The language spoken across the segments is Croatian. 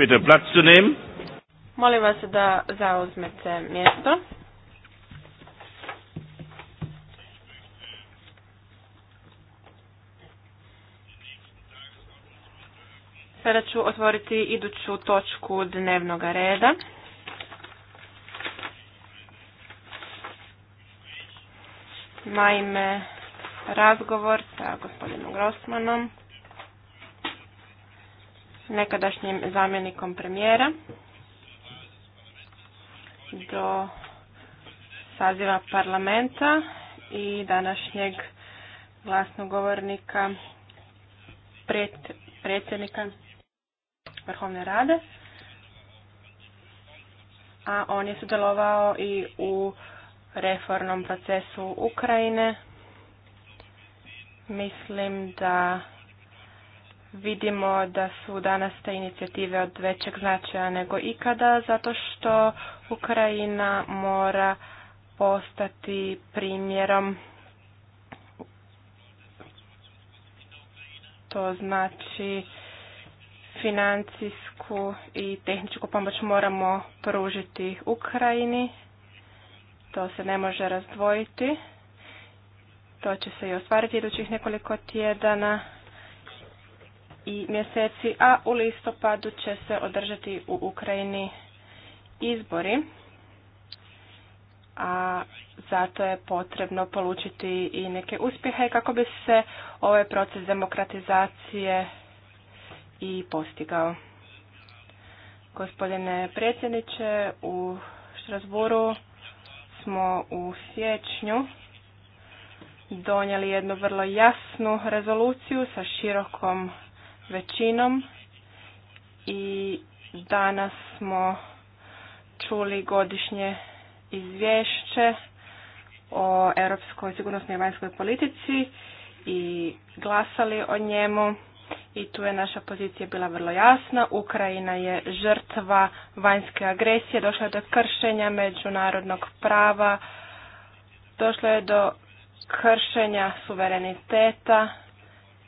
bitte Platz zu nehmen. Molim vas da zauzmete mjesto. Sada ću otvoriti iduću točku dnevnog reda. Naime, razgovor sa gospodinom Grossmanom nekadašnjim zamjenikom premijera do saziva parlamenta i današnjeg glasnogovornika predsjednika Vrhovne rade. A on je sudjelovao i u reformnom procesu Ukrajine. Mislim da vidimo da su danas te inicijative od većeg značaja nego ikada zato što Ukrajina mora postati primjerom to znači financijsku i tehničku pomoć moramo pružiti Ukrajini. To se ne može razdvojiti. To će se i ostvariti idućih nekoliko tjedana i mjeseci, a u listopadu će se održati u Ukrajini izbori, a zato je potrebno polučiti i neke uspjehe kako bi se ovaj proces demokratizacije i postigao. Gospodine predsjedniče, u Štrasburu smo u siječnju donijeli jednu vrlo jasnu rezoluciju sa širokom većinom i danas smo čuli godišnje izvješće o europskoj sigurnosnoj i vanjskoj politici i glasali o njemu i tu je naša pozicija bila vrlo jasna. Ukrajina je žrtva vanjske agresije, došla je do kršenja međunarodnog prava, došlo je do kršenja suvereniteta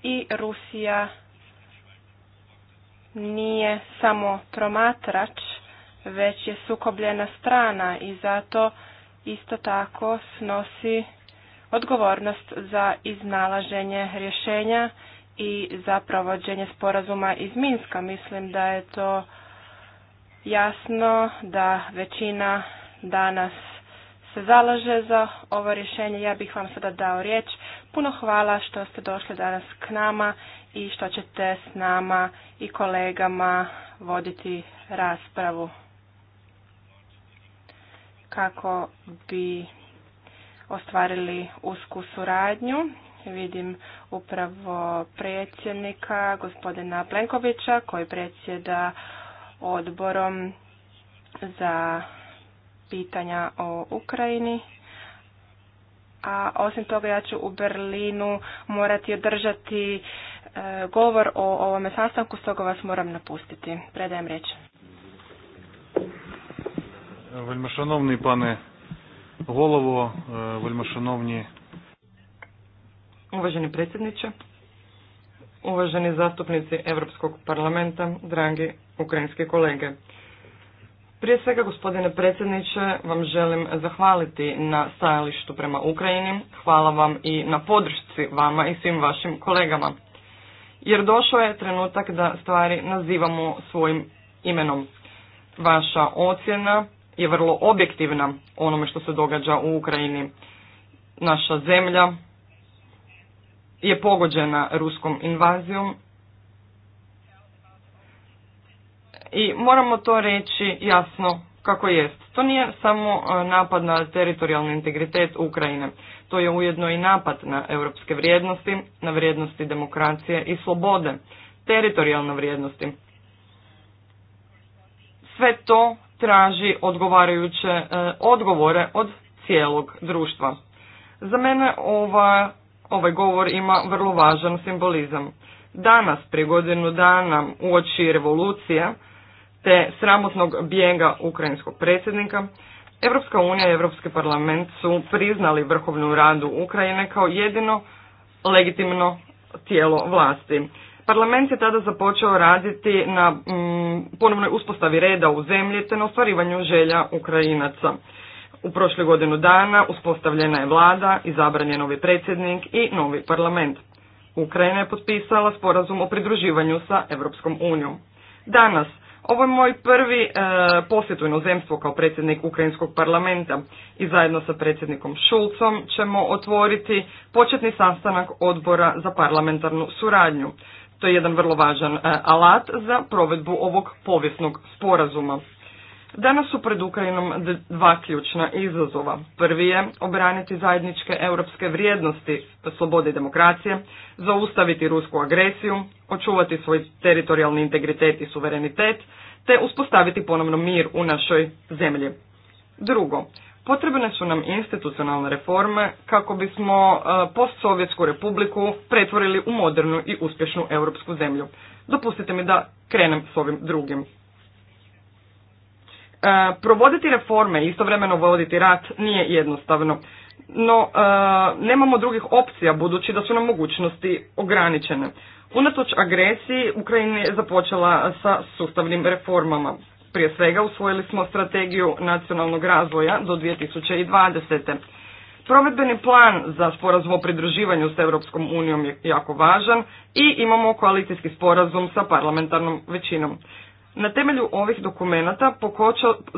i Rusija nije samo promatrač, već je sukobljena strana i zato isto tako snosi odgovornost za iznalaženje rješenja i za provođenje sporazuma iz Minska. Mislim da je to jasno da većina danas se zalaže za ovo rješenje. Ja bih vam sada dao riječ. Puno hvala što ste došli danas k nama i što ćete s nama i kolegama voditi raspravu kako bi ostvarili usku suradnju. Vidim upravo predsjednika gospodina Plenkovića koji predsjeda odborom za pitanja o Ukrajini. A osim toga ja ću u Berlinu morati održati e, govor o ovome sastanku, stoga vas moram napustiti. Predajem riječ. Veljmašanovni pane голово, šanovni Uvaženi predsjedniče, uvaženi zastupnici Europskog parlamenta, dragi ukrajinski kolege. Prije svega, gospodine predsjedniče, vam želim zahvaliti na stajalištu prema Ukrajini. Hvala vam i na podršci vama i svim vašim kolegama. Jer došao je trenutak da stvari nazivamo svojim imenom. Vaša ocjena je vrlo objektivna onome što se događa u Ukrajini. Naša zemlja je pogođena ruskom invazijom I moramo to reći jasno kako jest. To nije samo e, napad na teritorijalni integritet Ukrajine. To je ujedno i napad na europske vrijednosti, na vrijednosti demokracije i slobode, teritorijalne vrijednosti. Sve to traži odgovarajuće e, odgovore od cijelog društva. Za mene ovaj govor ima vrlo važan simbolizam. Danas, prije godinu dana, uoči revolucije, te sramotnog bijega ukrajinskog predsjednika, Europska unija i Europski parlament su priznali vrhovnu radu Ukrajine kao jedino legitimno tijelo vlasti. Parlament je tada započeo raditi na mm, ponovnoj uspostavi reda u zemlji te na ostvarivanju želja Ukrajinaca. U prošli godinu dana uspostavljena je vlada, izabran je novi predsjednik i novi parlament. Ukrajina je potpisala sporazum o pridruživanju sa Europskom unijom. Danas ovo je moj prvi e, posjet u inozemstvu kao predsjednik Ukrajinskog parlamenta i zajedno sa predsjednikom Šulcom ćemo otvoriti početni sastanak odbora za parlamentarnu suradnju. To je jedan vrlo važan e, alat za provedbu ovog povijesnog sporazuma. Danas su pred Ukrajinom dva ključna izazova. Prvi je obraniti zajedničke europske vrijednosti slobode i demokracije, zaustaviti rusku agresiju, očuvati svoj teritorijalni integritet i suverenitet, te uspostaviti ponovno mir u našoj zemlji. Drugo, potrebne su nam institucionalne reforme kako bismo e, postsovjetsku republiku pretvorili u modernu i uspješnu europsku zemlju. Dopustite mi da krenem s ovim drugim E, provoditi reforme i istovremeno voditi rat nije jednostavno, no e, nemamo drugih opcija budući da su nam mogućnosti ograničene. Unatoč agresiji Ukrajina je započela sa sustavnim reformama. Prije svega usvojili smo strategiju nacionalnog razvoja do 2020. Provedbeni plan za sporazum o pridruživanju s Europskom unijom je jako važan i imamo koalicijski sporazum sa parlamentarnom većinom. Na temelju ovih dokumenata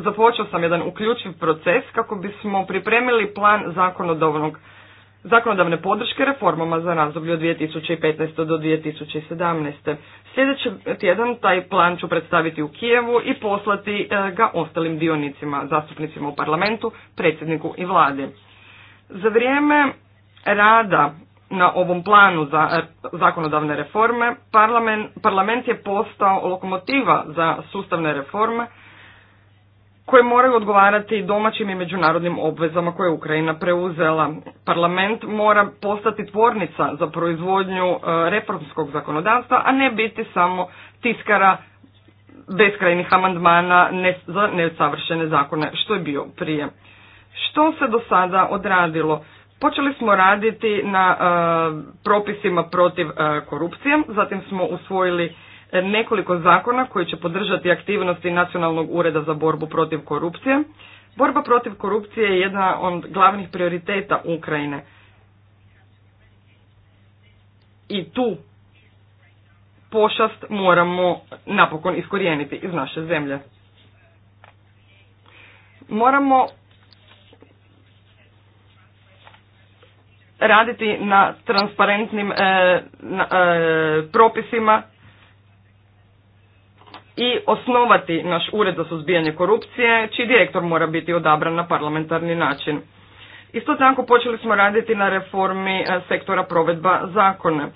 započeo sam jedan uključiv proces kako bismo pripremili plan zakonodavnog, zakonodavne podrške reformama za razdoblje od 2015. do 2017. Sljedeći tjedan taj plan ću predstaviti u Kijevu i poslati e, ga ostalim dionicima, zastupnicima u parlamentu, predsjedniku i vlade. Za vrijeme rada na ovom planu za e, zakonodavne reforme, parlament, parlament je postao lokomotiva za sustavne reforme koje moraju odgovarati domaćim i međunarodnim obvezama koje je Ukrajina preuzela. Parlament mora postati tvornica za proizvodnju e, reformskog zakonodavstva, a ne biti samo tiskara beskrajnih amandmana za nesavršene zakone, što je bio prije. Što se do sada odradilo? Počeli smo raditi na e, propisima protiv e, korupcije, zatim smo usvojili e, nekoliko zakona koji će podržati aktivnosti Nacionalnog ureda za borbu protiv korupcije. Borba protiv korupcije je jedna od glavnih prioriteta Ukrajine. I tu pošast moramo napokon iskorijeniti iz naše zemlje. Moramo raditi na transparentnim e, e, propisima i osnovati naš ured za suzbijanje korupcije, čiji direktor mora biti odabran na parlamentarni način. Isto tako počeli smo raditi na reformi e, sektora provedba zakona.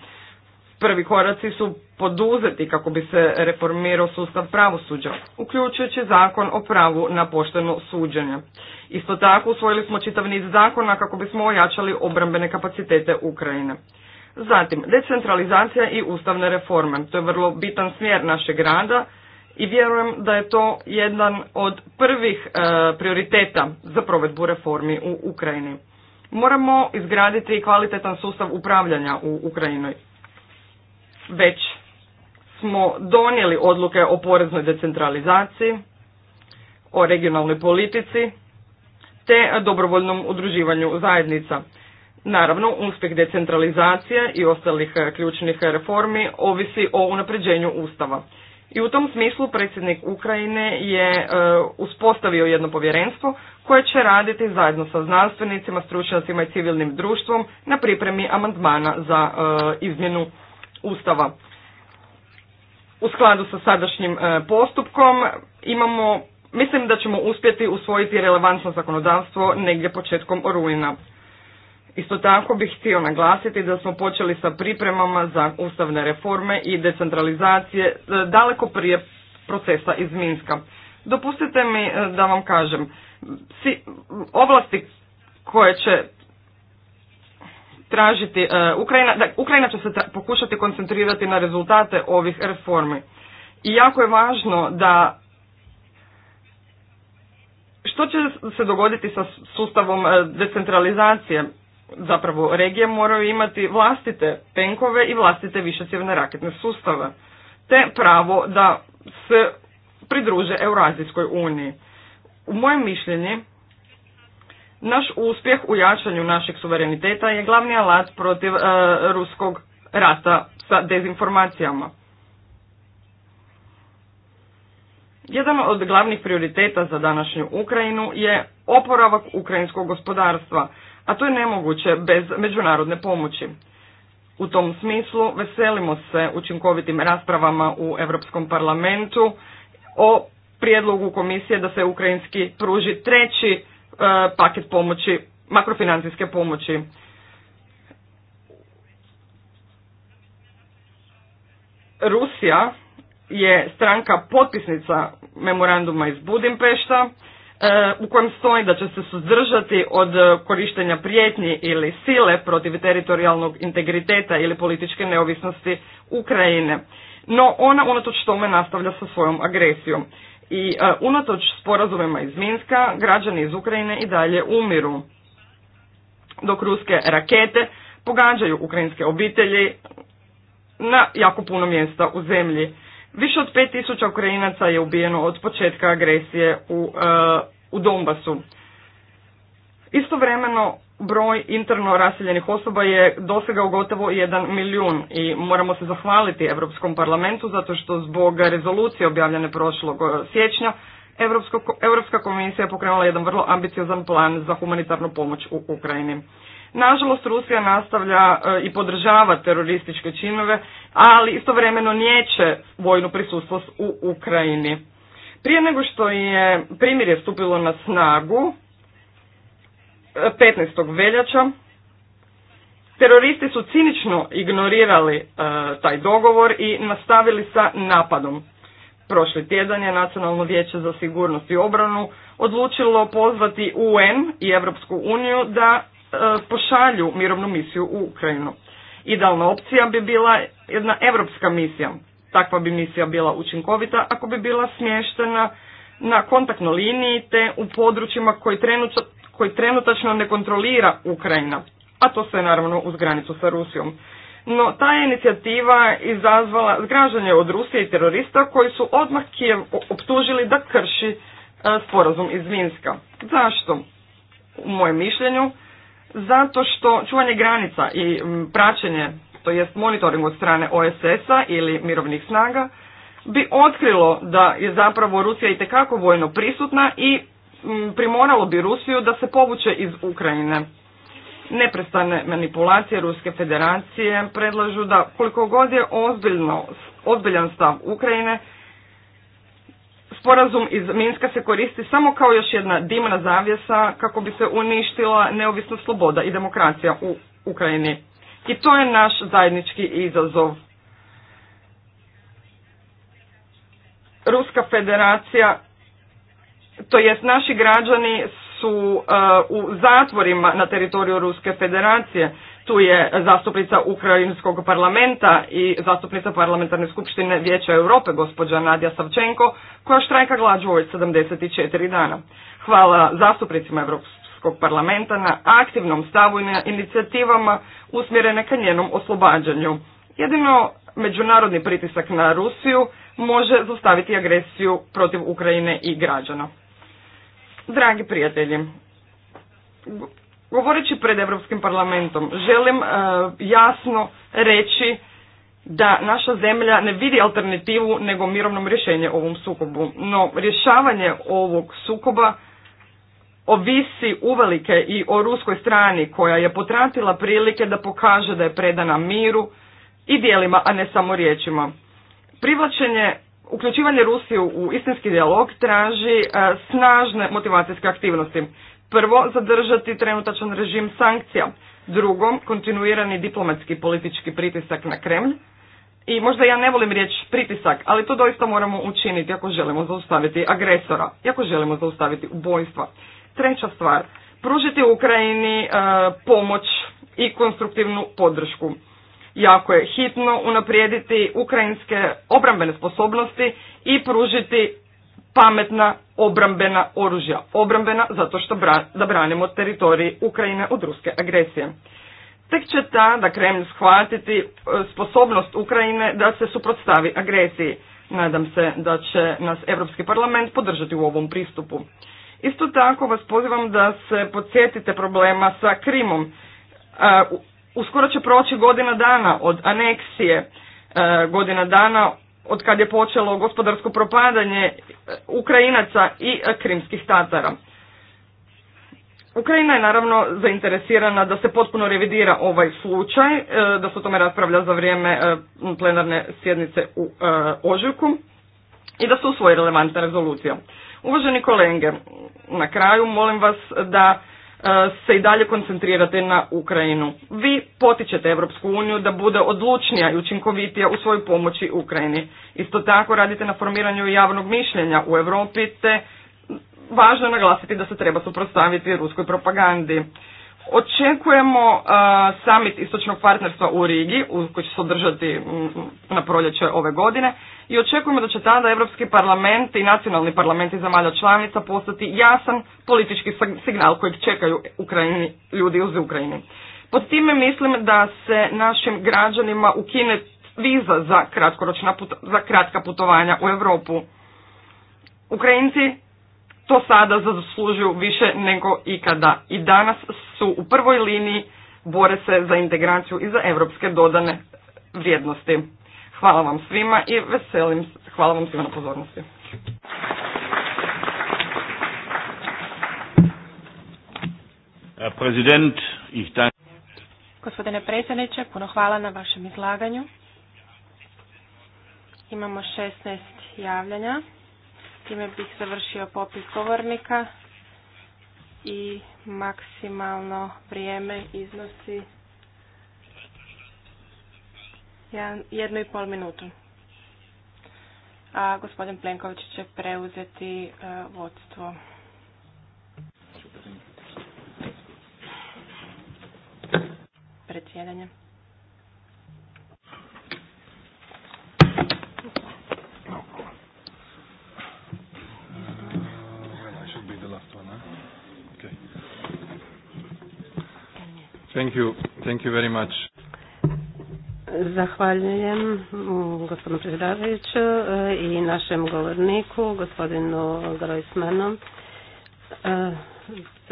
Prvi koraci su poduzeti kako bi se reformirao sustav pravosuđa, uključujući zakon o pravu na pošteno suđenje. Isto tako usvojili smo čitav niz zakona kako bismo ojačali obrambene kapacitete Ukrajine. Zatim, decentralizacija i ustavne reforme. To je vrlo bitan smjer našeg rada i vjerujem da je to jedan od prvih e, prioriteta za provedbu reformi u Ukrajini. Moramo izgraditi kvalitetan sustav upravljanja u Ukrajinoj već smo donijeli odluke o poreznoj decentralizaciji, o regionalnoj politici te dobrovoljnom udruživanju zajednica. Naravno, uspjeh decentralizacije i ostalih e, ključnih reformi ovisi o unapređenju Ustava. I u tom smislu predsjednik Ukrajine je e, uspostavio jedno povjerenstvo koje će raditi zajedno sa znanstvenicima, stručnjacima i civilnim društvom na pripremi amandmana za e, izmjenu Ustava. U skladu sa sadašnjim e, postupkom imamo, mislim da ćemo uspjeti usvojiti relevantno zakonodavstvo negdje početkom rujna. Isto tako bih htio naglasiti da smo počeli sa pripremama za ustavne reforme i decentralizacije e, daleko prije procesa iz Minska. Dopustite mi e, da vam kažem, ovlasti koje će tražiti, e, Ukrajina, da, Ukrajina će se pokušati koncentrirati na rezultate ovih reformi. I jako je važno da što će se dogoditi sa sustavom e, decentralizacije? Zapravo regije moraju imati vlastite tenkove i vlastite višecjevne raketne sustave, te pravo da se pridruže Eurazijskoj uniji. U mojem mišljenju naš uspjeh u jačanju našeg suvereniteta je glavni alat protiv e, ruskog rata sa dezinformacijama. Jedan od glavnih prioriteta za današnju Ukrajinu je oporavak ukrajinskog gospodarstva, a to je nemoguće bez međunarodne pomoći. U tom smislu veselimo se učinkovitim raspravama u Europskom parlamentu o prijedlogu komisije da se ukrajinski pruži treći E, paket pomoći, makrofinancijske pomoći. Rusija je stranka potpisnica memoranduma iz Budimpešta e, u kojem stoji da će se suzdržati od korištenja prijetnji ili sile protiv teritorijalnog integriteta ili političke neovisnosti Ukrajine. No ona unatoč tome nastavlja sa svojom agresijom. I e, unatoč sporazumima iz Minska, građani iz Ukrajine i dalje umiru. Dok ruske rakete pogađaju ukrajinske obitelji na jako puno mjesta u zemlji. Više od 5000 Ukrajinaca je ubijeno od početka agresije u, Dombasu. E, u Donbasu. Istovremeno broj interno raseljenih osoba je dosegao gotovo 1 milijun i moramo se zahvaliti Europskom parlamentu zato što zbog rezolucije objavljene prošlog eh, siječnja Europska komisija je pokrenula jedan vrlo ambiciozan plan za humanitarnu pomoć u Ukrajini. Nažalost, Rusija nastavlja eh, i podržava terorističke činove, ali istovremeno nijeće vojnu prisutnost u Ukrajini. Prije nego što je primjer je stupilo na snagu, 15. veljača teroristi su cinično ignorirali e, taj dogovor i nastavili sa napadom. Prošli tjedan je Nacionalno vijeće za sigurnost i obranu odlučilo pozvati UN i Europsku uniju da e, pošalju mirovnu misiju u Ukrajinu. Idealna opcija bi bila jedna europska misija. Takva bi misija bila učinkovita ako bi bila smještena na kontaktnoj liniji te u područjima koji trenutno, koji trenutačno ne kontrolira Ukrajina, a to se naravno uz granicu sa Rusijom. No, ta je inicijativa izazvala zgražanje od Rusije i terorista koji su odmah Kijev optužili da krši e, sporazum iz Minska. Zašto? U mojem mišljenju, zato što čuvanje granica i praćenje, to jest monitoring od strane OSS-a ili mirovnih snaga, bi otkrilo da je zapravo Rusija itekako vojno prisutna i primoralo bi Rusiju da se povuče iz Ukrajine. Neprestane manipulacije Ruske federacije predlažu da koliko god je ozbiljno, ozbiljan stav Ukrajine, sporazum iz Minska se koristi samo kao još jedna dimna zavjesa kako bi se uništila neovisna sloboda i demokracija u Ukrajini. I to je naš zajednički izazov. Ruska federacija to jest naši građani su uh, u zatvorima na teritoriju Ruske federacije. Tu je zastupnica Ukrajinskog parlamenta i zastupnica parlamentarne skupštine Vijeća Europe, gospođa Nadja Savčenko, koja štrajka glađu sedamdeset 74 dana. Hvala zastupnicima Europskog parlamenta na aktivnom stavu i na inicijativama usmjerene ka njenom oslobađanju. Jedino međunarodni pritisak na Rusiju može zaustaviti agresiju protiv Ukrajine i građana. Dragi prijatelji, govoreći pred Europskim parlamentom, želim e, jasno reći da naša zemlja ne vidi alternativu nego mirovnom rješenje ovom sukobu. No, rješavanje ovog sukoba ovisi uvelike i o ruskoj strani koja je potratila prilike da pokaže da je predana miru i dijelima, a ne samo riječima. Privlačenje uključivanje Rusije u istinski dijalog traži e, snažne motivacijske aktivnosti. Prvo, zadržati trenutačan režim sankcija. Drugo, kontinuirani diplomatski politički pritisak na Kremlj. I možda ja ne volim riječ pritisak, ali to doista moramo učiniti ako želimo zaustaviti agresora, ako želimo zaustaviti ubojstva. Treća stvar, pružiti Ukrajini e, pomoć i konstruktivnu podršku. Jako je hitno unaprijediti ukrajinske obrambene sposobnosti i pružiti pametna obrambena oružja. Obrambena zato što bra, da branimo teritorij Ukrajine od ruske agresije. Tek će ta da Kreml shvatiti e, sposobnost Ukrajine da se suprotstavi agresiji. Nadam se da će nas Europski parlament podržati u ovom pristupu. Isto tako vas pozivam da se podsjetite problema sa Krimom. E, uskoro će proći godina dana od aneksije, e, godina dana od kad je počelo gospodarsko propadanje e, Ukrajinaca i e, krimskih tatara. Ukrajina je naravno zainteresirana da se potpuno revidira ovaj slučaj, da se o tome raspravlja za vrijeme plenarne sjednice u Ožujku i da se usvoji relevantna rezolucija. Uvaženi kolege, na kraju molim vas da E, se i dalje koncentrirate na Ukrajinu. Vi potičete Europsku uniju da bude odlučnija i učinkovitija u svojoj pomoći Ukrajini. Isto tako radite na formiranju javnog mišljenja u Europi te važno je naglasiti da se treba suprotstaviti ruskoj propagandi. Očekujemo uh, summit istočnog partnerstva u Rigi koji će se održati mm, mm, na proljeće ove godine i očekujemo da će tada Europski parlament i nacionalni parlamenti zemalja članica postati jasan politički signal kojeg čekaju Ukrajini, ljudi uz Ukrajini. Pod time mislim da se našim građanima ukine viza za, kratkoročna za kratka putovanja u Europu. Ukrajinci to sada zaslužuju više nego ikada. I danas su u prvoj liniji, bore se za integraciju i za evropske dodane vrijednosti. Hvala vam svima i veselim, hvala vam svima na pozornosti. Prezident, Gospodine predsjedniče, puno hvala na vašem izlaganju. Imamo 16 javljanja. Time bih završio popis govornika i maksimalno vrijeme iznosi jednu i pol minutu. A gospodin Plenković će preuzeti e, vodstvo. Predsjedanje. Thank you. very much. Zahvaljujem mm, gospodinu predsjedavajuću e, i našem govorniku, gospodinu Grojsmanu. E,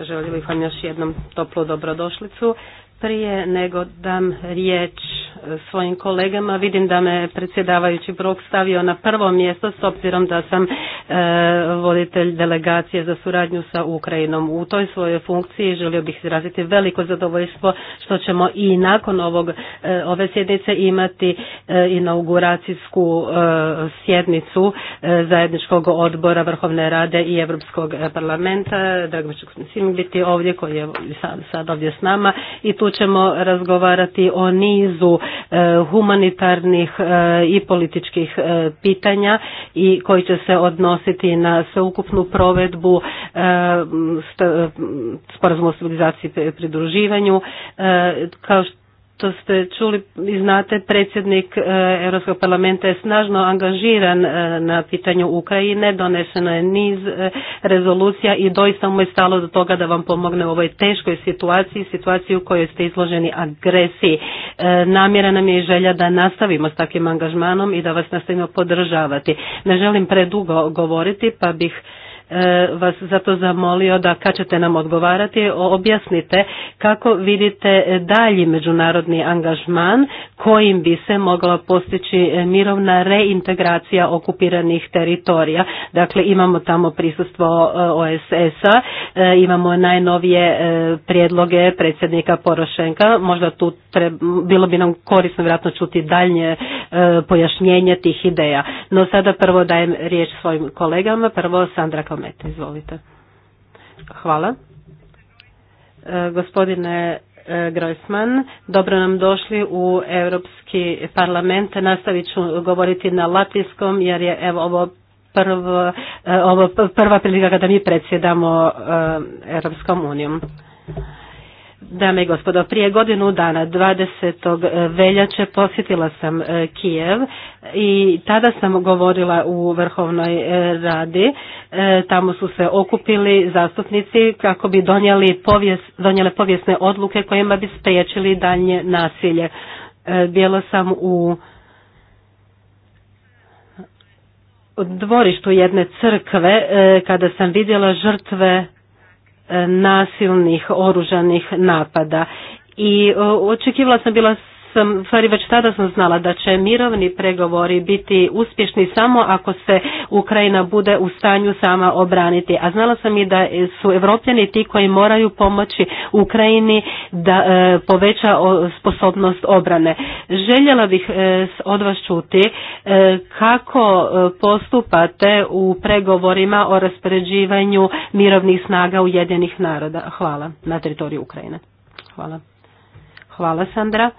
Želim bih vam još jednom toplu dobrodošlicu. Prije nego dam riječ e, svojim kolegama, vidim da me predsjedavajući Brok stavio na prvo mjesto s obzirom da sam e, voditelj delegacije za suradnju sa Ukrajinom. U toj svojoj funkciji želio bih izraziti veliko zadovoljstvo što ćemo i nakon ovog, e, ove sjednice imati inauguracijsku sjednicu zajedničkog odbora Vrhovne rade i Europskog parlamenta. Drago mi će biti ovdje koji je sad ovdje s nama i tu tu ćemo razgovarati o nizu e, humanitarnih e, i političkih e, pitanja i koji će se odnositi na sveukupnu provedbu sporazuma o stabilizaciji i pridruživanju. Kao što što ste čuli i znate, predsjednik e, Europskog parlamenta je snažno angažiran e, na pitanju Ukrajine, doneseno je niz e, rezolucija i doista mu je stalo do toga da vam pomogne u ovoj teškoj situaciji, situaciji u kojoj ste izloženi agresiji. Namjera nam je i želja da nastavimo s takvim angažmanom i da vas nastavimo podržavati. Ne želim predugo govoriti pa bih E, vas zato zamolio da kad ćete nam odgovarati objasnite kako vidite dalji međunarodni angažman kojim bi se mogla postići e, mirovna reintegracija okupiranih teritorija. Dakle, imamo tamo prisustvo e, OSS-a, imamo najnovije prijedloge predsjednika Porošenka, možda tu bilo bi nam korisno vjerojatno čuti daljnje pojašnjenje tih ideja. No sada prvo dajem riječ svojim kolegama, prvo Sandra Kometa. Izvolite. Hvala. E, gospodine e, Grojsman. Dobro nam došli u Europski parlament. Nastavit ću govoriti na latinskom jer je evo ovo e, ovo prva prilika kada mi predsjedamo Europskom unijom. Dame i gospodo, prije godinu dana, 20. E, veljače, posjetila sam e, Kijev i tada sam govorila u Vrhovnoj e, radi. Tamo su se okupili zastupnici kako bi donijeli povijes, donijele povijesne odluke kojima bi spriječili daljnje nasilje. Bila sam u dvorištu jedne crkve kada sam vidjela žrtve nasilnih oružanih napada i e, očekivala sam bila sam, stvari već tada sam znala da će mirovni pregovori biti uspješni samo ako se Ukrajina bude u stanju sama obraniti. A znala sam i da su evropljani ti koji moraju pomoći Ukrajini da e, poveća sposobnost obrane. Željela bih e, od vas čuti e, kako postupate u pregovorima o raspoređivanju mirovnih snaga Ujedinjenih naroda. Hvala na teritoriju Ukrajine. Hvala. Hvala Sandra.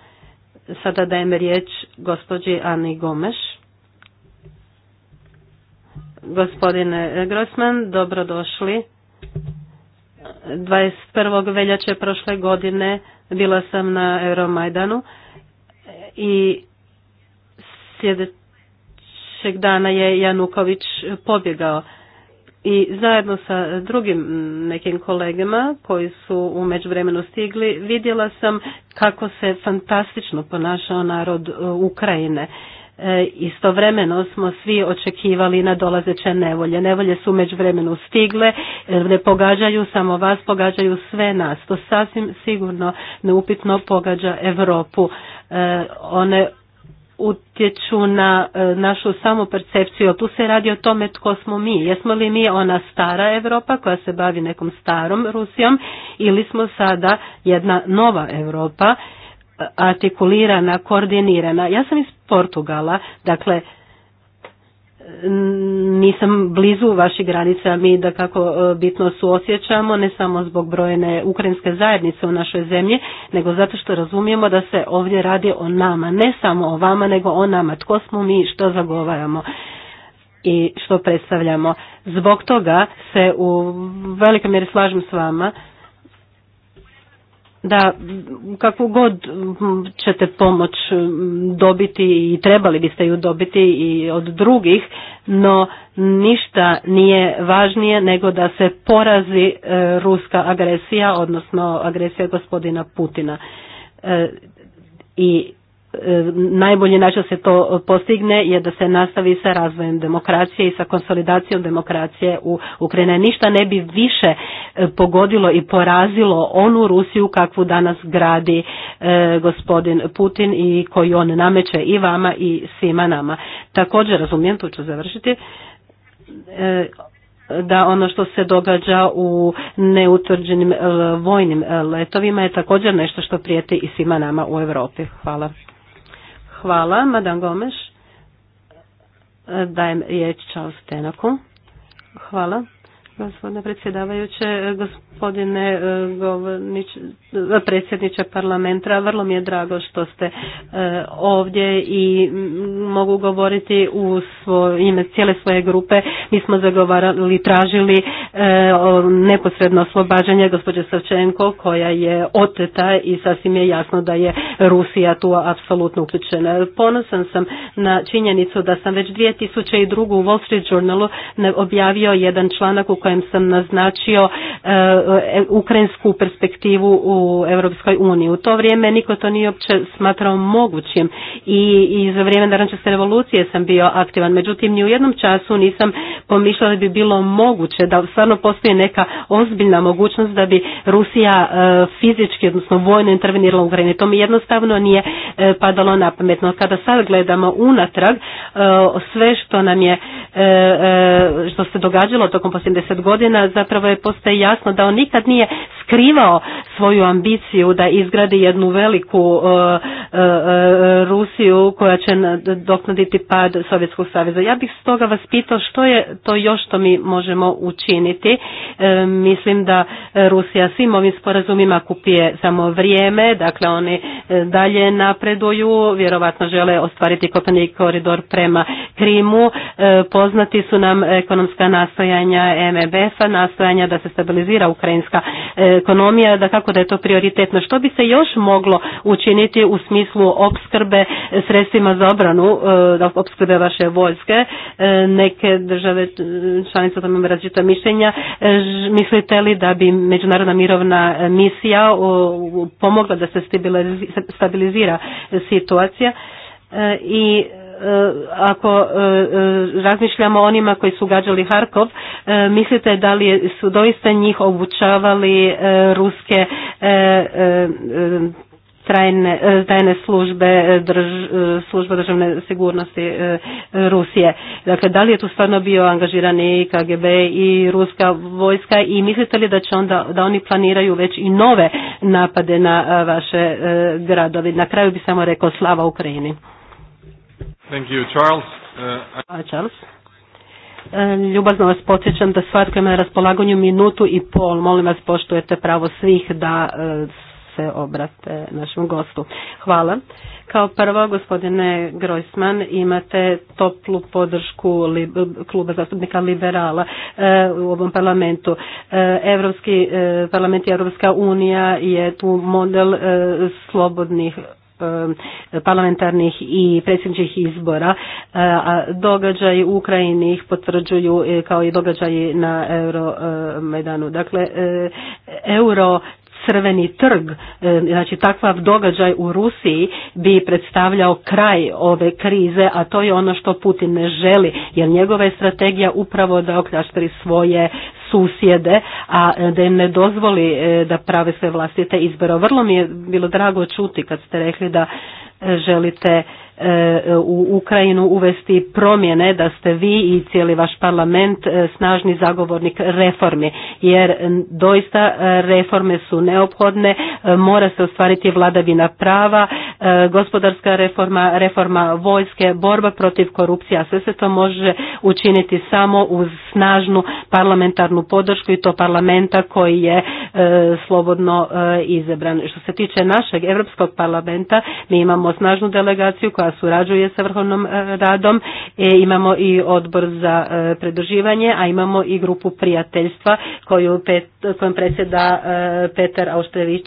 Sada dajem riječ gospođi Ani Gomeš. Gospodine Grossman, dobrodošli. 21. veljače prošle godine bila sam na Euromajdanu i sljedećeg dana je Januković pobjegao i zajedno sa drugim nekim kolegama koji su u međuvremenu stigli vidjela sam kako se fantastično ponašao narod e, Ukrajine. E, istovremeno smo svi očekivali na dolazeće nevolje. Nevolje su međuvremenu stigle, e, ne pogađaju samo vas, pogađaju sve nas. To sasvim sigurno neupitno pogađa Europu. One utječu na e, našu samu percepciju. Tu se radi o tome tko smo mi. Jesmo li mi ona stara Europa koja se bavi nekom starom Rusijom ili smo sada jedna nova Europa e, artikulirana, koordinirana. Ja sam iz Portugala, dakle nisam blizu vaših granica, mi da kako e, bitno suosjećamo, ne samo zbog brojne ukrajinske zajednice u našoj zemlji, nego zato što razumijemo da se ovdje radi o nama, ne samo o vama, nego o nama, tko smo mi, što zagovaramo i što predstavljamo. Zbog toga se u velikoj mjeri slažem s vama da kakvu god ćete pomoć dobiti i trebali biste ju dobiti i od drugih, no ništa nije važnije nego da se porazi e, ruska agresija, odnosno agresija gospodina Putina. E, I E, najbolji način da se to postigne je da se nastavi sa razvojem demokracije i sa konsolidacijom demokracije u ukrajine Ništa ne bi više e, pogodilo i porazilo onu Rusiju kakvu danas gradi e, gospodin Putin i koju on nameće i vama i svima nama. Također razumijem, tu ću završiti, da ono što se događa u neutvrđenim vojnim letovima je također nešto što prijeti i svima nama u Europi. Hvala. Hvala, Madame Gomes. E, dajem riječ Charles Tenaku. Hvala, gospodine predsjedavajuće. E, Gospodine e, govornič, e, predsjedniče parlamenta, vrlo mi je drago što ste e, ovdje i mogu govoriti u ime cijele svoje grupe. Mi smo zagovarali, tražili neposredno oslobađanje gospođe Savčenko koja je oteta i sasvim je jasno da je Rusija tu apsolutno uključena. Ponosan sam na činjenicu da sam već 2002. u Wall Street Journalu objavio jedan članak u kojem sam naznačio E, ukrajinsku perspektivu u Europskoj uniji. U to vrijeme niko to nije uopće smatrao mogućim i, i za vrijeme narančaste revolucije sam bio aktivan. Međutim, ni u jednom času nisam pomišljala da bi bilo moguće da stvarno postoji neka ozbiljna mogućnost da bi Rusija e, fizički, odnosno vojno intervenirala u Ukrajini. To mi jednostavno nije e, padalo na pametno. Kada sad gledamo unatrag sve što nam je, što se događalo tokom deset godina, zapravo je postaje jasno da on nikad nije skrivao svoju ambiciju da izgradi jednu veliku uh, uh, uh, Rusiju koja će doknaditi pad Sovjetskog saveza. Ja bih stoga vas pitao što je to još što mi možemo učiniti. E, mislim da Rusija svim ovim sporazumima kupije samo vrijeme, dakle oni e, dalje napreduju, vjerovatno žele ostvariti kopani koridor prema Krimu. E, poznati su nam ekonomska nastojanja MEBF-a, nastojanja da se stabilizira Ukrajina ukrajinska e, ekonomija, da kako da je to prioritetno. Što bi se još moglo učiniti u smislu opskrbe sredstvima za obranu, e, opskrbe vaše vojske? E, neke države članice tamo imaju različita mišljenja. Mislite li da bi međunarodna mirovna misija pomogla da se stabilizira situacija? i Eh, ako eh, eh, razmišljamo o onima koji su gađali Harkov, mislite da li su doista njih obučavali ruske trajne, tajne službe, služba državne sigurnosti Rusije. Dakle, da li je tu stvarno bio angažirani KGB i ruska vojska i mislite li da će onda, da oni planiraju već i nove napade na vaše gradovi? Na kraju bi samo rekao slava Ukrajini. Thank you, Charles. Uh, I... E, ljubazno vas podsjećam da svatko ima na raspolaganju minutu i pol. Molim vas poštujete pravo svih da e, se obrate našem gostu. Hvala. Kao prvo, gospodine Grojsman, imate toplu podršku kluba zastupnika liberala e, u ovom parlamentu. Europski parlament i Europska unija je tu model slobodnih Um, parlamentarnih i predsjedničkih izbora, uh, a događaji u Ukrajini ih potvrđuju uh, kao i događaji na euromedanu Dakle, uh, euro crveni trg, znači takav događaj u Rusiji bi predstavljao kraj ove krize, a to je ono što Putin ne želi, jer njegova je strategija upravo da okljaštri svoje susjede, a e, da im ne dozvoli e, da prave sve vlastite izbore. Vrlo mi je bilo drago čuti kad ste rekli da želite e, u Ukrajinu uvesti promjene da ste vi i cijeli vaš parlament e, snažni zagovornik reformi jer doista e, reforme su neophodne mora se ostvariti vladavina prava gospodarska reforma reforma vojske borba protiv korupcije a sve se to može učiniti samo uz snažnu parlamentarnu podršku i to parlamenta koji je slobodno izebran. što se tiče našeg europskog parlamenta mi imamo snažnu delegaciju koja surađuje sa vrhovnom e, radom, e, imamo i odbor za e, predrživanje, a imamo i grupu prijateljstva koju kojom predsjeda Petar Auštrević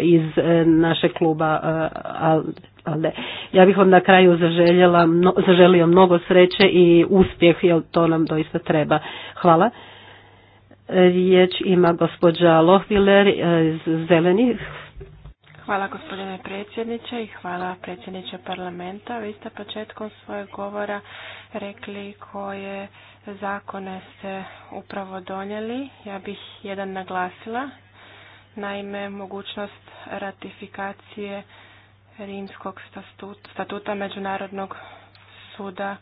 iz našeg kluba Alde. Ja bih vam na kraju zaželjela, zaželio mnogo sreće i uspjeh, jer to nam doista treba. Hvala. Riječ ima gospođa Lohviler iz Zelenih. Hvala gospodine predsjedniče i hvala predsjedniče parlamenta. Vi ste početkom svojeg govora rekli koje zakone ste upravo donijeli. Ja bih jedan naglasila, naime mogućnost ratifikacije Rimskog statuta Međunarodnog suda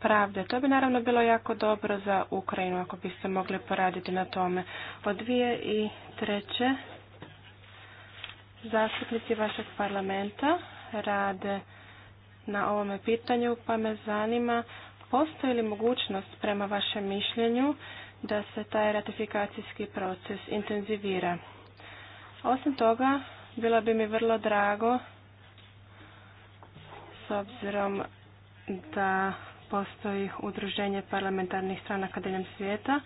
pravde. To bi naravno bilo jako dobro za Ukrajinu ako biste mogli poraditi na tome. Od dvije i treće zastupnici vašeg parlamenta rade na ovome pitanju, pa me zanima postoji li mogućnost prema vašem mišljenju da se taj ratifikacijski proces intenzivira. Osim toga, bilo bi mi vrlo drago s obzirom da postoji udruženje parlamentarnih stranaka diljem svijeta,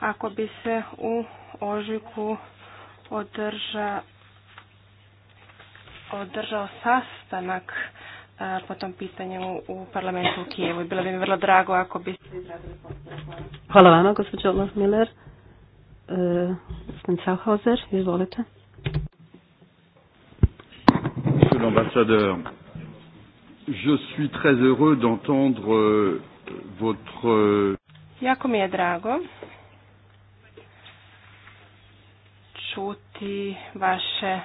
ako bi se u ožujku održa, održao sastanak po tom pitanju u parlamentu u Kijevu i bilo bi mi vrlo drago ako bi izradili Hvala. Hvala vama, gospođo Olof Miller. E, gospodin Sauhauser, izvolite. Monsieur l'ambassadeur, je suis très heureux d'entendre euh, votre... Euh, jako mi je drago čuti vaše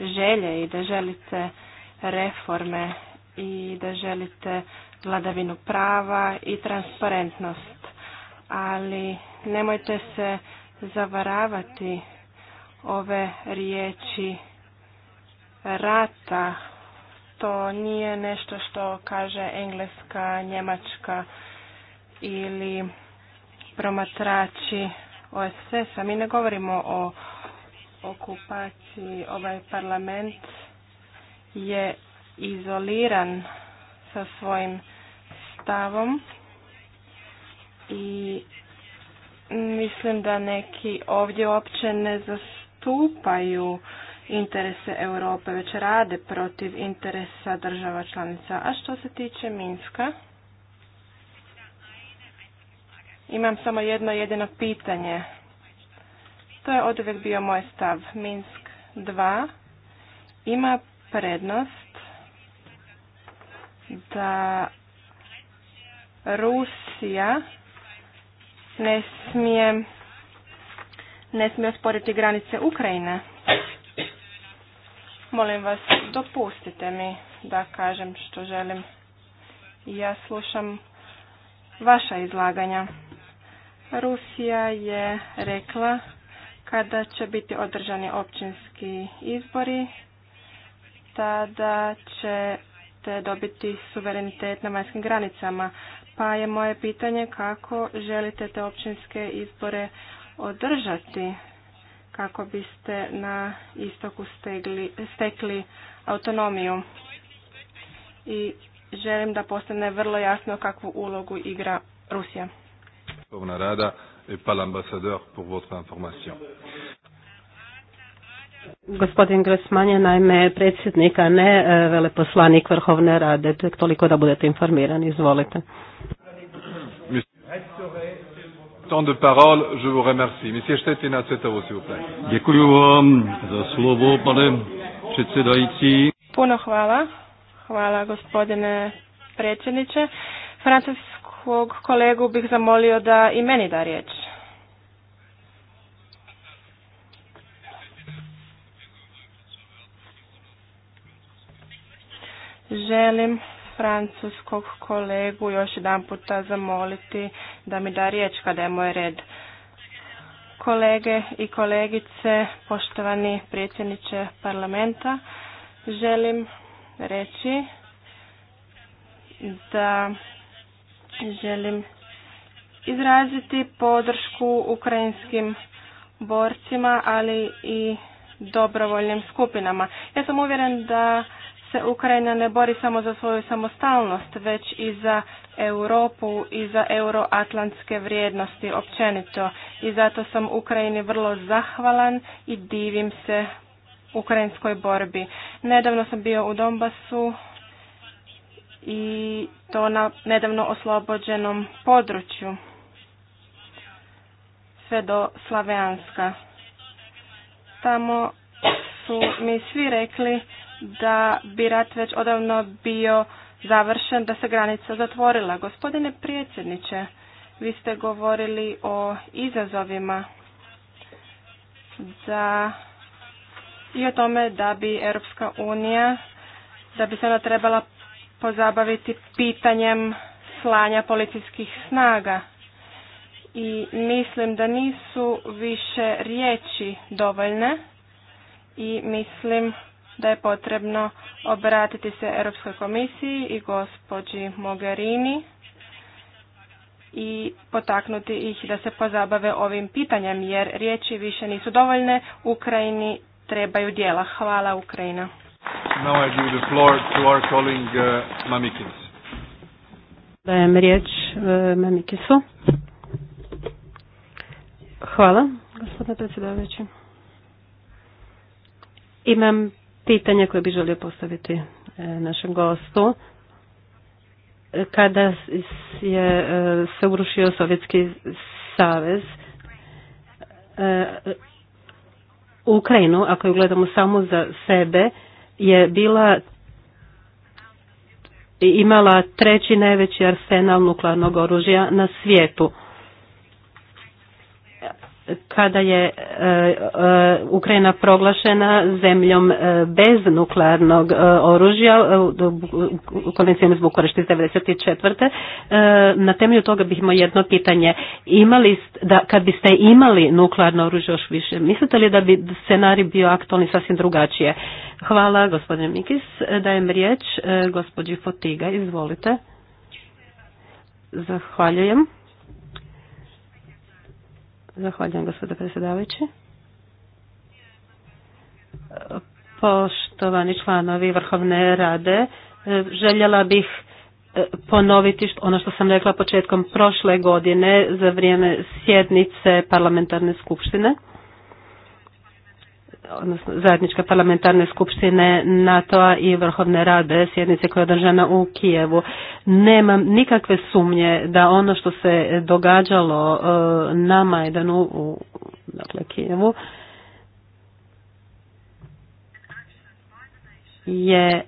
želje i da želite reforme i da želite vladavinu prava i transparentnost. Ali nemojte se zavaravati ove riječi rata. To nije nešto što kaže engleska, njemačka ili promatrači OSS-a. Mi ne govorimo o okupaciji ovaj parlament je izoliran sa svojim stavom i mislim da neki ovdje uopće ne zastupaju interese Europe, već rade protiv interesa država članica. A što se tiče Minska, imam samo jedno jedino pitanje. To je od uvijek bio moj stav. Minsk 2 ima prednost da Rusija ne smije ne smije osporiti granice Ukrajine. Molim vas, dopustite mi da kažem što želim. Ja slušam vaša izlaganja. Rusija je rekla kada će biti održani općinski izbori, tada ćete dobiti suverenitet na vanjskim granicama. Pa je moje pitanje kako želite te općinske izbore održati kako biste na istoku stegli, stekli autonomiju. I želim da postane vrlo jasno kakvu ulogu igra Rusija. Rada et pas l'ambassadeur pour votre information. Gospodin Gresman je naime predsjednik, a ne e, veleposlanik Vrhovne rade, toliko da budete informirani, izvolite. Tant de parole, je vous remercie. Monsieur Štetina, c'est à vous, s'il vous plaît. Děkuji vám za slovo, pane předsedající. Puno hvala. Hvala, gospodine predsjedniče. Francis ovog kolegu bih zamolio da i meni da riječ. Želim francuskog kolegu još jedan puta zamoliti da mi da riječ kada je moj red. Kolege i kolegice, poštovani predsjedniče parlamenta, želim reći da želim izraziti podršku ukrajinskim borcima, ali i dobrovoljnim skupinama. Ja sam uvjeren da se Ukrajina ne bori samo za svoju samostalnost, već i za Europu i za euroatlantske vrijednosti općenito. I zato sam Ukrajini vrlo zahvalan i divim se ukrajinskoj borbi. Nedavno sam bio u Donbasu i to na nedavno oslobođenom području sve do Slaveanska. Tamo su mi svi rekli da bi rat već odavno bio završen, da se granica zatvorila. Gospodine predsjedniče, vi ste govorili o izazovima za i o tome da bi Europska unija da bi se ona trebala pozabaviti pitanjem slanja policijskih snaga i mislim da nisu više riječi dovoljne i mislim da je potrebno obratiti se Europskoj komisiji i gospođi Mogherini i potaknuti ih da se pozabave ovim pitanjem jer riječi više nisu dovoljne. Ukrajini trebaju dijela. Hvala Ukrajina. Now I give the floor to our uh, Dajem riječ uh, Hvala, gospodine predsjedavajući. Imam pitanje koje bi želio postaviti uh, našem gostu. Kada je uh, se urušio Sovjetski savez, uh, Ukrajinu, ako ju gledamo samo za sebe, je bila i imala treći najveći arsenal nuklearnog oružja na svijetu kada je e, e, Ukrajina proglašena zemljom e, bez nuklearnog oružja u konvenciju iz Bukurešta iz 1994. Na temelju toga bih imao jedno pitanje. Imali, da, kad biste imali nuklearno oružje još više, mislite li da bi scenarij bio aktualni sasvim drugačije? Hvala gospodine Mikis. Dajem riječ gospođi Fotiga. Izvolite. Zahvaljujem. Zahvaljujem gospodine predsjedavajući. Poštovani članovi Vrhovne rade, e, željela bih e, ponoviti ono što sam rekla početkom prošle godine za vrijeme sjednice parlamentarne skupštine odnosno zajedničke parlamentarne skupštine NATO-a i Vrhovne rade sjednice koja je održana u Kijevu. Nemam nikakve sumnje da ono što se događalo e, na Majdanu u dakle, Kijevu je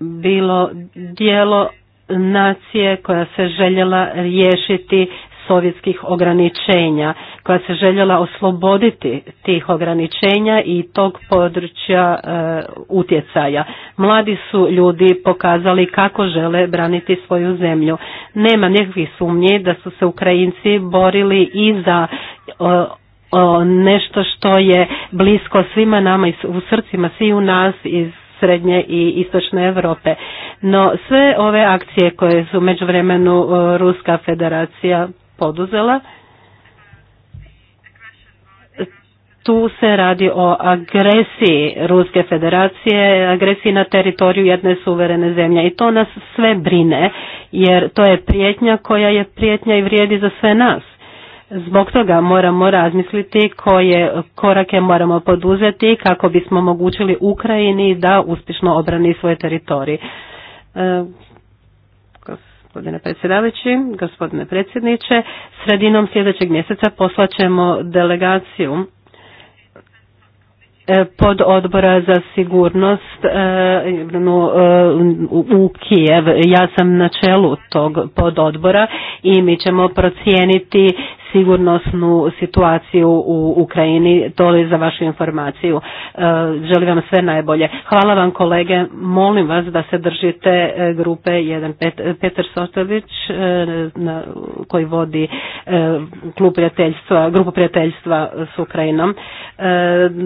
bilo dijelo nacije koja se željela riješiti sovjetskih ograničenja, koja se željela osloboditi tih ograničenja i tog područja e, utjecaja. Mladi su ljudi pokazali kako žele braniti svoju zemlju. Nema nekakvih sumnji da su se Ukrajinci borili i za e, nešto što je blisko svima nama i u srcima svi u nas iz srednje i istočne Europe. No sve ove akcije koje su međuvremenu e, Ruska federacija poduzela. Tu se radi o agresiji Ruske federacije, agresiji na teritoriju jedne suverene zemlje i to nas sve brine jer to je prijetnja koja je prijetnja i vrijedi za sve nas. Zbog toga moramo razmisliti koje korake moramo poduzeti kako bismo omogućili Ukrajini da uspješno obrani svoje teritorije gospodine predsjedavajući, gospodine predsjedniče. Sredinom sljedećeg mjeseca poslaćemo delegaciju e, pod odbora za sigurnost e, e, u Kijev. Ja sam na čelu tog pododbora i mi ćemo procijeniti sigurnosnu situaciju u Ukrajini. To je za vašu informaciju. E, želim vam sve najbolje. Hvala vam kolege. Molim vas da se držite e, grupe 1. E, Petar Sotović koji vodi klub prijateljstva, grupu prijateljstva s Ukrajinom.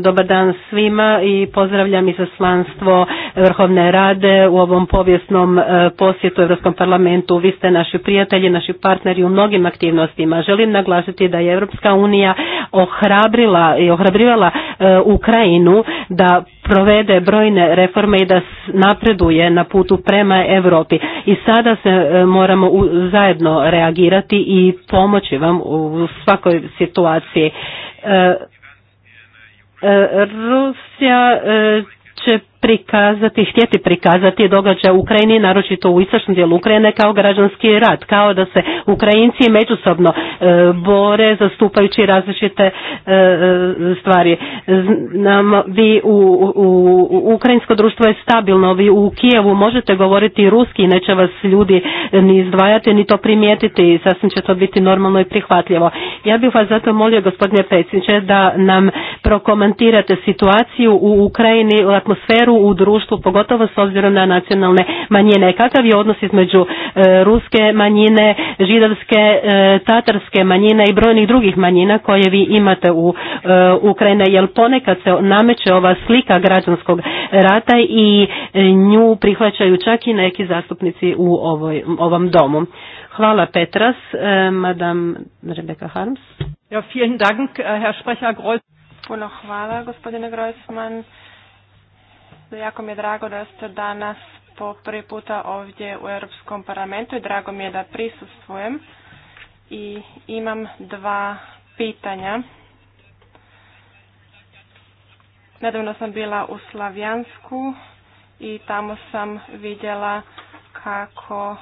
Dobar dan svima i pozdravljam izaslanstvo Vrhovne rade u ovom povijesnom posjetu Europskom parlamentu. Vi ste naši prijatelji, naši partneri u mnogim aktivnostima. Želim naglasiti naglasiti da je Europska unija ohrabrila i ohrabrivala e, Ukrajinu da provede brojne reforme i da napreduje na putu prema Europi. I sada se e, moramo zajedno reagirati i pomoći vam u svakoj situaciji. E, Rusija će prikazati, htjeti prikazati događaje u Ukrajini, naročito u istočnom dijelu Ukrajine, kao građanski rat, kao da se Ukrajinci međusobno e, bore zastupajući različite e, e, stvari. Znam, vi u, u, ukrajinsko društvo je stabilno, vi u Kijevu možete govoriti ruski, neće vas ljudi ni izdvajati, ni to primijetiti, sasvim će to biti normalno i prihvatljivo. Ja bih vas zato molio, gospodine predsjedniče, da nam prokomentirate situaciju u Ukrajini, u atmosferu u društvu, pogotovo s obzirom na nacionalne manjine. Kakav je odnos između e, ruske manjine, židovske, e, tatarske manjine i brojnih drugih manjina koje vi imate u e, Ukrajine, jer ponekad se nameće ova slika građanskog rata i nju prihvaćaju čak i neki zastupnici u ovoj, ovom domu. Hvala Petras, madam Rebeka Harms. Ja, vielen Dank, Herr Sprecher Puno gospodine Jako mi je drago da ste danas po prvi puta ovdje u Europskom parlamentu i drago mi je da prisustvujem i imam dva pitanja. Nedavno sam bila u Slavijansku i tamo sam vidjela kako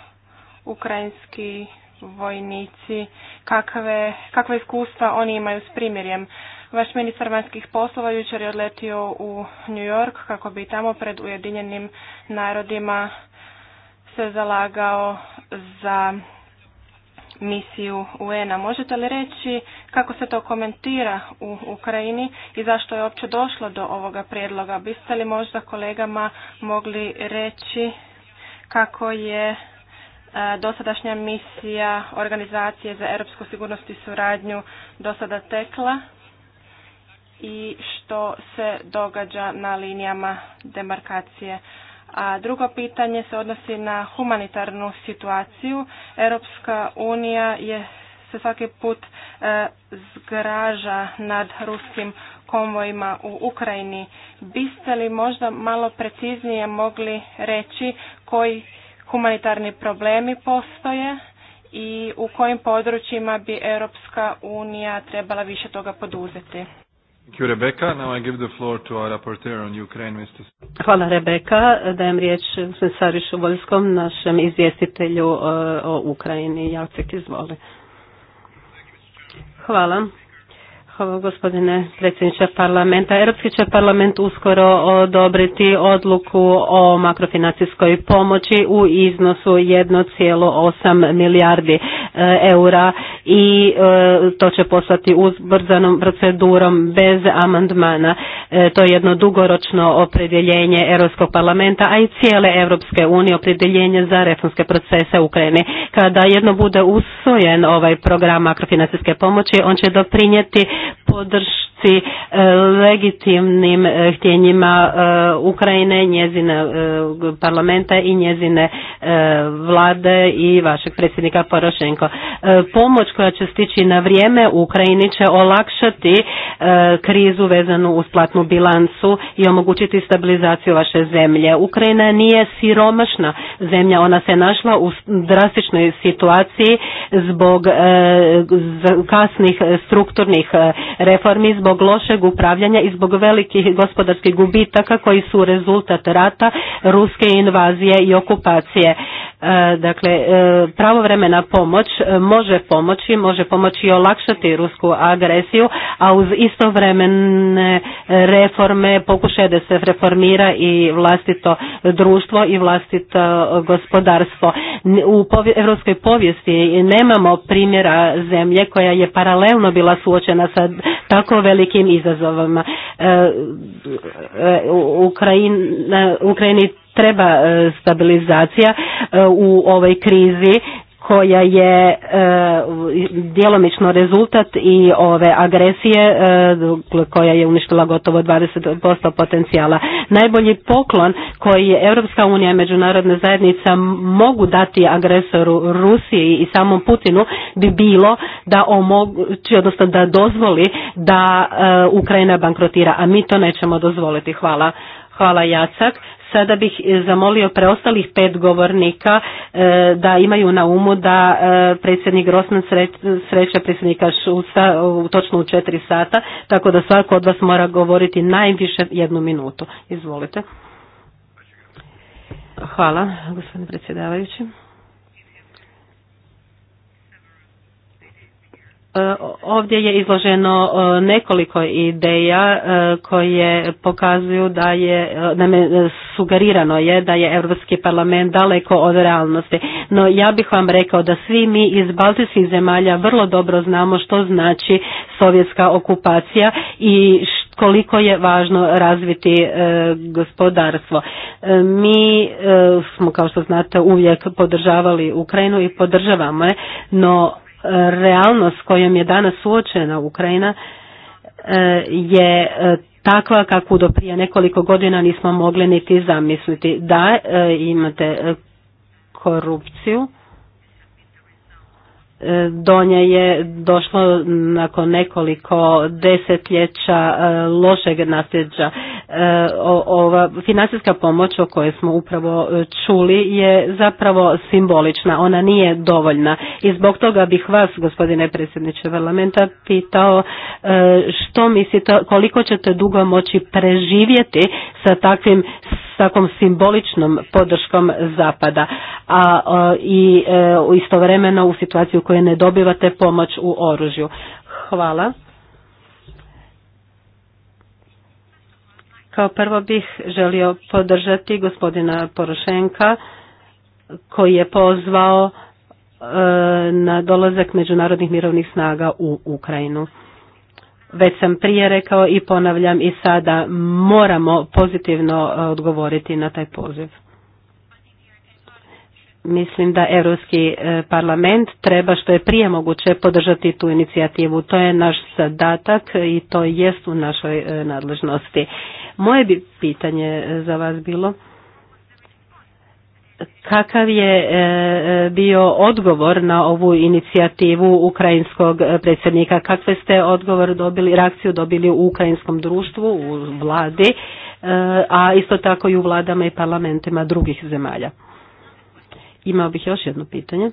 ukrajinski vojnici, kakve, kakve iskustva oni imaju s primjerjem. Vaš ministar vanjskih poslova jučer je odletio u New York kako bi tamo pred Ujedinjenim narodima se zalagao za misiju UN-a. Možete li reći kako se to komentira u Ukrajini i zašto je uopće došlo do ovoga prijedloga? Biste li možda kolegama mogli reći kako je e, dosadašnja misija Organizacije za europsku sigurnost i suradnju dosada tekla i što se događa na linijama demarkacije. A drugo pitanje se odnosi na humanitarnu situaciju. Europska unija je se svaki put e, zgraža nad ruskim konvojima u Ukrajini. Biste li možda malo preciznije mogli reći koji humanitarni problemi postoje i u kojim područjima bi Europska unija trebala više toga poduzeti? Rebeka. Now I give the floor to our rapporteur on Ukraine, Mr. Hvala Rebeka. Dajem riječ Sarišu Voljskom, našem izvjestitelju e, o Ukrajini. Jacek, izvoli. Hvala. Hvala gospodine predsjedniče parlamenta. Europski će parlament uskoro odobriti odluku o makrofinancijskoj pomoći u iznosu 1,8 milijardi e, eura i e, to će poslati uzbrzanom procedurom bez amandmana. E, to je jedno dugoročno opredjeljenje Europskog parlamenta, a i cijele Europske unije opredjeljenje za reformske procese u Ukrajini. Kada jedno bude usvojen ovaj program makrofinancijske pomoći, on će doprinijeti podrž, i e, legitimnim e, htjenjima e, Ukrajine, njezine parlamenta i njezine vlade i vašeg predsjednika Porošenko. Pomoć koja će stići na vrijeme Ukrajini će olakšati krizu vezanu uz platnu bilancu i omogućiti stabilizaciju vaše zemlje. Ukrajina nije siromašna zemlja, ona se našla u drastičnoj situaciji zbog kasnih strukturnih reformi, zbog zbog lošeg upravljanja i zbog velikih gospodarskih gubitaka koji su rezultat rata, ruske invazije i okupacije. E, dakle, e, pravovremena pomoć e, može pomoći, može pomoći i olakšati rusku agresiju, a uz istovremene reforme pokušaj da se reformira i vlastito društvo i vlastito gospodarstvo. U europskoj povijesti nemamo primjera zemlje koja je paralelno bila suočena sa tako velikim izazovima. Ukrajini treba e, stabilizacija e, u ovoj krizi koja je e, djelomično rezultat i ove agresije e, koja je uništila gotovo 20% potencijala. Najbolji poklon koji je Europska unija i međunarodna zajednica mogu dati agresoru Rusiji i samom Putinu bi bilo da omogući, odnosno da dozvoli da Ukrajina bankrotira, a mi to nećemo dozvoliti. Hvala. Hvala Jacak. Sada bih eh, zamolio preostalih pet govornika eh, da imaju na umu da eh, predsjednik Grossman sreće predsjednika Šusa točno u četiri sata, tako da svako od vas mora govoriti najviše jednu minutu. Izvolite. Hvala, gospodine predsjedavajući. Eh, ovdje je izloženo eh, nekoliko ideja eh, koje pokazuju da je, nam sugerirano je da je Europski parlament daleko od realnosti. No ja bih vam rekao da svi mi iz Baltijskih zemalja vrlo dobro znamo što znači sovjetska okupacija i koliko je važno razviti gospodarstvo. Mi smo, kao što znate, uvijek podržavali Ukrajinu i podržavamo je, no realnost kojom je danas suočena Ukrajina e, je e, takva kakvu do prije nekoliko godina nismo mogli niti zamisliti. Da, e, imate korupciju do je došlo nakon nekoliko desetljeća e, lošeg nasljeđa. E, ova financijska pomoć o kojoj smo upravo e, čuli je zapravo simbolična, ona nije dovoljna i zbog toga bih vas, gospodine predsjedniče parlamenta, pitao što mislite, koliko ćete dugo moći preživjeti sa takvim takvom simboličnom podrškom zapada a e, i e, istovremeno u situaciju u kojoj ne dobivate pomoć u oružju. Hvala. Kao prvo bih želio podržati gospodina Porošenka koji je pozvao e, na dolazak međunarodnih mirovnih snaga u Ukrajinu već sam prije rekao i ponavljam i sada moramo pozitivno e, odgovoriti na taj poziv. Mislim da Europski e, parlament treba što je prije moguće podržati tu inicijativu. To je naš zadatak i to jest u našoj e, nadležnosti. Moje bi pitanje za vas bilo kakav je e, e, bio odgovor na ovu inicijativu ukrajinskog e, predsjednika? Kakve ste odgovor dobili, reakciju dobili u ukrajinskom društvu, u vladi, a isto tako i u vladama i parlamentima drugih zemalja? Imao bih još jedno pitanje.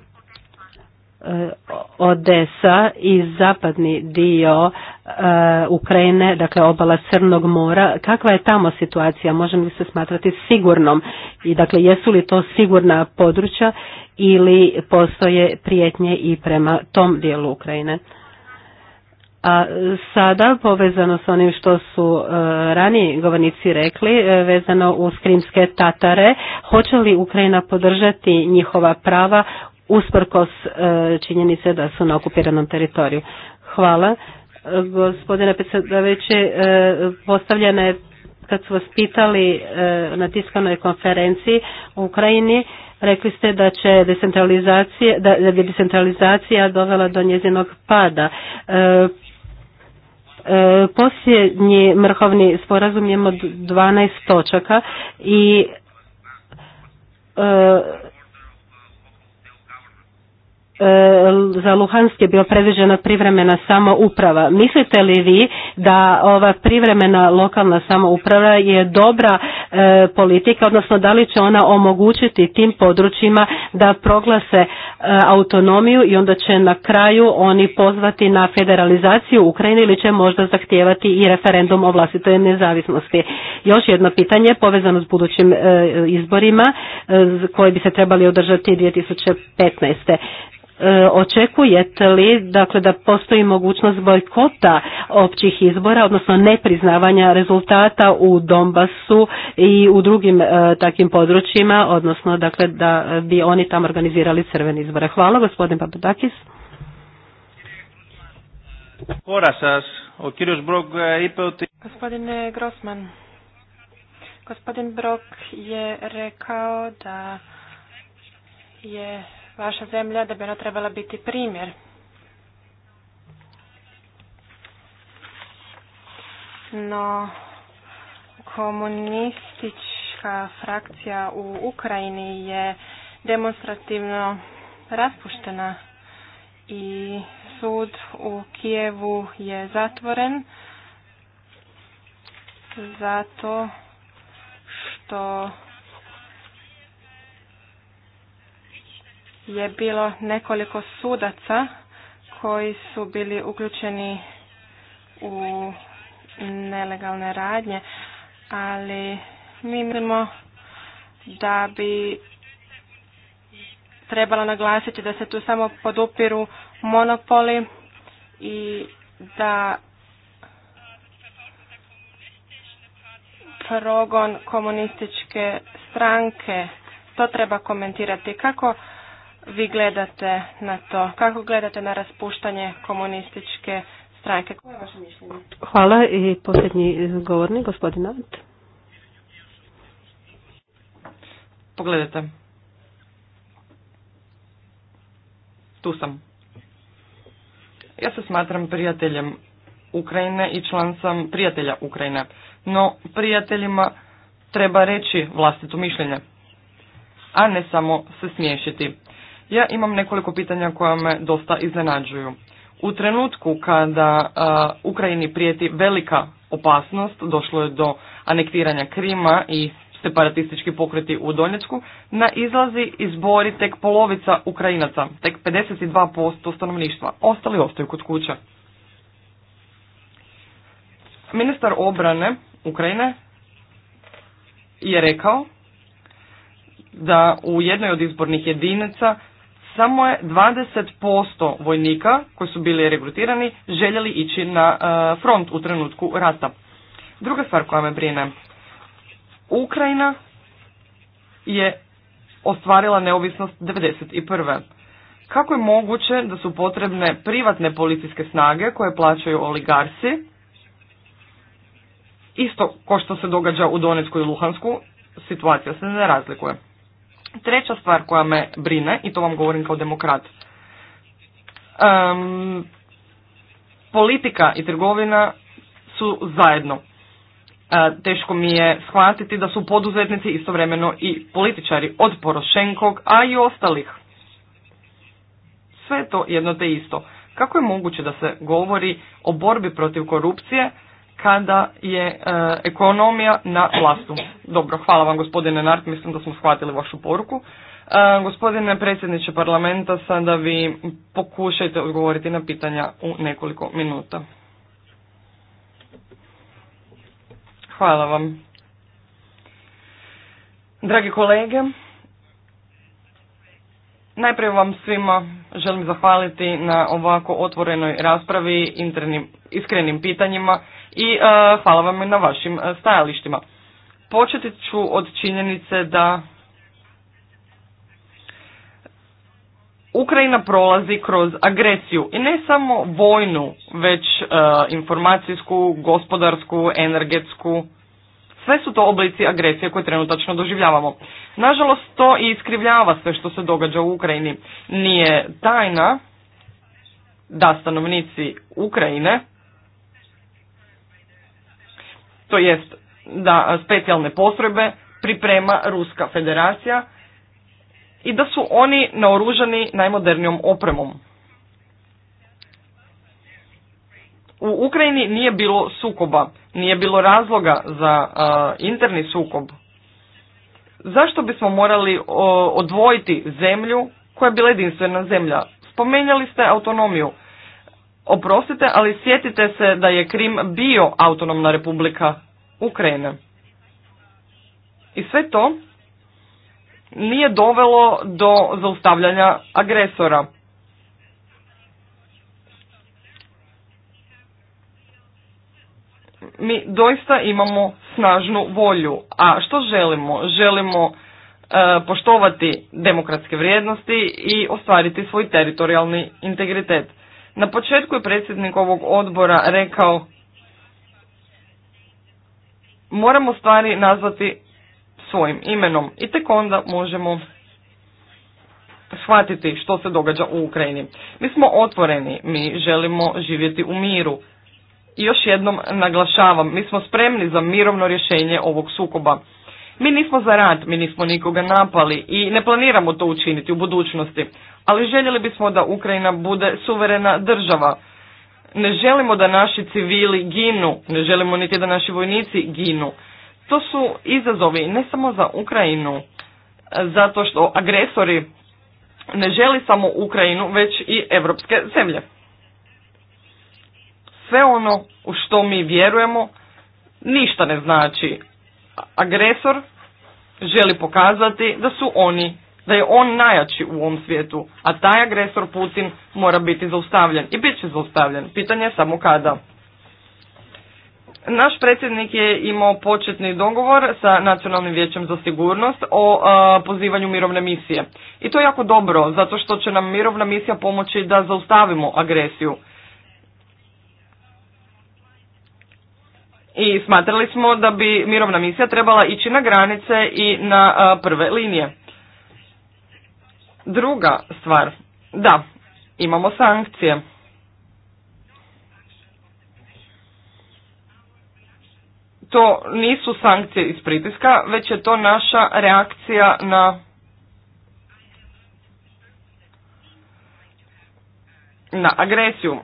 Eh, Odesa i zapadni dio eh, Ukrajine, dakle obala Crnog mora. Kakva je tamo situacija? Možemo li se smatrati sigurnom? I dakle, jesu li to sigurna područja ili postoje prijetnje i prema tom dijelu Ukrajine? A sada, povezano s onim što su rani eh, raniji govornici rekli, vezano uz krimske tatare, hoće li Ukrajina podržati njihova prava usprkos e, činjenice da su na okupiranom teritoriju. Hvala. E, gospodine predsjedavajući, e, postavljena je kad su vas pitali na tiskanoj konferenciji u Ukrajini, rekli ste da će decentralizacija, da je decentralizacija dovela do njezinog pada. Posljednji mrhovni sporazum je od 12 točaka i E, za Luhansk je bio predviđena privremena samouprava. Mislite li vi da ova privremena lokalna samouprava je dobra e, politika, odnosno da li će ona omogućiti tim područjima da proglase e, autonomiju i onda će na kraju oni pozvati na federalizaciju Ukrajine ili će možda zahtijevati i referendum o vlastitoj nezavisnosti. Još jedno pitanje povezano s budućim izborima koji bi se trebali održati 2015. E, očekujete li dakle, da postoji mogućnost bojkota općih izbora, odnosno nepriznavanja rezultata u Donbasu i u drugim e, takvim područjima, odnosno dakle, da bi oni tamo organizirali crvene izbore. Hvala, gospodin Papadakis. E, Gospodine Grossman, gospodin Brok je rekao da je vaša zemlja da bi ona trebala biti primjer. No, komunistička frakcija u Ukrajini je demonstrativno raspuštena i sud u Kijevu je zatvoren zato što je bilo nekoliko sudaca koji su bili uključeni u nelegalne radnje, ali mi mislimo da bi trebalo naglasiti da se tu samo podupiru monopoli i da progon komunističke stranke, to treba komentirati. Kako vi gledate na to? Kako gledate na raspuštanje komunističke stranke? Koje je vaše Hvala i posljednji govornik, gospodin pogledate Pogledajte. Tu sam. Ja se smatram prijateljem Ukrajine i član sam prijatelja Ukrajine. No prijateljima treba reći vlastito mišljenje, a ne samo se smiješiti. Ja imam nekoliko pitanja koja me dosta iznenađuju. U trenutku kada Ukrajini prijeti velika opasnost, došlo je do anektiranja Krima i separatistički pokreti u Donjecku, na izlazi izbori tek polovica Ukrajinaca, tek 52% stanovništva. Ostali ostaju kod kuća. Ministar obrane Ukrajine je rekao da u jednoj od izbornih jedinica samo je 20% vojnika koji su bili regrutirani željeli ići na e, front u trenutku rata. Druga stvar koja me brine, Ukrajina je ostvarila neovisnost 1991. Kako je moguće da su potrebne privatne policijske snage koje plaćaju oligarsi, isto ko što se događa u Donetsku i Luhansku, situacija se ne razlikuje. Treća stvar koja me brine, i to vam govorim kao demokrat, politika i trgovina su zajedno. E, teško mi je shvatiti da su poduzetnici istovremeno i političari od Porošenkog, a i ostalih. Sve to jedno te isto. Kako je moguće da se govori o borbi protiv korupcije, kada je e, ekonomija na vlastu. Dobro, hvala vam gospodine Nart, mislim da smo shvatili vašu poruku. E, gospodine predsjedniče parlamenta, sada vi pokušajte odgovoriti na pitanja u nekoliko minuta. Hvala vam. Dragi kolege, najprije vam svima želim zahvaliti na ovako otvorenoj raspravi, internim, iskrenim pitanjima i e, hvala vam na vašim e, stajalištima. Početi ću od činjenice da Ukrajina prolazi kroz agresiju i ne samo vojnu, već e, informacijsku, gospodarsku, energetsku. Sve su to oblici agresije koje trenutačno doživljavamo. Nažalost, to i iskrivljava sve što se događa u Ukrajini. Nije tajna da stanovnici Ukrajine to jest da specijalne postrojbe priprema Ruska federacija i da su oni naoružani najmodernijom opremom. U Ukrajini nije bilo sukoba, nije bilo razloga za interni sukob. Zašto bismo morali odvojiti zemlju koja je bila jedinstvena zemlja? Spomenjali ste autonomiju. Oprostite, ali sjetite se da je Krim bio autonomna republika Ukrajine. I sve to nije dovelo do zaustavljanja agresora. Mi doista imamo snažnu volju. A što želimo? Želimo e, poštovati demokratske vrijednosti i ostvariti svoj teritorijalni integritet. Na početku je predsjednik ovog odbora rekao moramo stvari nazvati svojim imenom i tek onda možemo shvatiti što se događa u Ukrajini. Mi smo otvoreni, mi želimo živjeti u miru. I još jednom naglašavam, mi smo spremni za mirovno rješenje ovog sukoba. Mi nismo za rat, mi nismo nikoga napali i ne planiramo to učiniti u budućnosti ali željeli bismo da Ukrajina bude suverena država. Ne želimo da naši civili ginu, ne želimo niti da naši vojnici ginu. To su izazovi ne samo za Ukrajinu, e, zato što agresori ne želi samo Ukrajinu, već i evropske zemlje. Sve ono u što mi vjerujemo ništa ne znači. Agresor želi pokazati da su oni da je on najjači u ovom svijetu, a taj agresor Putin mora biti zaustavljen i bit će zaustavljen. Pitanje je samo kada. Naš predsjednik je imao početni dogovor sa Nacionalnim vijećem za sigurnost o e, pozivanju mirovne misije. I to je jako dobro, zato što će nam mirovna misija pomoći da zaustavimo agresiju. I smatrali smo da bi mirovna misija trebala ići na granice i na e, prve linije. Druga stvar, da, imamo sankcije. To nisu sankcije iz pritiska, već je to naša reakcija na na agresiju.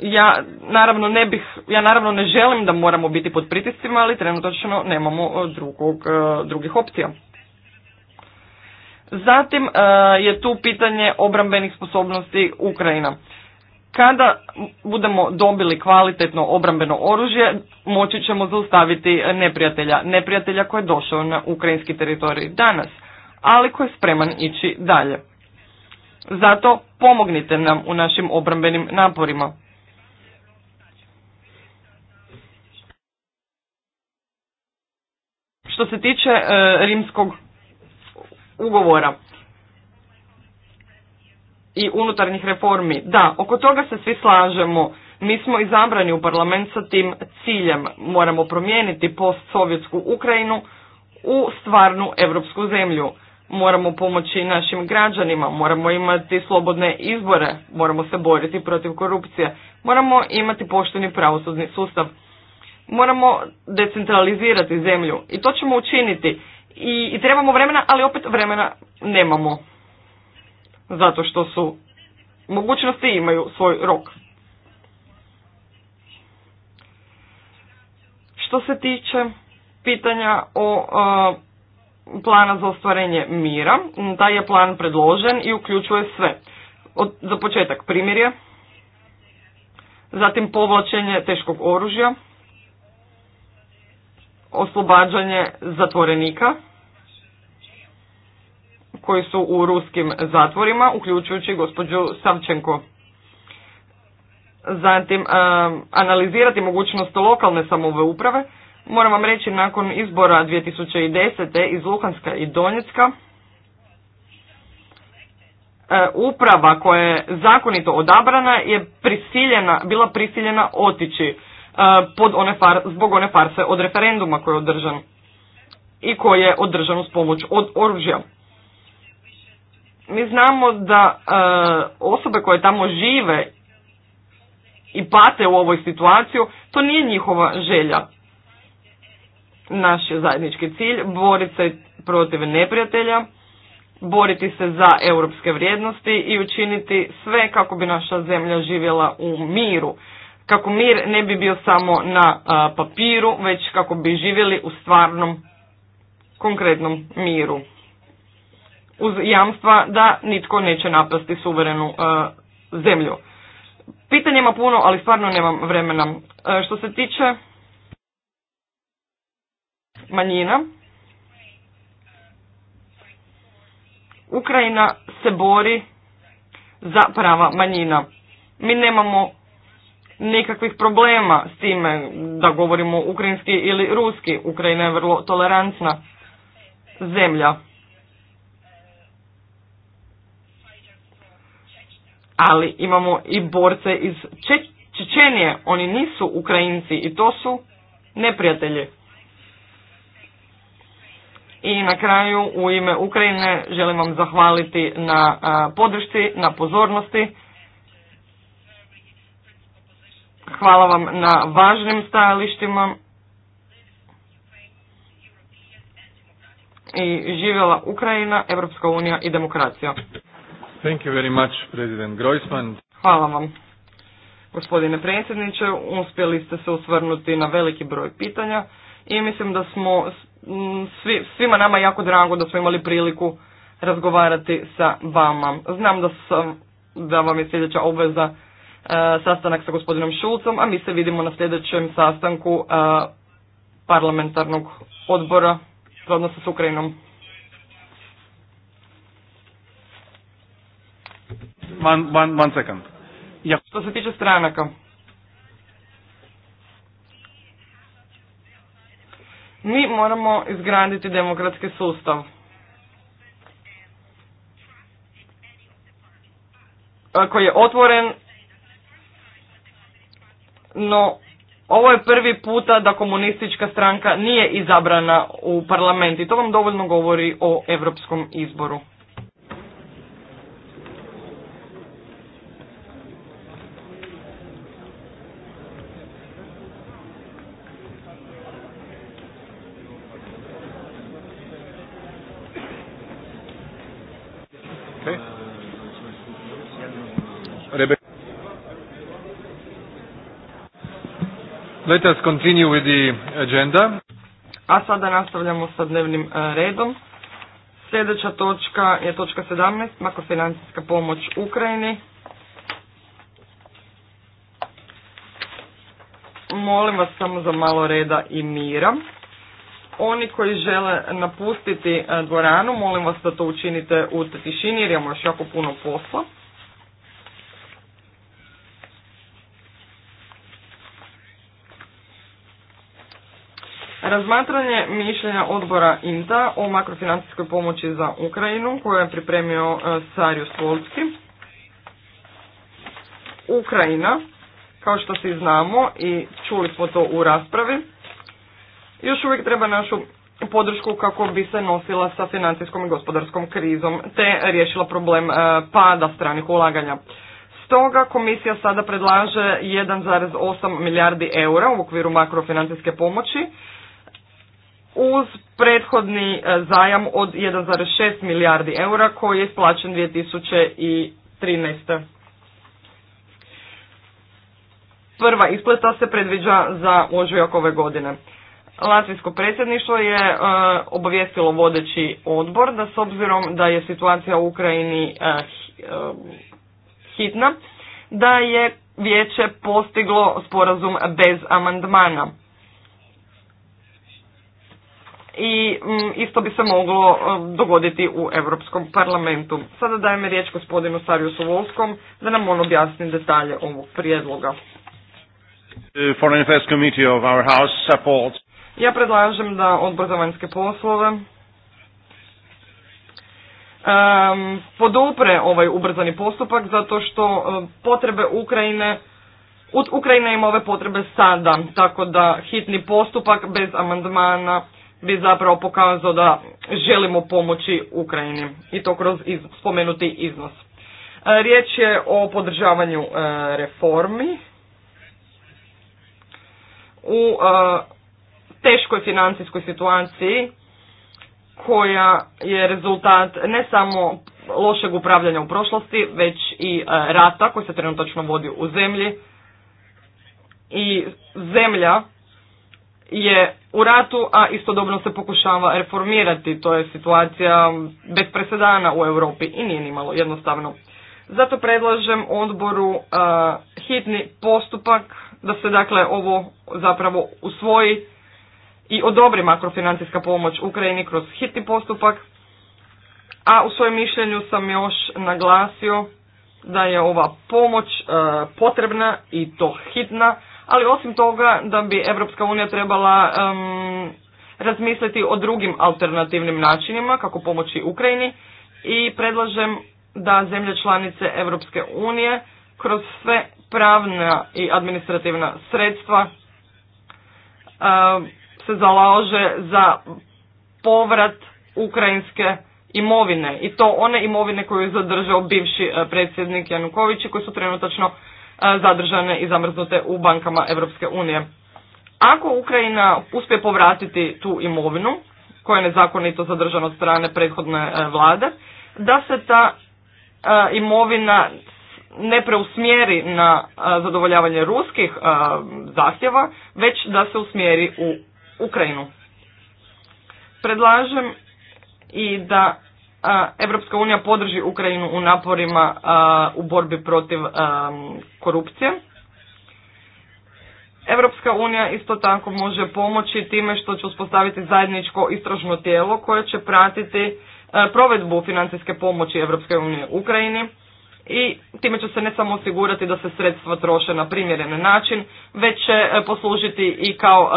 Ja naravno ne bih, ja naravno ne želim da moramo biti pod pritiscima, ali trenutačno nemamo e, drugog, e, drugih opcija. Zatim e, je tu pitanje obrambenih sposobnosti Ukrajina. Kada budemo dobili kvalitetno obrambeno oružje, moći ćemo zaustaviti neprijatelja, neprijatelja koji je došao na ukrajinski teritorij danas, ali koji je spreman ići dalje. Zato pomognite nam u našim obrambenim naporima. Što se tiče e, rimskog ugovora i unutarnjih reformi. Da, oko toga se svi slažemo. Mi smo izabrani u parlament sa tim ciljem. Moramo promijeniti postsovjetsku Ukrajinu u stvarnu evropsku zemlju. Moramo pomoći našim građanima, moramo imati slobodne izbore, moramo se boriti protiv korupcije, moramo imati pošteni pravosudni sustav. Moramo decentralizirati zemlju i to ćemo učiniti i, i trebamo vremena, ali opet vremena nemamo. Zato što su mogućnosti imaju svoj rok. Što se tiče pitanja o plana za ostvarenje mira, taj je plan predložen i uključuje sve. Od, za početak je zatim povlačenje teškog oružja, oslobađanje zatvorenika koji su u ruskim zatvorima, uključujući gospođu Savčenko. Zatim, e, analizirati mogućnost lokalne samove uprave. Moram vam reći, nakon izbora 2010. iz Luhanska i Donjecka, e, uprava koja je zakonito odabrana je prisiljena, bila prisiljena otići pod one far, zbog one farse od referenduma koji je održan i koji je održan uz pomoć od oružja. Mi znamo da e, osobe koje tamo žive i pate u ovoj situaciju, to nije njihova želja. Naš je zajednički cilj boriti se protiv neprijatelja, boriti se za europske vrijednosti i učiniti sve kako bi naša zemlja živjela u miru kako mir ne bi bio samo na papiru, već kako bi živjeli u stvarnom, konkretnom miru. Uz jamstva da nitko neće napasti suverenu zemlju. Pitanje ima puno, ali stvarno nemam vremena. što se tiče manjina, Ukrajina se bori za prava manjina. Mi nemamo nikakvih problema s time da govorimo ukrajinski ili ruski. Ukrajina je vrlo tolerantna zemlja. Ali imamo i borce iz Čečenije. Oni nisu Ukrajinci i to su neprijatelji. I na kraju u ime Ukrajine želim vam zahvaliti na podršci, na pozornosti Hvala vam na važnim stajalištima. I živjela Ukrajina, Evropska unija i demokracija. much, Hvala vam. Gospodine predsjedniče, uspjeli ste se osvrnuti na veliki broj pitanja i mislim da smo svi, svima nama jako drago da smo imali priliku razgovarati sa vama. Znam da, sam, da vam je sljedeća obveza E, sastanak sa gospodinom Šulcom, a mi se vidimo na sljedećem sastanku e, parlamentarnog odbora za odnose s Ukrajinom. one second. Ja. Što se tiče stranaka, mi moramo izgraditi demokratski sustav. E, koji je otvoren no, ovo je prvi puta da komunistička stranka nije izabrana u parlament i to vam dovoljno govori o europskom izboru. Let continue with the agenda. A sada nastavljamo sa dnevnim e, redom. Sljedeća točka je točka 17, makrofinancijska pomoć Ukrajini. Molim vas samo za malo reda i mira. Oni koji žele napustiti e, dvoranu, molim vas da to učinite u tišini jer imamo još jako puno posla. Razmatranje mišljenja odbora INTA o makrofinancijskoj pomoći za Ukrajinu koju je pripremio e, Sariju Svolski. Ukrajina, kao što svi znamo i čuli smo to u raspravi, još uvijek treba našu podršku kako bi se nosila sa financijskom i gospodarskom krizom te riješila problem e, pada stranih ulaganja. Stoga komisija sada predlaže 1,8 milijardi eura u okviru makrofinancijske pomoći uz prethodni e, zajam od 1,6 milijardi eura koji je isplaćen 2013. Prva isplata se predviđa za ožujak ove godine. Latvijsko predsjedništvo je e, obavijestilo vodeći odbor da s obzirom da je situacija u Ukrajini e, e, hitna, da je vijeće postiglo sporazum bez amandmana i mm, isto bi se moglo e, dogoditi u Europskom parlamentu. Sada dajem riječ gospodinu Sarjusu Volskom da nam on objasni detalje ovog prijedloga. Ja predlažem da odbor za vanjske poslove podupre ovaj ubrzani postupak zato što e, potrebe Ukrajine Ukrajina ima ove potrebe sada, tako da hitni postupak bez amandmana bi zapravo pokazao da želimo pomoći Ukrajini i to kroz spomenuti iznos. E, riječ je o podržavanju e, reformi u e, teškoj financijskoj situaciji koja je rezultat ne samo lošeg upravljanja u prošlosti, već i rata koji se trenutačno vodi u zemlji i zemlja je u ratu, a istodobno se pokušava reformirati. To je situacija bez presedana u Europi i nije nimalo jednostavno. Zato predlažem odboru uh, hitni postupak da se dakle ovo zapravo usvoji i odobri makrofinancijska pomoć Ukrajini kroz hitni postupak. A u svojem mišljenju sam još naglasio da je ova pomoć uh, potrebna i to hitna ali osim toga da bi Europska unija trebala razmisliti o drugim alternativnim načinima kako pomoći Ukrajini i predlažem da zemlje članice Europske unije kroz sve pravna i administrativna sredstva se zalaže za povrat ukrajinske imovine i to one imovine koju je zadržao bivši e, predsjednik Januković koji su trenutačno zadržane i zamrznute u bankama Europske unije. Ako Ukrajina uspije povratiti tu imovinu, koja je nezakonito zadržana od strane prethodne e, vlade, da se ta e, imovina ne preusmjeri na e, zadovoljavanje ruskih zahtjeva, već da se usmjeri u Ukrajinu. Predlažem i da Europska unija podrži Ukrajinu u naporima u borbi protiv korupcije. Europska unija isto tako može pomoći time što će uspostaviti zajedničko istražno tijelo koje će pratiti provedbu financijske pomoći Europske unije Ukrajini i time će se ne samo osigurati da se sredstva troše na primjeren način, već će poslužiti i kao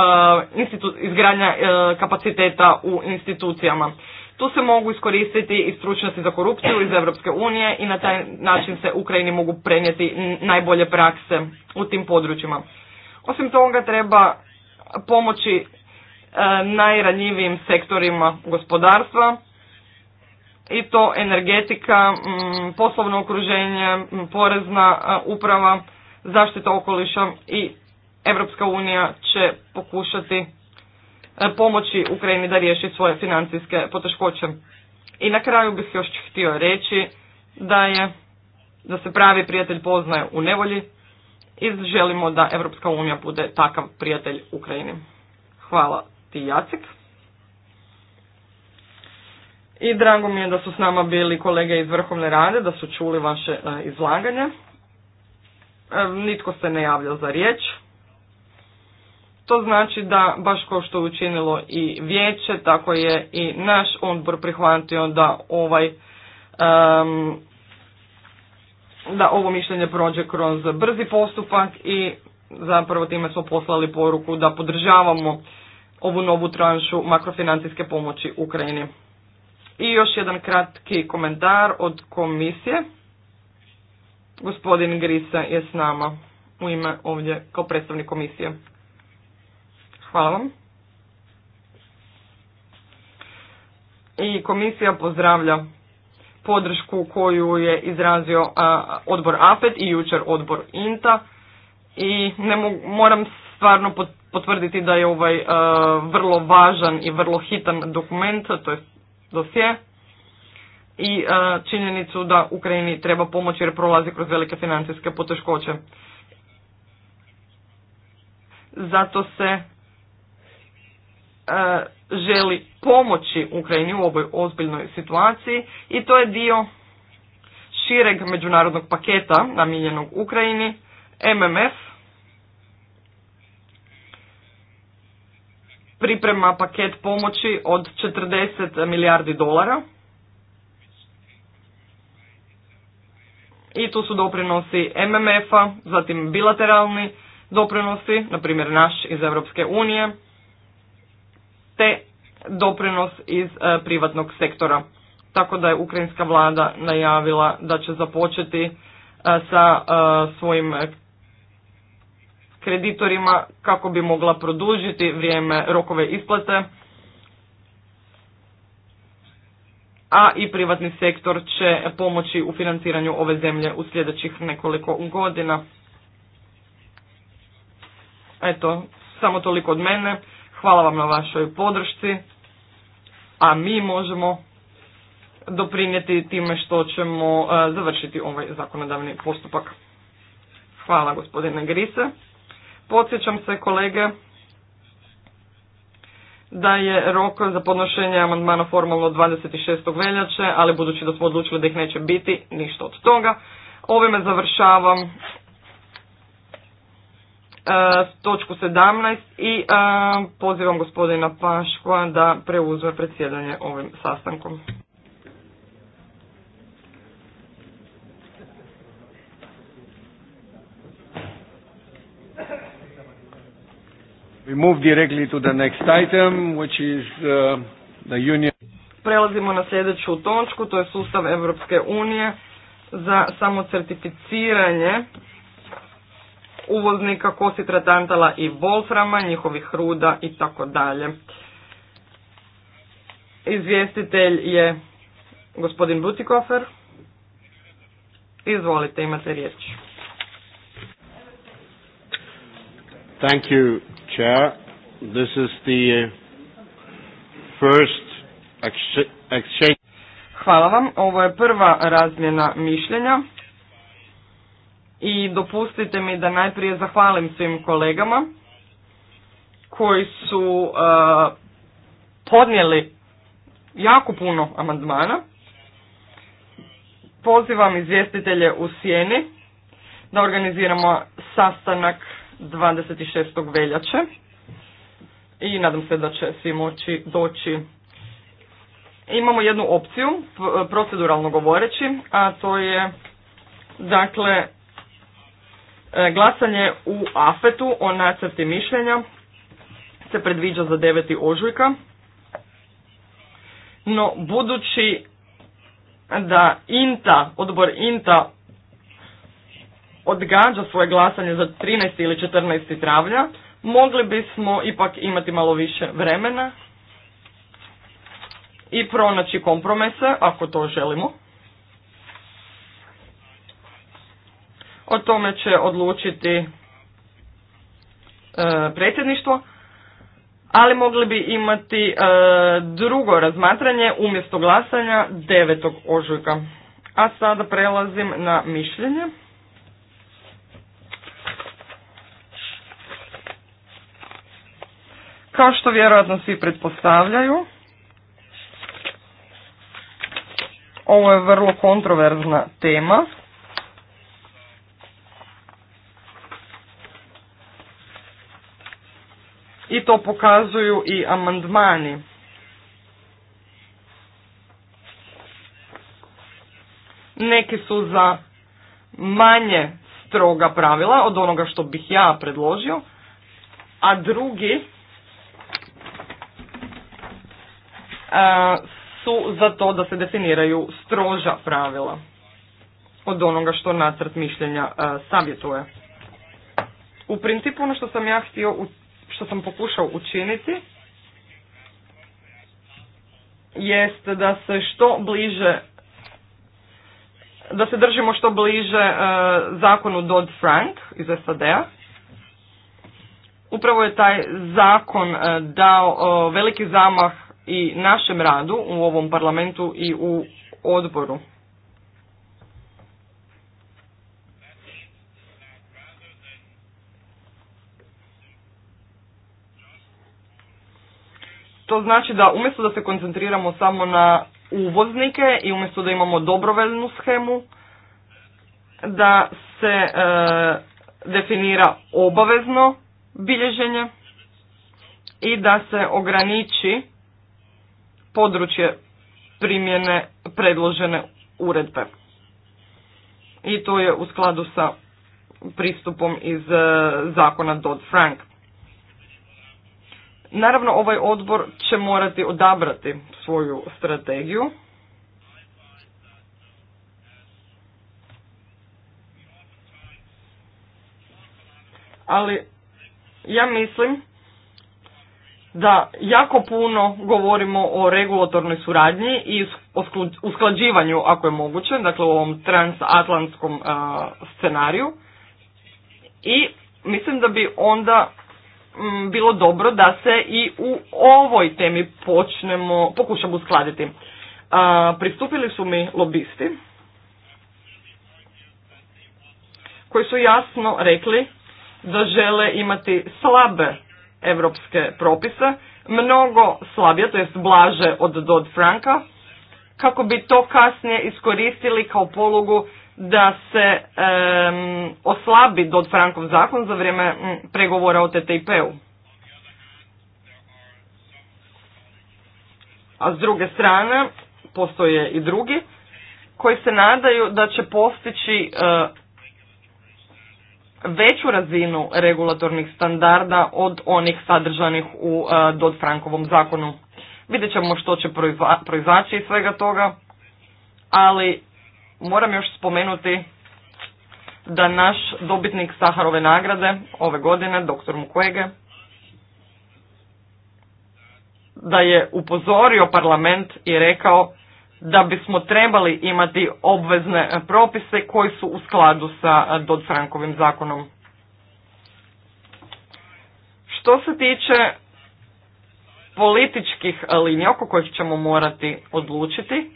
izgradnja kapaciteta u institucijama. Tu se mogu iskoristiti i stručnosti za korupciju iz Europske unije i na taj način se Ukrajini mogu prenijeti najbolje prakse u tim područjima. Osim toga treba pomoći e, najranjivijim sektorima gospodarstva i to energetika, poslovno okruženje, porezna e, uprava, zaštita okoliša i Europska unija će pokušati E, pomoći Ukrajini da riješi svoje financijske poteškoće. I na kraju bih još htio reći da je da se pravi prijatelj poznaje u nevolji i želimo da Europska unija bude takav prijatelj Ukrajini. Hvala ti Jacek. I drago mi je da su s nama bili kolege iz Vrhovne rade, da su čuli vaše e, izlaganje. E, nitko se ne javlja za riječ. To znači da, baš kao što je učinilo i vijeće, tako je i naš odbor prihvatio da ovaj da ovo mišljenje prođe kroz brzi postupak i zapravo time smo poslali poruku da podržavamo ovu novu tranšu makrofinancijske pomoći Ukrajini. I još jedan kratki komentar od komisije. Gospodin Grisa je s nama u ime ovdje kao predstavnik komisije. Hvala vam. I komisija pozdravlja podršku koju je izrazio odbor APET i jučer odbor INTA i ne mogu, moram stvarno potvrditi da je ovaj vrlo važan i vrlo hitan dokument, to je dosje i činjenicu da Ukrajini treba pomoći jer prolazi kroz velike financijske poteškoće. Zato se E, želi pomoći Ukrajini u ovoj ozbiljnoj situaciji i to je dio šireg međunarodnog paketa namijenjenog Ukrajini, MMF, priprema paket pomoći od 40 milijardi dolara i tu su doprinosi MMF-a, zatim bilateralni doprinosi, na primjer naš iz Europske unije, te doprinos iz e, privatnog sektora. Tako da je ukrajinska vlada najavila da će započeti e, sa e, svojim kreditorima kako bi mogla produžiti vrijeme rokove isplate, a i privatni sektor će pomoći u financiranju ove zemlje u sljedećih nekoliko godina. Eto, samo toliko od mene. Hvala vam na vašoj podršci, a mi možemo doprinijeti time što ćemo e, završiti ovaj zakonodavni postupak. Hvala gospodine Grise. Podsjećam se kolege da je rok za podnošenje amandmana formalno 26. veljače, ali budući da smo odlučili da ih neće biti, ništa od toga. Ovime završavam E, točku 17 i e, pozivam gospodina Paško da preuzme predsjedanje ovim sastankom. We move directly to next item, which uh, Prelazimo na sljedeću točku, to je sustav Europske unije za samocertificiranje uvoznika kositra i volframa, njihovih ruda i tako dalje. Izvjestitelj je gospodin Butikofer. Izvolite, imate riječ. Thank you, Chair. This is the uh, first exchange. Hvala vam. Ovo je prva razmjena mišljenja i dopustite mi da najprije zahvalim svim kolegama koji su uh, podnijeli jako puno amandmana. Pozivam izvjestitelje u sjeni da organiziramo sastanak 26. veljače i nadam se da će svi moći doći. Imamo jednu opciju, proceduralno govoreći, a to je dakle E, glasanje u AFET-u o nacrti mišljenja se predviđa za 9. ožujka. No, budući da INTA, odbor INTA odgađa svoje glasanje za 13. ili 14. travnja, mogli bismo ipak imati malo više vremena i pronaći kompromese, ako to želimo. O tome će odlučiti e, predsjedništvo, ali mogli bi imati e, drugo razmatranje umjesto glasanja 9. ožujka. A sada prelazim na mišljenje. Kao što vjerojatno svi pretpostavljaju, ovo je vrlo kontroverzna tema. i to pokazuju i amandmani. Neki su za manje stroga pravila od onoga što bih ja predložio, a drugi su za to da se definiraju stroža pravila od onoga što nacrt mišljenja savjetuje. U principu ono što sam ja htio u što sam pokušao učiniti jest da se što bliže da se držimo što bliže e, zakonu Dodd-Frank iz SAD-a. Upravo je taj zakon e, dao e, veliki zamah i našem radu u ovom parlamentu i u odboru. To znači da umjesto da se koncentriramo samo na uvoznike i umjesto da imamo dobrovoljnu schemu, da se e, definira obavezno bilježenje i da se ograniči područje primjene predložene uredbe. I to je u skladu sa pristupom iz e, zakona Dodd-Frank. Naravno, ovaj odbor će morati odabrati svoju strategiju. Ali ja mislim da jako puno govorimo o regulatornoj suradnji i usklađivanju ako je moguće, dakle u ovom transatlantskom scenariju i mislim da bi onda bilo dobro da se i u ovoj temi počnemo, pokušamo uskladiti. Pristupili su mi lobisti koji su jasno rekli da žele imati slabe europske propise, mnogo slabije, to jest blaže od Dodd-Franka, kako bi to kasnije iskoristili kao polugu da se oslabi Dodd Frankov zakon za vrijeme pregovora o TTIP-u. A s druge strane, postoje i drugi koji se nadaju da će postići e, veću razinu regulatornih standarda od onih sadržanih u e, Dodd-Frankovom zakonu. Vidjet ćemo što će proizaći iz svega toga, ali Moram još spomenuti da naš dobitnik Saharove nagrade ove godine, doktor Mukwege, da je upozorio parlament i rekao da bismo trebali imati obvezne propise koji su u skladu sa Dodd-Frankovim zakonom. Što se tiče političkih linija oko kojih ćemo morati odlučiti,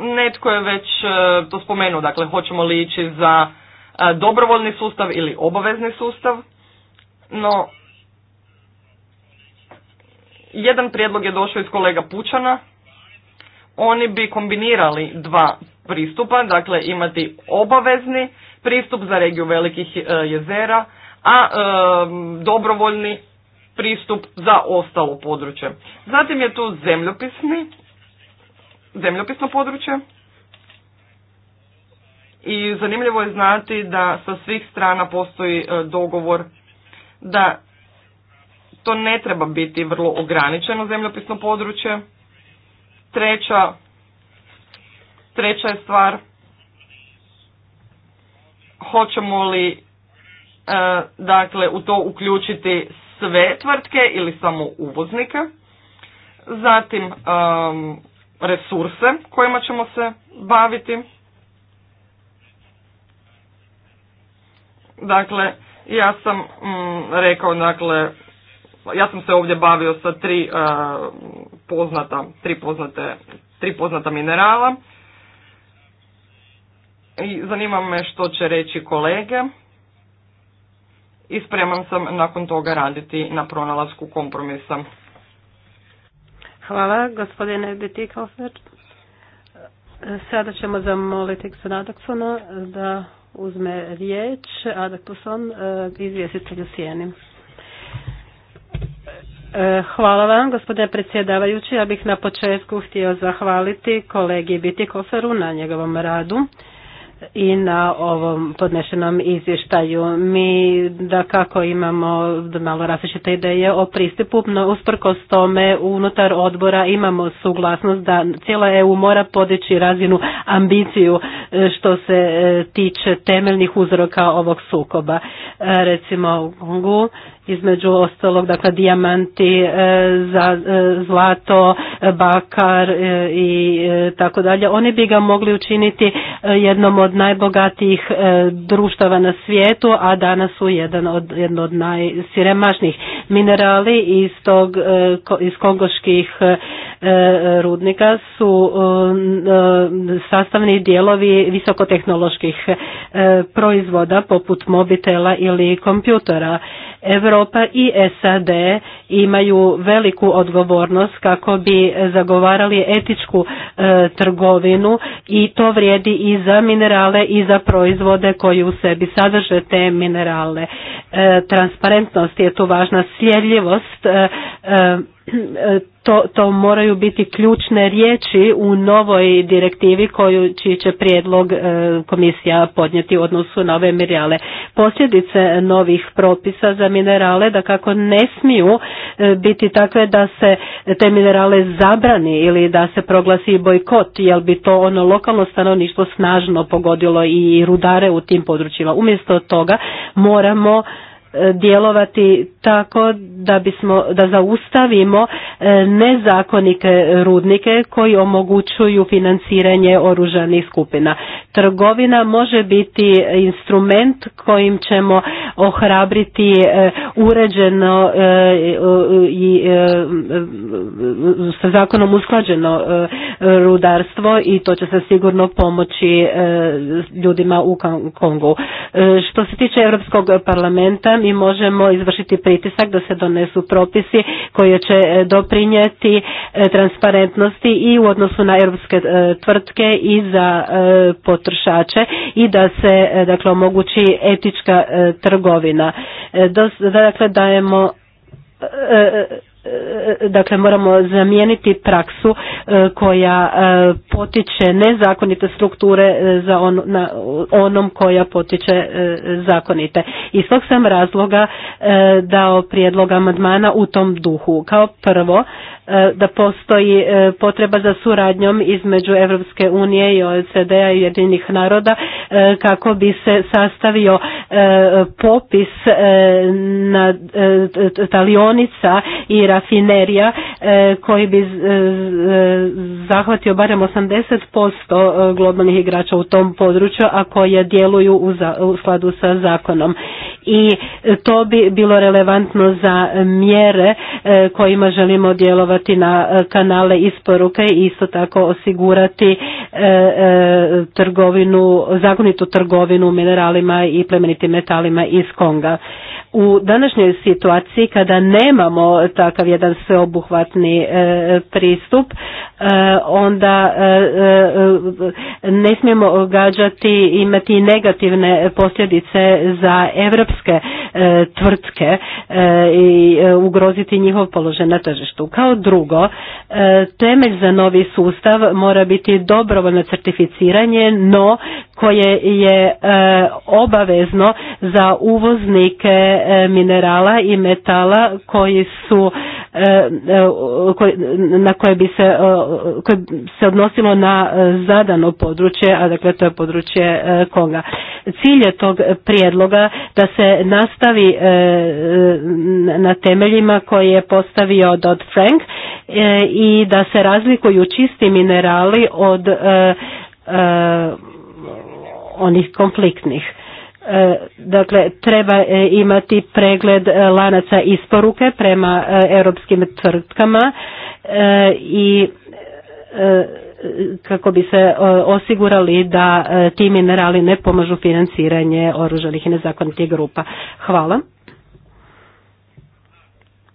Netko je već e, to spomenuo, dakle hoćemo li ići za e, dobrovoljni sustav ili obavezni sustav, no jedan prijedlog je došao iz kolega Pučana, oni bi kombinirali dva pristupa, dakle imati obavezni pristup za regiju velikih e, jezera, a dobrovoljni pristup za ostalo područje. Zatim je tu zemljopisni zemljopisno područje. I zanimljivo je znati da sa svih strana postoji e, dogovor da to ne treba biti vrlo ograničeno zemljopisno područje. Treća, treća je stvar hoćemo li e, dakle u to uključiti sve tvrtke ili samo uvoznike. Zatim resurse kojima ćemo se baviti. Dakle, ja sam mm, rekao, dakle, ja sam se ovdje bavio sa tri e, poznata, tri poznate, tri poznata minerala. I zanima me što će reći kolege. I spreman sam nakon toga raditi na pronalasku kompromisa. Hvala, gospodine Betikofer. Sada ćemo zamoliti Adaksona da uzme riječ. Adakson, Poson, e, izvjestitelj e, Hvala vam, gospodine predsjedavajući. Ja bih na početku htio zahvaliti kolegi Bitikoferu na njegovom radu i na ovom podnešenom izvještaju. Mi da kako imamo malo različite ideje o pristupu, no usprkos tome unutar odbora imamo suglasnost da cijela EU mora podići razinu ambiciju što se e, tiče temeljnih uzroka ovog sukoba. E, recimo u Kongu, između ostalog, dakle, dijamanti e, za zlato, bakar i tako dalje. Oni bi ga mogli učiniti jednom od najbogatijih društava na svijetu, a danas su jedan od, jedno od najsiremašnijih minerali iz, tog, iz kongoških E, rudnika su e, e, sastavni dijelovi visokotehnoloških proizvoda poput mobitela ili kompjutora. Europa i SAD imaju veliku odgovornost kako bi zagovarali etičku trgovinu i to vrijedi i za minerale i za proizvode koji u sebi sadrže te minerale. transparentnost je tu važna, sljedljivost to, to moraju biti ključne riječi u novoj direktivi koju čiji će prijedlog e, komisija podnijeti u odnosu na ove minerale. Posljedice novih propisa za minerale da kako ne smiju e, biti takve da se te minerale zabrani ili da se proglasi bojkot jel bi to ono lokalno stanovništvo snažno pogodilo i rudare u tim područjima. Umjesto toga moramo djelovati tako da bismo da zaustavimo e, nezakonike rudnike koji omogućuju financiranje oružanih skupina. Trgovina može biti instrument kojim ćemo ohrabriti e, uređeno e, i sa zakonom usklađeno rudarstvo i to će se sigurno pomoći ljudima u Kongu. Što se tiče Europskog parlamenta, mi možemo izvršiti pritisak da se donesu propisi koje će e, doprinijeti e, transparentnosti i u odnosu na europske e, tvrtke i za potrošače i da se dakle omogući etička trgovina. Dakle dajemo dakle moramo zamijeniti praksu e, koja e, potiče nezakonite strukture e, za on, na, onom koja potiče zakonite. Iz tog sam razloga dao prijedlog amandmana u tom duhu. Kao prvo da postoji e, potreba za suradnjom između Europske unije i OECD-a i Jedinih naroda e, kako bi se sastavio e, popis na talionica i rafinerija koji bi zahvatio barem 80% globalnih igrača u tom području a koje djeluju u skladu sa zakonom. I to bi bilo relevantno za mjere kojima želimo djelovati na e, kanale isporuke i isto tako osigurati e, e, trgovinu, zakonitu trgovinu mineralima i plemenitim metalima iz Konga. U današnjoj situaciji kada nemamo takav jedan sveobuhvatni e, pristup, e, onda e, ne smijemo gađati imati negativne posljedice za evropske tvrtke i ugroziti njihov položaj na tržištu. Kao drugo, temelj za novi sustav mora biti dobrovoljno certificiranje, no koje je obavezno za uvoznike E, minerala i metala koji su e, e, na koje bi se koje se odnosilo na zadano područje, a dakle to je područje Konga. Cilj je tog prijedloga da se nastavi na temeljima koje je postavio Dodd Frank i da se razlikuju čisti minerali od onih konfliktnih. E, dakle, treba e, imati pregled e, lanaca isporuke prema europskim tvrtkama i kako bi se osigurali da ti minerali ne pomažu financiranje oružanih i nezakonitih grupa. Hvala.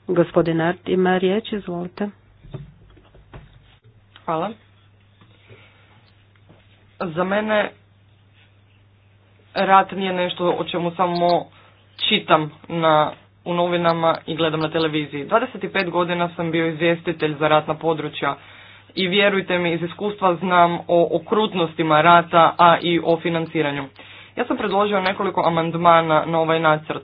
Gospodin Art ima riječ, izvolite. Hvala. Za mene rat nije nešto o čemu samo čitam na, u novinama i gledam na televiziji. 25 godina sam bio izvjestitelj za ratna područja i vjerujte mi, iz iskustva znam o okrutnostima rata, a i o financiranju. Ja sam predložio nekoliko amandmana na ovaj nacrt.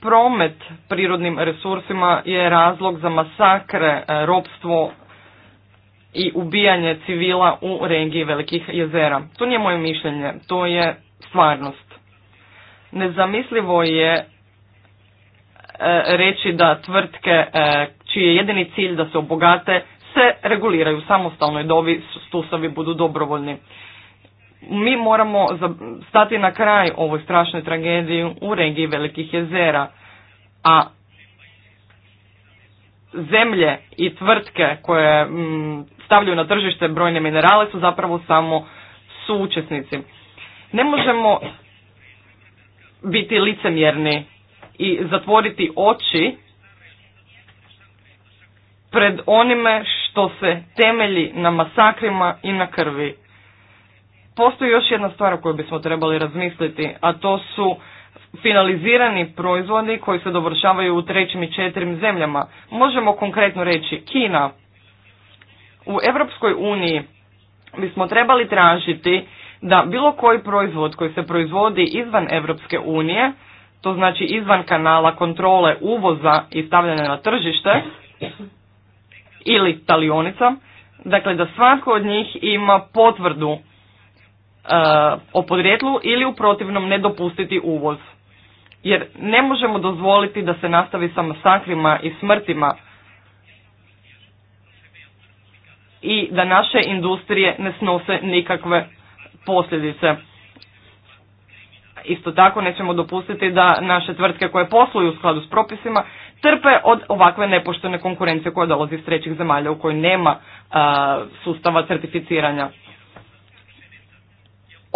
Promet prirodnim resursima je razlog za masakre, eh, ropstvo, i ubijanje civila u regiji velikih jezera. To nije moje mišljenje, to je stvarnost. Nezamislivo je e, reći da tvrtke e, čiji je jedini cilj da se obogate se reguliraju samostalno i da ovi stusavi budu dobrovoljni. Mi moramo stati na kraj ovoj strašnoj tragediji u regiji velikih jezera, a zemlje i tvrtke koje mm, stavljaju na tržište brojne minerale su zapravo samo suučesnici. Ne možemo biti licemjerni i zatvoriti oči pred onime što se temelji na masakrima i na krvi. Postoji još jedna stvar o kojoj bismo trebali razmisliti, a to su finalizirani proizvodi koji se dovršavaju u trećim i četiri zemljama. Možemo konkretno reći Kina. U Europskoj uniji bismo trebali tražiti da bilo koji proizvod koji se proizvodi izvan Europske unije, to znači izvan kanala kontrole uvoza i stavljanja na tržište ili talionica, dakle da svatko od njih ima potvrdu e, o podrijetlu ili u protivnom ne dopustiti uvoz jer ne možemo dozvoliti da se nastavi sa masakrima i smrtima i da naše industrije ne snose nikakve posljedice. Isto tako nećemo dopustiti da naše tvrtke koje posluju u skladu s propisima trpe od ovakve nepoštene konkurencije koja dolazi iz trećih zemalja u kojoj nema sustava certificiranja.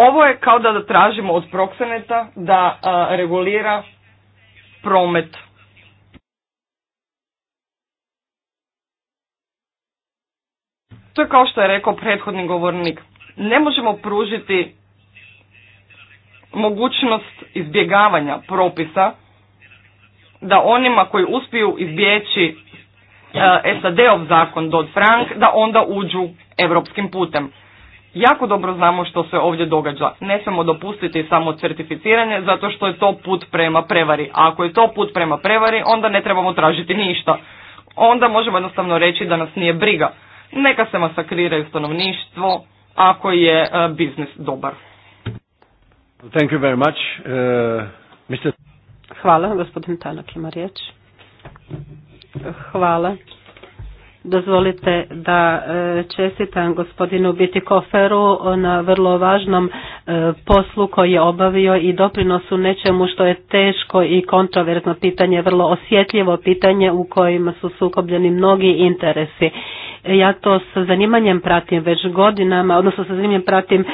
Ovo je kao da, tražimo od prokseneta da regulira promet. To je kao što je rekao prethodni govornik. Ne možemo pružiti mogućnost izbjegavanja propisa da onima koji uspiju izbjeći SAD-ov zakon Dodd-Frank da onda uđu europskim putem jako dobro znamo što se ovdje događa. Ne smemo dopustiti samo certificiranje zato što je to put prema prevari. ako je to put prema prevari, onda ne trebamo tražiti ništa. Onda možemo jednostavno reći da nas nije briga. Neka se masakriraju stanovništvo ako je e, biznis dobar. Thank you very much. E, Mr. Hvala, gospodin Tanak ima riječ. Hvala. Dozvolite da e, čestitam gospodinu Bitikoferu na vrlo važnom e, poslu koji je obavio i doprinosu nečemu što je teško i kontroverzno pitanje, vrlo osjetljivo pitanje u kojima su sukobljeni mnogi interesi E, ja to sa zanimanjem pratim već godinama, odnosno sa zanimanjem pratim e,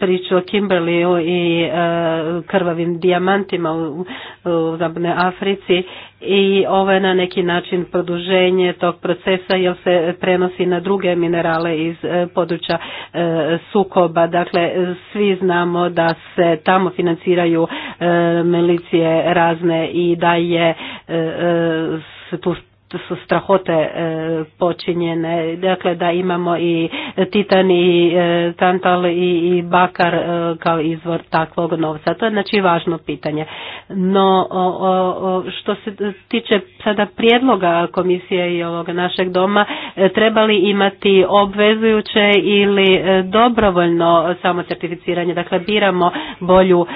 priču o Kimberliju i e, krvavim dijamantima u Zapadnoj Africi i ovo je na neki način produženje tog procesa jer se prenosi na druge minerale iz područja sukoba. Dakle, svi znamo da se tamo financiraju milicije razne i da je tu su strahote e, počinjene, dakle da imamo i titan i e, tantal i bakar e, kao izvor takvog novca. To je znači važno pitanje. No što se tiče sada prijedloga komisije i ovog našeg doma, trebali imati obvezujuće ili dobrovoljno samocertificiranje, dakle biramo bolju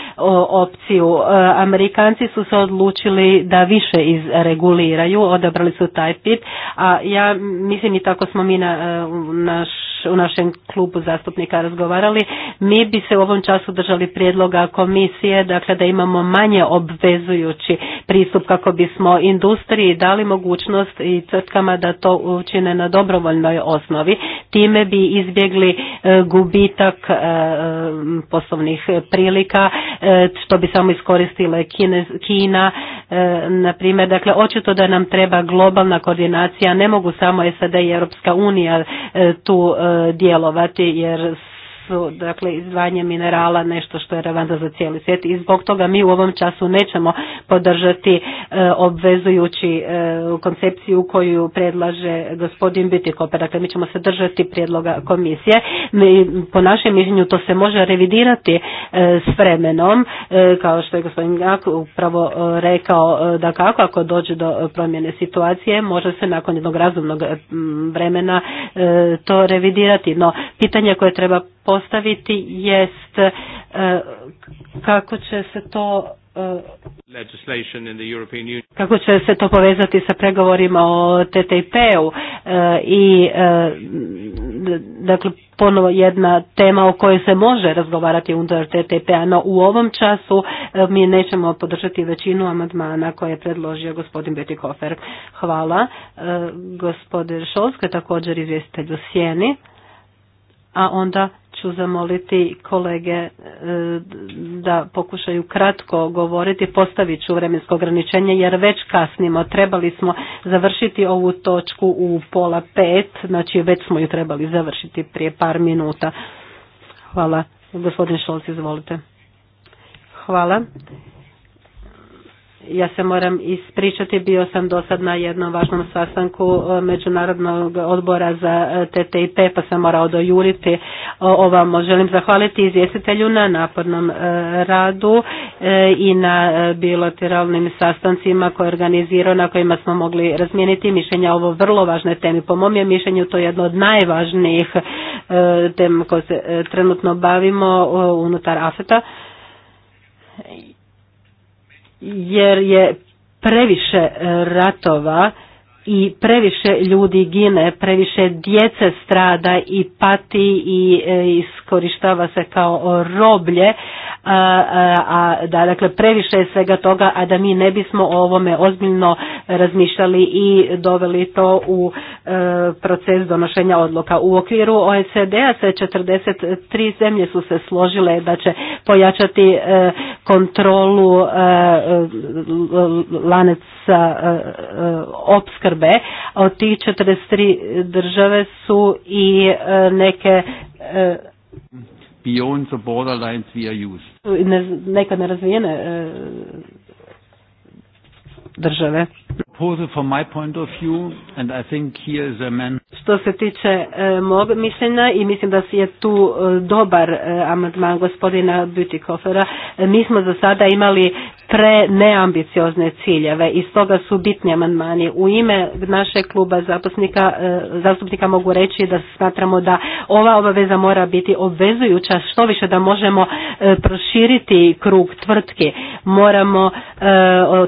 opciju. Amerikanci su se odlučili da više izreguliraju, odabrali su su taj tip a ja mislim i tako smo mi na naš u našem klubu zastupnika razgovarali, mi bi se u ovom času držali prijedloga komisije, dakle da imamo manje obvezujući pristup kako bismo industriji dali mogućnost i crtkama da to učine na dobrovoljnoj osnovi. Time bi izbjegli e, gubitak e, poslovnih prilika, e, što bi samo iskoristile Kina, na primjer, dakle očito da nam treba globalna koordinacija, ne mogu samo SAD i Europska unija tu djelovati jer su dakle izdvajanje minerala nešto što je relevantno za cijeli svijet i zbog toga mi u ovom času nećemo podržati e, obvezujući e, koncepciju koju predlaže gospodin Bitikoper. Dakle, mi ćemo se držati prijedloga komisije. Po našem mišljenju to se može revidirati e, s vremenom, kao što je gospodin Gak upravo rekao da kako, ako dođe do promjene situacije, može se nakon jednog razumnog vremena to revidirati. No, pitanje koje treba postaviti jest e, kako će se to e, kako će se to povezati sa pregovorima o ttp u e, i dakle ponovo jedna tema o kojoj se može razgovarati unutar TTP-a, no u ovom času mi nećemo podržati većinu amandmana koje je predložio gospodin Betikofer. Hvala. Gospodin Šolsko također izvjestitelj u Sjeni a onda ću zamoliti kolege e, da pokušaju kratko govoriti. Postavit ću vremensko ograničenje jer već kasnimo. Trebali smo završiti ovu točku u pola pet, znači već smo ju trebali završiti prije par minuta. Hvala. Gospodin Šolci, izvolite. Hvala ja se moram ispričati, bio sam do sad na jednom važnom sastanku e, Međunarodnog odbora za e, TTIP pa sam morao dojuriti e, ovamo. Želim zahvaliti izvjestitelju na napornom radu i na bilateralnim sastancima koje je organizirao na kojima smo mogli razmijeniti mišljenja o ovo vrlo važne temi. Po mom je mišljenju to je jedno od najvažnijih tem koje se trenutno bavimo unutar AFETA jer je previše e, ratova i previše ljudi gine, previše djece strada i pati i e, iskorištava se kao roblje a da dakle previše je svega toga, a da mi ne bismo o ovome ozbiljno razmišljali i doveli to u e, proces donošenja odluka. U okviru OECD-a se 43 zemlje su se složile da će pojačati e, kontrolu e, lanaca opskrbe. Od tih 43 države su i neke beyond the borderlines we are used. nekad nerazvijene e, države. Što se tiče e, mog mišljenja i mislim da je tu e, dobar e, amandman gospodina Butikofera, mi smo za sada imali pre neambiciozne ciljeve i stoga su bitni amandmani. U ime našeg kluba zastupnika mogu reći da smatramo da ova obaveza mora biti obvezujuća, što više da možemo proširiti krug tvrtki. Moramo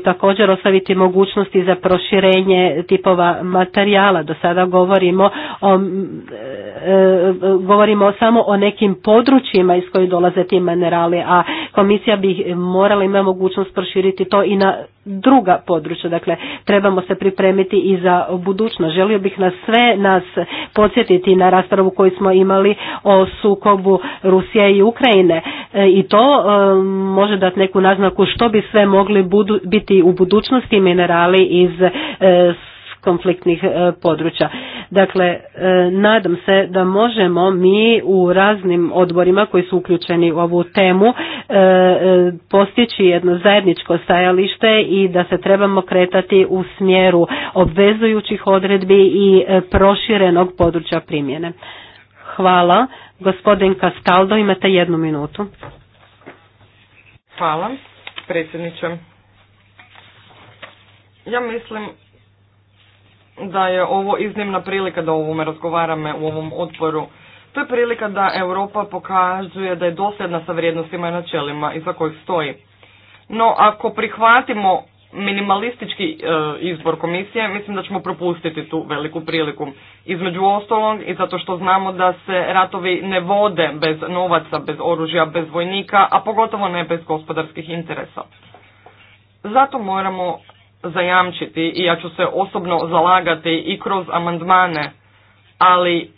također ostaviti mogućnosti za proširenje tipova materijala. Do sada govorimo o, e, e, govorimo samo o nekim područjima iz kojih dolaze ti minerali, a komisija bi morala imati mogućnost proširiti to i na druga područja. Dakle, trebamo se pripremiti i za budućnost. Želio bih nas sve nas podsjetiti na raspravu koju smo imali o sukobu Rusije i Ukrajine. E, I to e, može dati neku naznaku što bi sve mogli biti u budućnosti minerali iz e, konfliktnih e, područja. Dakle, e, nadam se da možemo mi u raznim odborima koji su uključeni u ovu temu e, postići jedno zajedničko stajalište i da se trebamo kretati u smjeru obvezujućih odredbi i proširenog područja primjene. Hvala. Gospodin Kastaldo, imate jednu minutu. Hvala, predsjedniče. Ja mislim da je ovo iznimna prilika da o ovome razgovarame u ovom otvoru. To je prilika da Europa pokazuje da je dosljedna sa vrijednostima i načelima iza kojih stoji. No, ako prihvatimo minimalistički e, izbor komisije, mislim da ćemo propustiti tu veliku priliku. Između ostalog i zato što znamo da se ratovi ne vode bez novaca, bez oružja, bez vojnika, a pogotovo ne bez gospodarskih interesa. Zato moramo zajamčiti i ja ću se osobno zalagati i kroz amandmane, ali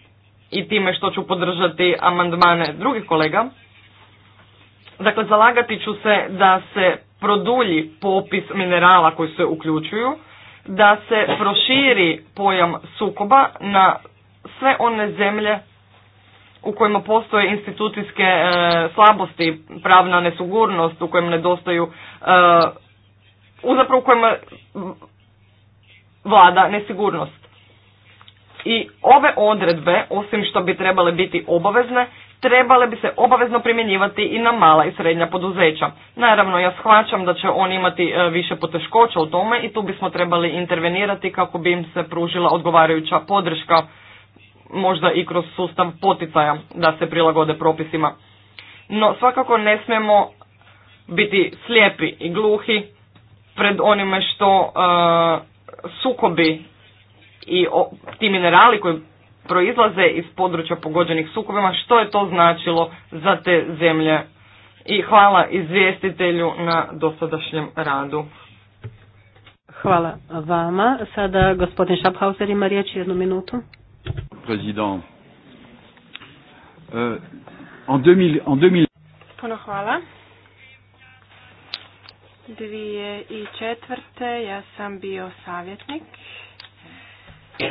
i time što ću podržati amandmane drugih kolega. Dakle, zalagati ću se da se produlji popis minerala koji se uključuju, da se proširi pojam sukoba na sve one zemlje u kojima postoje institucijske e, slabosti, pravna nesigurnost, u kojem nedostaju e, zapravo u kojima vlada nesigurnost. I ove odredbe, osim što bi trebale biti obavezne, trebale bi se obavezno primjenjivati i na mala i srednja poduzeća. Naravno, ja shvaćam da će oni imati e, više poteškoća u tome i tu bismo trebali intervenirati kako bi im se pružila odgovarajuća podrška, možda i kroz sustav poticaja da se prilagode propisima. No, svakako ne smijemo biti slijepi i gluhi pred onime što e, sukobi i ti minerali koji proizlaze iz područja pogođenih sukobima, što je to značilo za te zemlje. I hvala izvjestitelju na dosadašnjem radu. Hvala vama. Sada gospodin Schaphauser ima riječ jednu minutu. Prezident. Euh, en 2000, en 2000... Puno hvala dvije i četvrte ja sam bio savjetnik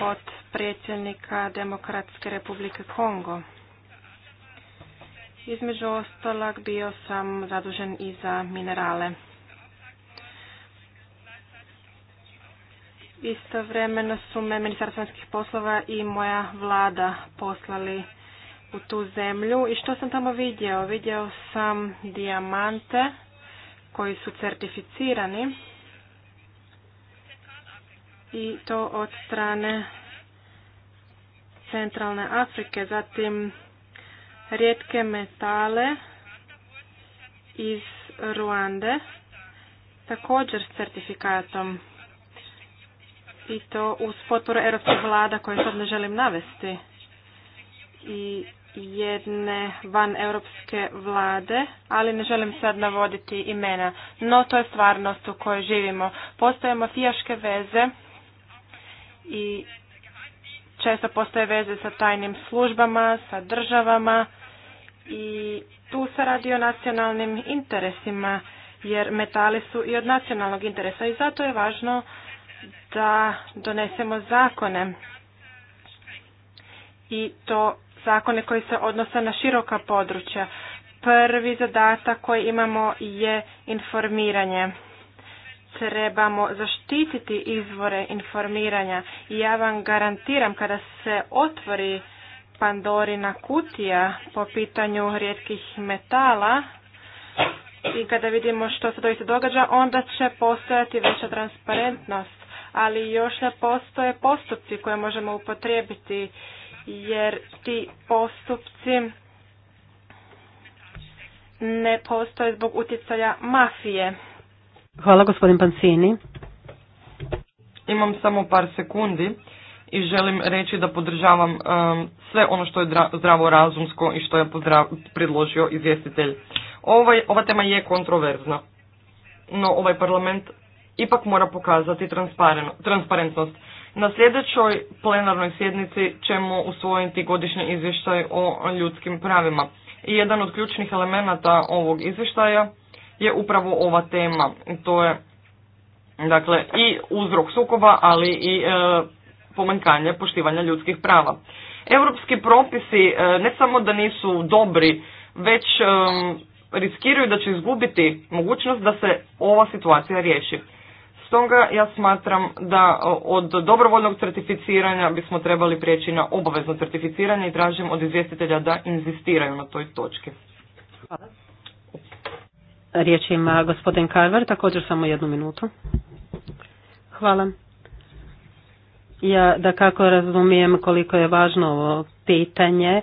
od predsjednika Demokratske republike Kongo. Između ostalog bio sam zadužen i za minerale. Istovremeno su me ministarstvo vanjskih poslova i moja vlada poslali u tu zemlju. I što sam tamo vidio? Vidio sam dijamante, koji su certificirani i to od strane centralne Afrike, zatim rijetke metale iz Ruande, također s certifikatom i to uz potporu europskih vlada koje sad ne želim navesti. I jedne van europske vlade, ali ne želim sad navoditi imena, no to je stvarnost u kojoj živimo. Postoje mafijaške veze i često postoje veze sa tajnim službama, sa državama i tu se radi o nacionalnim interesima jer metali su i od nacionalnog interesa i zato je važno da donesemo zakone i to zakone koji se odnose na široka područja. Prvi zadatak koji imamo je informiranje. Trebamo zaštititi izvore informiranja i ja vam garantiram kada se otvori Pandorina kutija po pitanju rijetkih metala i kada vidimo što se doista događa, onda će postojati veća transparentnost, ali još ne postoje postupci koje možemo upotrijebiti jer ti postupci ne postoje zbog utjecaja mafije. Hvala gospodin Pancini. Imam samo par sekundi i želim reći da podržavam um, sve ono što je zdravo razumsko i što je predložio izvjestitelj. Ovaj, ova tema je kontroverzna, no ovaj parlament ipak mora pokazati transparentnost. Na sljedećoj plenarnoj sjednici ćemo usvojiti godišnji izvještaj o ljudskim pravima. I jedan od ključnih elemenata ovog izvještaja je upravo ova tema. To je dakle i uzrok sukoba, ali i e, pomanjkanje poštivanja ljudskih prava. Europski propisi e, ne samo da nisu dobri, već e, riskiraju da će izgubiti mogućnost da se ova situacija riješi. Stoga ja smatram da od dobrovoljnog certificiranja bismo trebali prijeći na obavezno certificiranje i tražim od izvjestitelja da inzistiraju na toj točki. Hvala. Riječ ima gospodin Karver, također samo jednu minutu. Hvala. Ja da kako razumijem koliko je važno ovo pitanje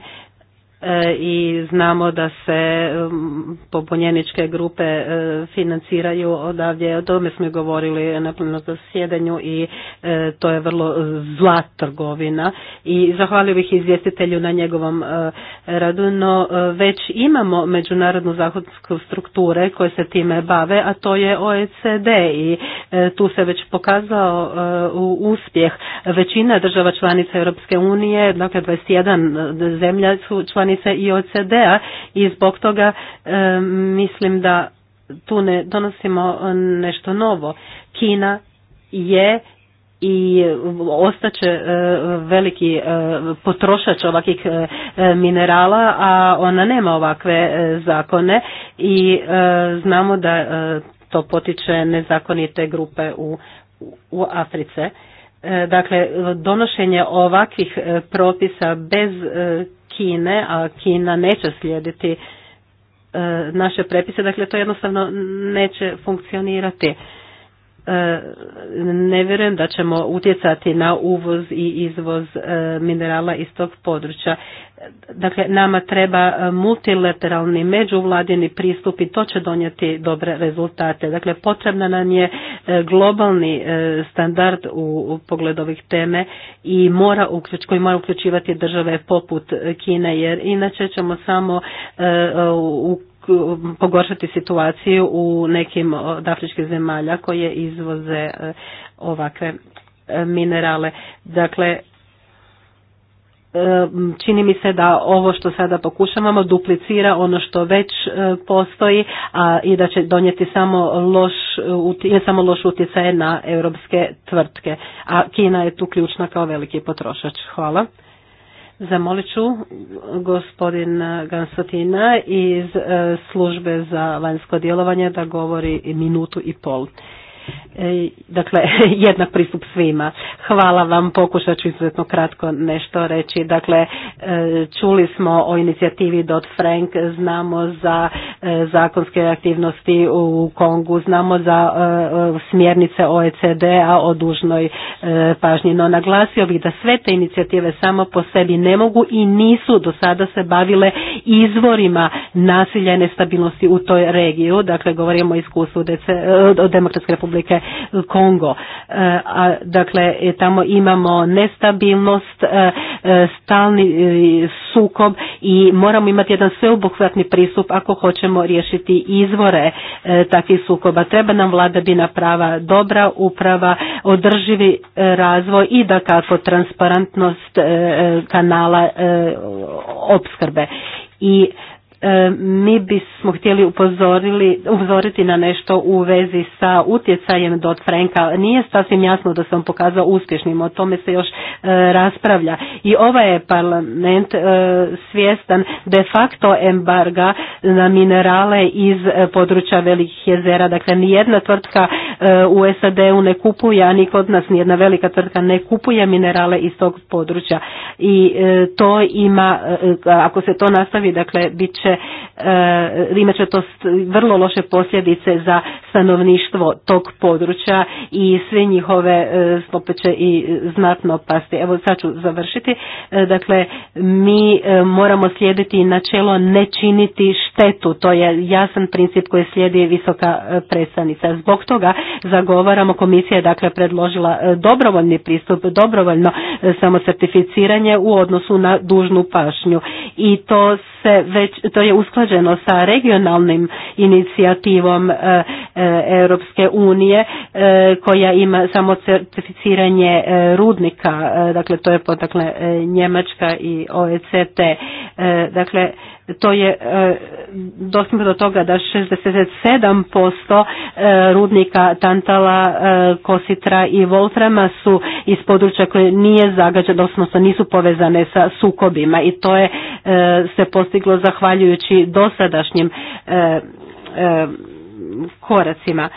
E, i znamo da se um, pobunjeničke grupe e, financiraju odavdje. O tome smo govorili na zasjedanju sjedanju i e, to je vrlo zla trgovina i zahvalio bih izvjestitelju na njegovom radu, no već imamo međunarodnu zahodsku strukture koje se time bave, a to je OECD i tu se već pokazao uspjeh. Većina država članica Europske unije, dakle 21 zemlja su članica se i OCD-a i zbog toga e, mislim da tu ne donosimo nešto novo. Kina je i ostaće e, veliki e, potrošač ovakvih minerala, a ona nema ovakve zakone i znamo da to potiče nezakonite grupe u, u Africe. Dakle, donošenje ovakvih propisa bez Kine, a Kina neće slijediti e, naše prepise, dakle to jednostavno neće funkcionirati. E, ne vjerujem da ćemo utjecati na uvoz i izvoz e, minerala iz tog područja. E, dakle, nama treba multilateralni međuvladini pristup i to će donijeti dobre rezultate. Dakle, potrebna nam je globalni standard u pogledu ovih teme i mora uključ, koji mora uključivati države poput Kine jer inače ćemo samo u pogoršati situaciju u nekim od afričkih zemalja koje izvoze e, ovakve e, minerale. Dakle, e, čini mi se da ovo što sada pokušavamo duplicira ono što već postoji a i da će donijeti samo loš, samo loš utjecaj na europske tvrtke. A Kina je tu ključna kao veliki potrošač. Hvala. Zamolit ću gospodin Gansotina iz e, službe za vanjsko djelovanje da govori minutu i pol. E, dakle jednak pristup svima. Hvala vam, pokušat ću izuzetno kratko nešto reći. Dakle, e, čuli smo o inicijativi Dot Frank, znamo za e, zakonske aktivnosti u Kongu, znamo za smjernice OECD-a o dužnoj pažnji, no naglasio bih da sve te inicijative samo po sebi ne mogu i nisu do sada se bavile izvorima nasilja i nestabilnosti u toj regiju. Dakle, govorimo o iskustvu Demokratske republike Kongo. E, a, dakle, e, tamo imamo nestabilnost, e, stalni sukob i moramo imati jedan sveobuhvatni pristup ako hoćemo riješiti izvore takvih sukoba. Treba nam vlada bi prava, dobra uprava, održivi razvoj i da kako transparentnost kanala opskrbe. I E, mi bismo htjeli upozorili, upozoriti na nešto u vezi sa utjecajem dot Franka. Nije sasvim jasno da sam pokazao uspješnim, o tome se još e, raspravlja. I ovaj je parlament e, svjestan de facto embarga na minerale iz područja velikih jezera. Dakle, nijedna tvrtka u SAD-u ne kupuje, a ni kod nas nijedna velika tvrtka ne kupuje minerale iz tog područja. I to ima, ako se to nastavi, dakle, bit će e, imat će to vrlo loše posljedice za stanovništvo tog područja i sve njihove stope e, će i znatno pasti. Evo sad ću završiti. E, dakle, mi e, moramo slijediti načelo ne činiti štetu. To je jasan princip koji slijedi visoka predstavnica. Zbog toga zagovaramo, komisija je dakle predložila dobrovoljni pristup, dobrovoljno samocertificiranje u odnosu na dužnu pašnju. I to već, to je usklađeno sa regionalnim inicijativom e, e, Europske unije e, koja ima samo certificiranje rudnika, dakle to je potakle Njemačka i OECD. Dakle, to je e, dostignuto do toga da 67% e, rudnika tantala, e, kositra i voltrama su iz područja koje nije zagađeno, odnosno nisu povezane sa sukobima i to je se postiglo zahvaljujući dosadašnjim koracima.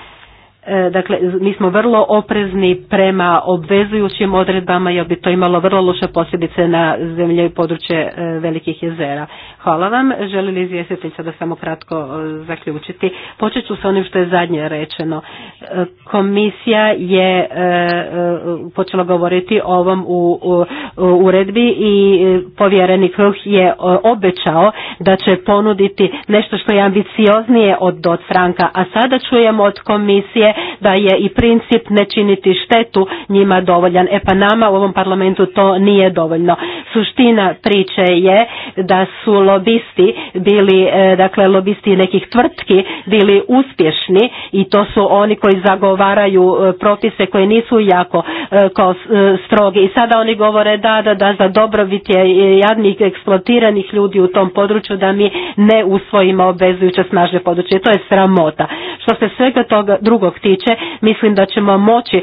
E, dakle, mi smo vrlo oprezni prema obvezujućim odredbama jer bi to imalo vrlo loše posljedice na zemlje i područje e, velikih jezera. Hvala vam. Želi li izvjestiteljica sada samo kratko e, zaključiti? Počet ću sa onim što je zadnje rečeno. Komisija je počela govoriti o ovom u uredbi i povjerenik Kruh je obećao da će ponuditi nešto što je ambicioznije od Dot Franka, a sada čujemo od komisije da je i princip ne činiti štetu njima dovoljan. E pa nama u ovom parlamentu to nije dovoljno suština priče je da su lobisti bili, e, dakle lobisti nekih tvrtki bili uspješni i to su oni koji zagovaraju e, propise koje nisu jako e, kao strogi. I sada oni govore da, da, da za dobrobit je jadnih eksploatiranih ljudi u tom području da mi ne usvojimo obvezujuće snažne područje. To je sramota. Što se svega toga drugog tiče, mislim da ćemo moći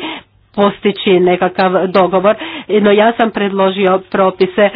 postići nekakav dogovor, no ja sam predložio propise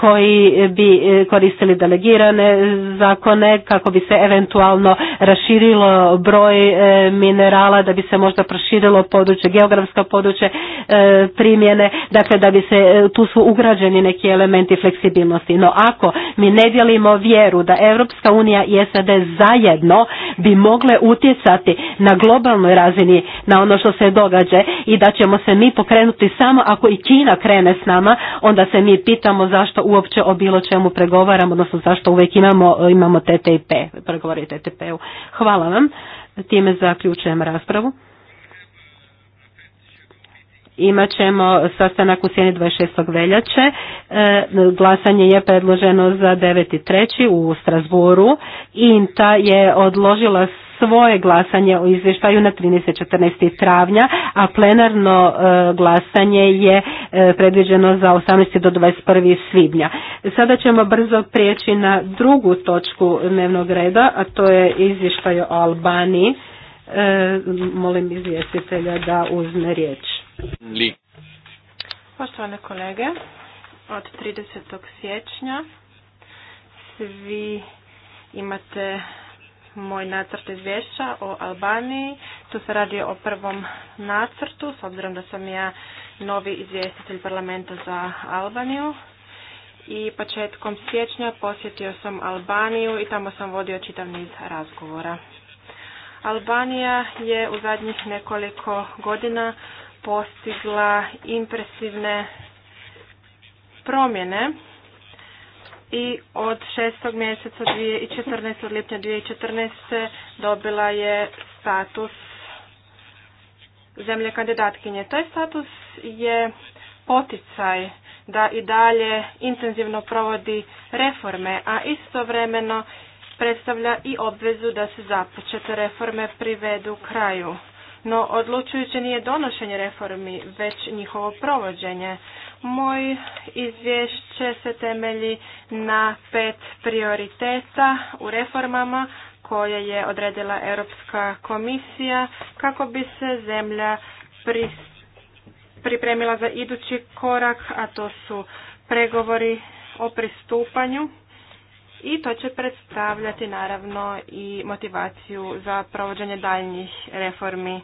koji bi e, koristili delegirane zakone kako bi se eventualno raširilo broj e, minerala, da bi se možda proširilo područje, geografsko područje e, primjene, dakle da bi se tu su ugrađeni neki elementi fleksibilnosti. No ako mi ne dijelimo vjeru da Europska unija i SAD zajedno bi mogle utjecati na globalnoj razini na ono što se događa i da ćemo se mi pokrenuti samo ako i Kina krene s nama, onda se mi pitamo zašto uopće o bilo čemu pregovaramo, odnosno zašto uvijek imamo, e, imamo TTIP, pregovore o TTP-u. Hvala vam, time zaključujem raspravu. Imat ćemo sastanak u sjeni 26. veljače. E, glasanje je predloženo za 9.3. u i INTA je odložila svoje glasanje o izvještaju na 13. 14. travnja, a plenarno e, glasanje je e, predviđeno za 18. do 21. svibnja. Sada ćemo brzo prijeći na drugu točku dnevnog reda, a to je izvještaj o Albaniji. E, molim izvjestitelja da uzme riječ. Poštovane kolege, od 30. siječnja svi imate moj nacrt izvješća o Albaniji. Tu se radi o prvom nacrtu, s obzirom da sam ja novi izvjestitelj parlamenta za Albaniju. I početkom siječnja posjetio sam Albaniju i tamo sam vodio čitav niz razgovora. Albanija je u zadnjih nekoliko godina postigla impresivne promjene i od 6. mjeseca 2014. od lipnja 2014. dobila je status zemlje kandidatkinje. Taj status je poticaj da i dalje intenzivno provodi reforme, a istovremeno predstavlja i obvezu da se započete reforme privedu kraju. No odlučujuće nije donošenje reformi, već njihovo provođenje. Moj izvješće se temelji na pet prioriteta u reformama koje je odredila Europska komisija kako bi se zemlja pripremila za idući korak, a to su pregovori o pristupanju i to će predstavljati naravno i motivaciju za provođenje daljnjih reformi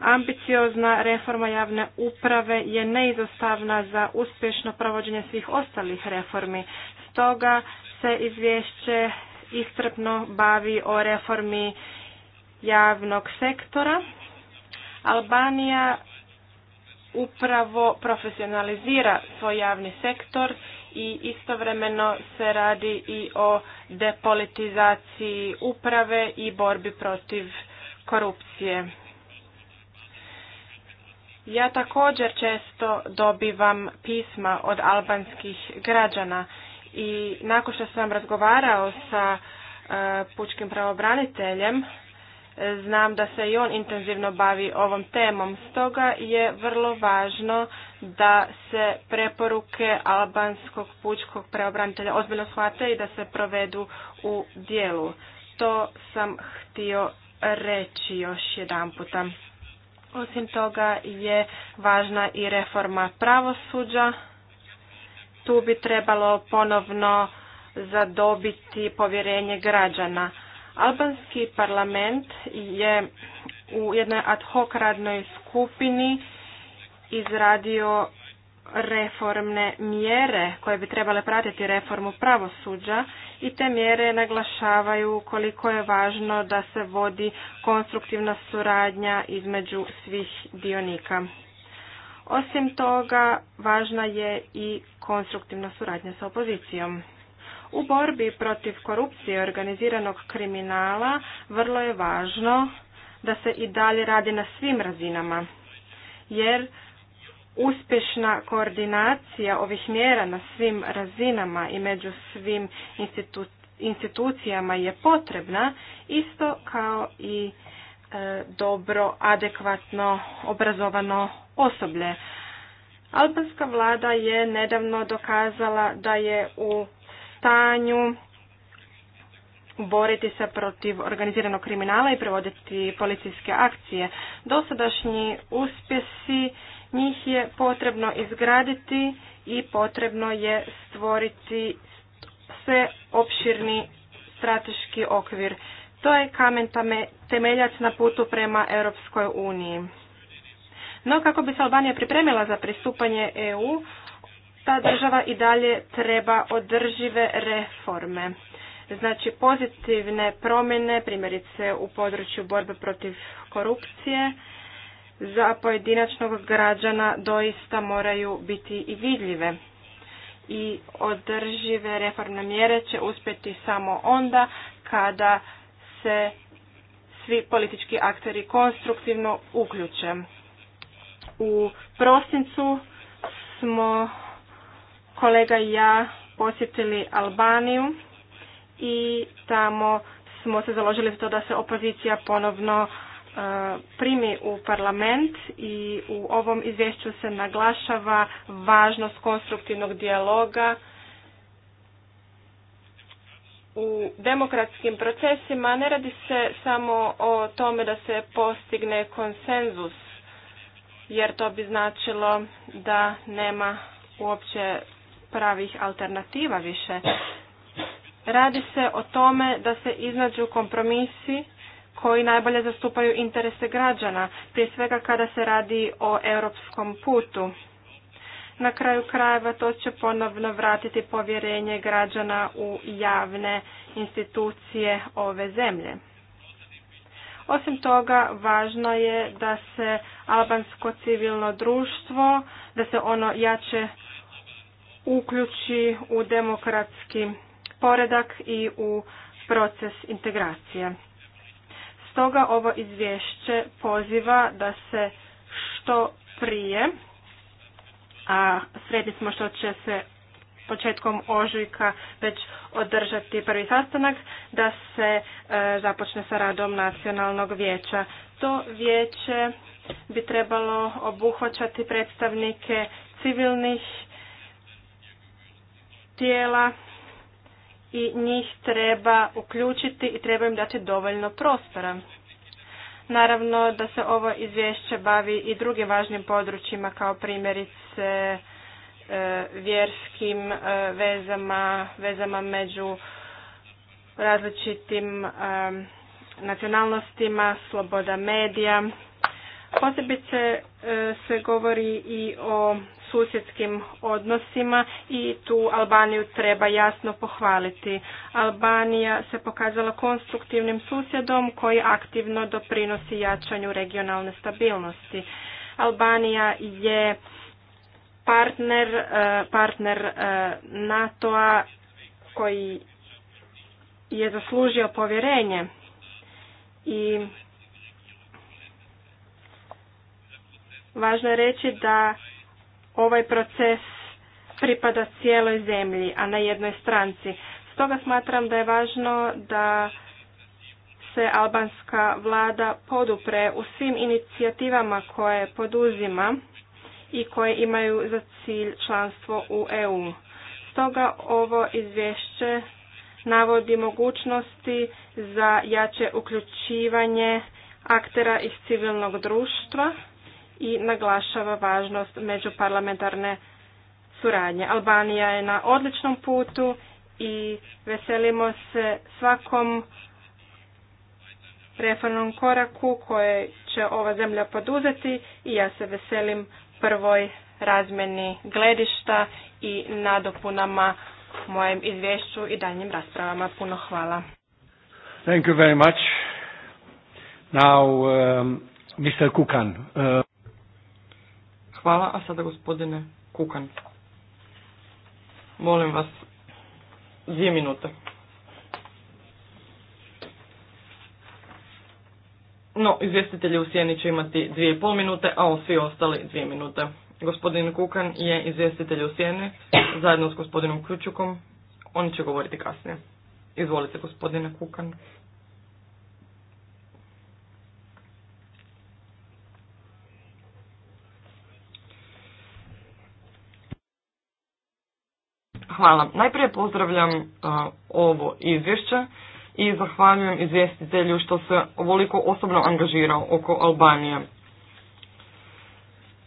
Ambiciozna reforma javne uprave je neizostavna za uspješno provođenje svih ostalih reformi. Stoga se izvješće istrpno bavi o reformi javnog sektora. Albanija upravo profesionalizira svoj javni sektor i istovremeno se radi i o depolitizaciji uprave i borbi protiv korupcije. Ja također često dobivam pisma od albanskih građana i nakon što sam razgovarao sa e, pučkim pravobraniteljem, e, znam da se i on intenzivno bavi ovom temom. Stoga je vrlo važno da se preporuke albanskog pučkog pravobranitelja ozbiljno shvate i da se provedu u dijelu. To sam htio reći još jedan puta. Osim toga je važna i reforma pravosuđa. Tu bi trebalo ponovno zadobiti povjerenje građana. Albanski parlament je u jednoj ad hoc radnoj skupini izradio reformne mjere koje bi trebale pratiti reformu pravosuđa i te mjere naglašavaju koliko je važno da se vodi konstruktivna suradnja između svih dionika. Osim toga, važna je i konstruktivna suradnja sa opozicijom. U borbi protiv korupcije i organiziranog kriminala vrlo je važno da se i dalje radi na svim razinama, jer uspješna koordinacija ovih mjera na svim razinama i među svim institucijama je potrebna, isto kao i e, dobro, adekvatno obrazovano osoblje. Albanska vlada je nedavno dokazala da je u stanju boriti se protiv organiziranog kriminala i provoditi policijske akcije. Dosadašnji uspjesi njih je potrebno izgraditi i potrebno je stvoriti sve opširni strateški okvir. To je kamen temeljac na putu prema Europskoj uniji. No kako bi se Albanija pripremila za pristupanje EU, ta država i dalje treba održive reforme. Znači pozitivne promjene, primjerice u području borbe protiv korupcije, za pojedinačnog građana doista moraju biti i vidljive. I održive reformne mjere će uspjeti samo onda kada se svi politički akteri konstruktivno uključe. U prosincu smo kolega i ja posjetili Albaniju i tamo smo se založili za to da se opozicija ponovno primi u parlament i u ovom izvješću se naglašava važnost konstruktivnog dijaloga u demokratskim procesima ne radi se samo o tome da se postigne konsenzus jer to bi značilo da nema uopće pravih alternativa više. Radi se o tome da se iznađu kompromisi koji najbolje zastupaju interese građana, prije svega kada se radi o europskom putu. Na kraju krajeva to će ponovno vratiti povjerenje građana u javne institucije ove zemlje. Osim toga, važno je da se albansko civilno društvo, da se ono jače uključi u demokratski poredak i u proces integracije. Stoga ovo izvješće poziva da se što prije, a sredni smo što će se početkom ožujka već održati prvi sastanak da se e, započne sa radom nacionalnog vijeća. To vijeće bi trebalo obuhvaćati predstavnike civilnih tijela i njih treba uključiti i treba im dati dovoljno prostora. Naravno da se ovo izvješće bavi i drugim važnim područjima kao primjerice e, vjerskim e, vezama, vezama među različitim e, nacionalnostima, sloboda medija. Posebice se govori i o susjedskim odnosima i tu Albaniju treba jasno pohvaliti. Albanija se pokazala konstruktivnim susjedom koji aktivno doprinosi jačanju regionalne stabilnosti. Albanija je partner, eh, partner eh, NATO-a koji je zaslužio povjerenje i važno je reći da ovaj proces pripada cijeloj zemlji, a na jednoj stranci. Stoga smatram da je važno da se albanska vlada podupre u svim inicijativama koje poduzima i koje imaju za cilj članstvo u EU. Stoga ovo izvješće navodi mogućnosti za jače uključivanje aktera iz civilnog društva i naglašava važnost međuparlamentarne suradnje. Albanija je na odličnom putu i veselimo se svakom reformnom koraku koje će ova zemlja poduzeti i ja se veselim prvoj razmeni gledišta i nadopunama mojem izvješću i daljnjim raspravama. Puno hvala. Thank you very much. Now, Mr. Um, Kukan. Uh, Hvala, a sada gospodine Kukan. Molim vas, dvije minute. No, izvjestitelji u sjeni će imati dvije i pol minute, a svi ostali dvije minute. Gospodin Kukan je izvjestitelj u sjeni, zajedno s gospodinom Ključukom. Oni će govoriti kasnije. Izvolite, gospodine Kukan. Hvala. Najprije pozdravljam e, ovo izvješće i zahvaljujem izvjestitelju što se ovoliko osobno angažirao oko Albanije.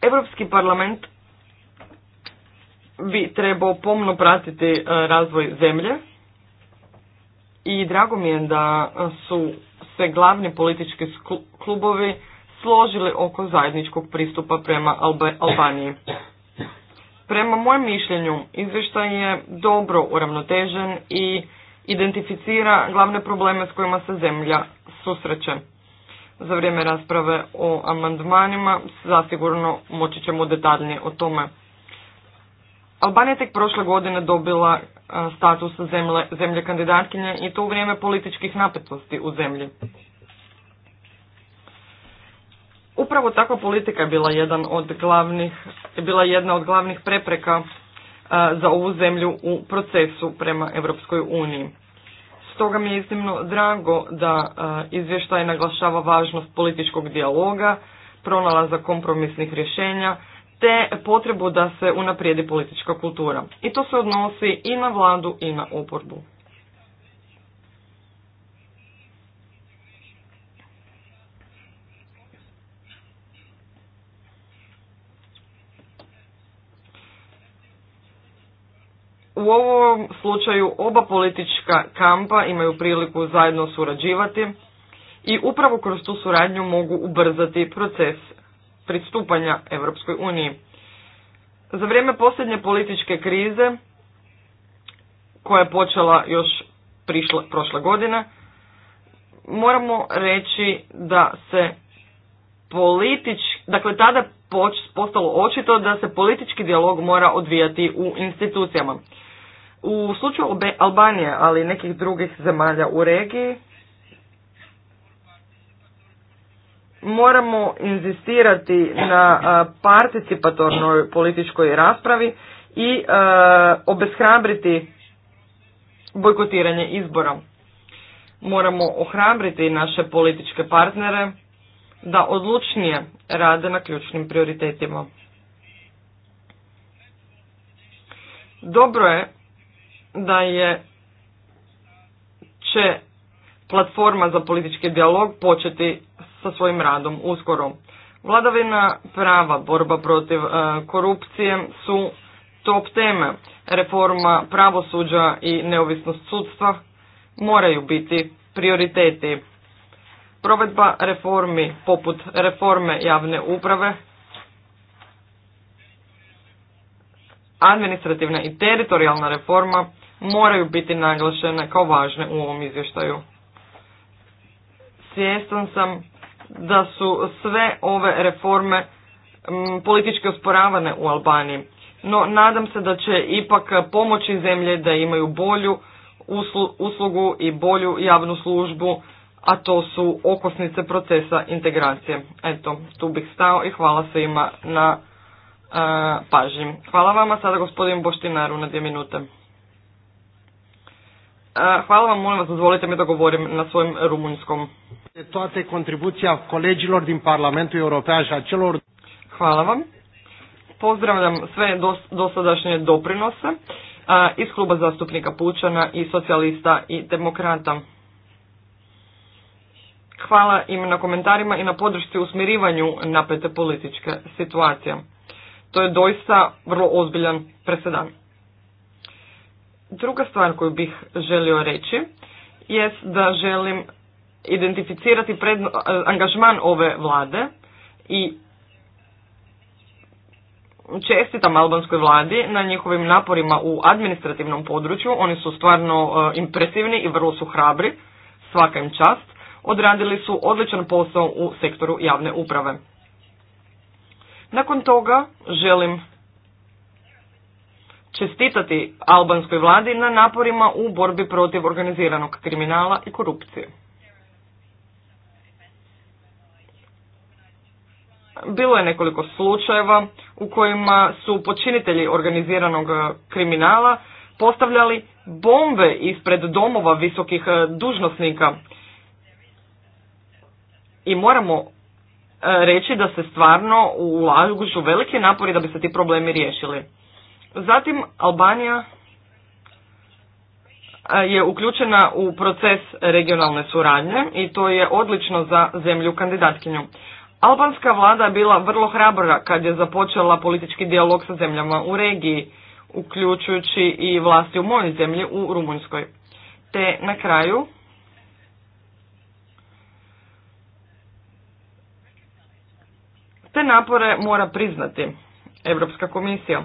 Europski parlament bi trebao pomno pratiti e, razvoj zemlje i drago mi je da su se glavni politički klubovi složili oko zajedničkog pristupa prema Albaniji. Prema mojem mišljenju, izvještaj je dobro uravnotežen i identificira glavne probleme s kojima se zemlja susreće. Za vrijeme rasprave o amandmanima zasigurno moći ćemo detaljnije o tome. Albanija je tek prošle godine dobila e, status zemlje, zemlje kandidatkinje i to u vrijeme političkih napetosti u zemlji. Upravo takva politika je bila, jedan od glavnih, bila jedna od glavnih prepreka za ovu zemlju u procesu prema Europskoj uniji. Stoga mi je iznimno drago da izvještaj naglašava važnost političkog dijaloga, pronalaza kompromisnih rješenja, te potrebu da se unaprijedi politička kultura. I to se odnosi i na vladu i na oporbu. U ovom slučaju oba politička kampa imaju priliku zajedno surađivati i upravo kroz tu suradnju mogu ubrzati proces pristupanja Europskoj uniji. Za vrijeme posljednje političke krize, koja je počela još prošle godine, moramo reći da se politič, dakle tada poč, postalo očito da se politički dijalog mora odvijati u institucijama. U slučaju Albanije, ali i nekih drugih zemalja u regiji, moramo inzistirati na participatornoj političkoj raspravi i obeshrabriti bojkotiranje izbora. Moramo ohrabriti naše političke partnere da odlučnije rade na ključnim prioritetima. Dobro je da je će platforma za politički dijalog početi sa svojim radom uskoro. Vladavina prava, borba protiv e, korupcije su top teme. Reforma pravosuđa i neovisnost sudstva moraju biti prioriteti. Provedba reformi poput reforme javne uprave administrativna i teritorijalna reforma moraju biti naglašene kao važne u ovom izvještaju. Svjestan sam da su sve ove reforme mm, politički osporavane u Albaniji, no nadam se da će ipak pomoći zemlje da imaju bolju uslugu i bolju javnu službu, a to su okosnice procesa integracije. Eto, tu bih stao i hvala svima na pažnji. Hvala vama, sada gospodin Boštinaru na dvije minute. Hvala vam, molim vas, dozvolite mi da govorim na svojem rumunskom. E, toate kontribucija colegilor din Parlamentul European și celor... Hvala vam. Pozdravljam sve dosadašnje doprinose iz kluba zastupnika Pučana i socijalista i demokrata. Hvala im na komentarima i na podršci u smirivanju napete političke situacije što je doista vrlo ozbiljan presedan. Druga stvar koju bih želio reći jest da želim identificirati pred, angažman ove vlade i čestitam albanskoj vladi na njihovim naporima u administrativnom području. Oni su stvarno e, impresivni i vrlo su hrabri, svaka im čast. Odradili su odličan posao u sektoru javne uprave. Nakon toga želim čestitati albanskoj vladi na naporima u borbi protiv organiziranog kriminala i korupcije. Bilo je nekoliko slučajeva u kojima su počinitelji organiziranog kriminala postavljali bombe ispred domova visokih dužnosnika i moramo E, reći da se stvarno ulažu veliki napori da bi se ti problemi riješili. Zatim Albanija e, je uključena u proces regionalne suradnje i to je odlično za zemlju kandidatkinju. Albanska vlada je bila vrlo hrabra kad je započela politički dijalog sa zemljama u regiji, uključujući i vlasti u mojoj zemlji u Rumunjskoj. Te na kraju Te napore mora priznati Europska komisija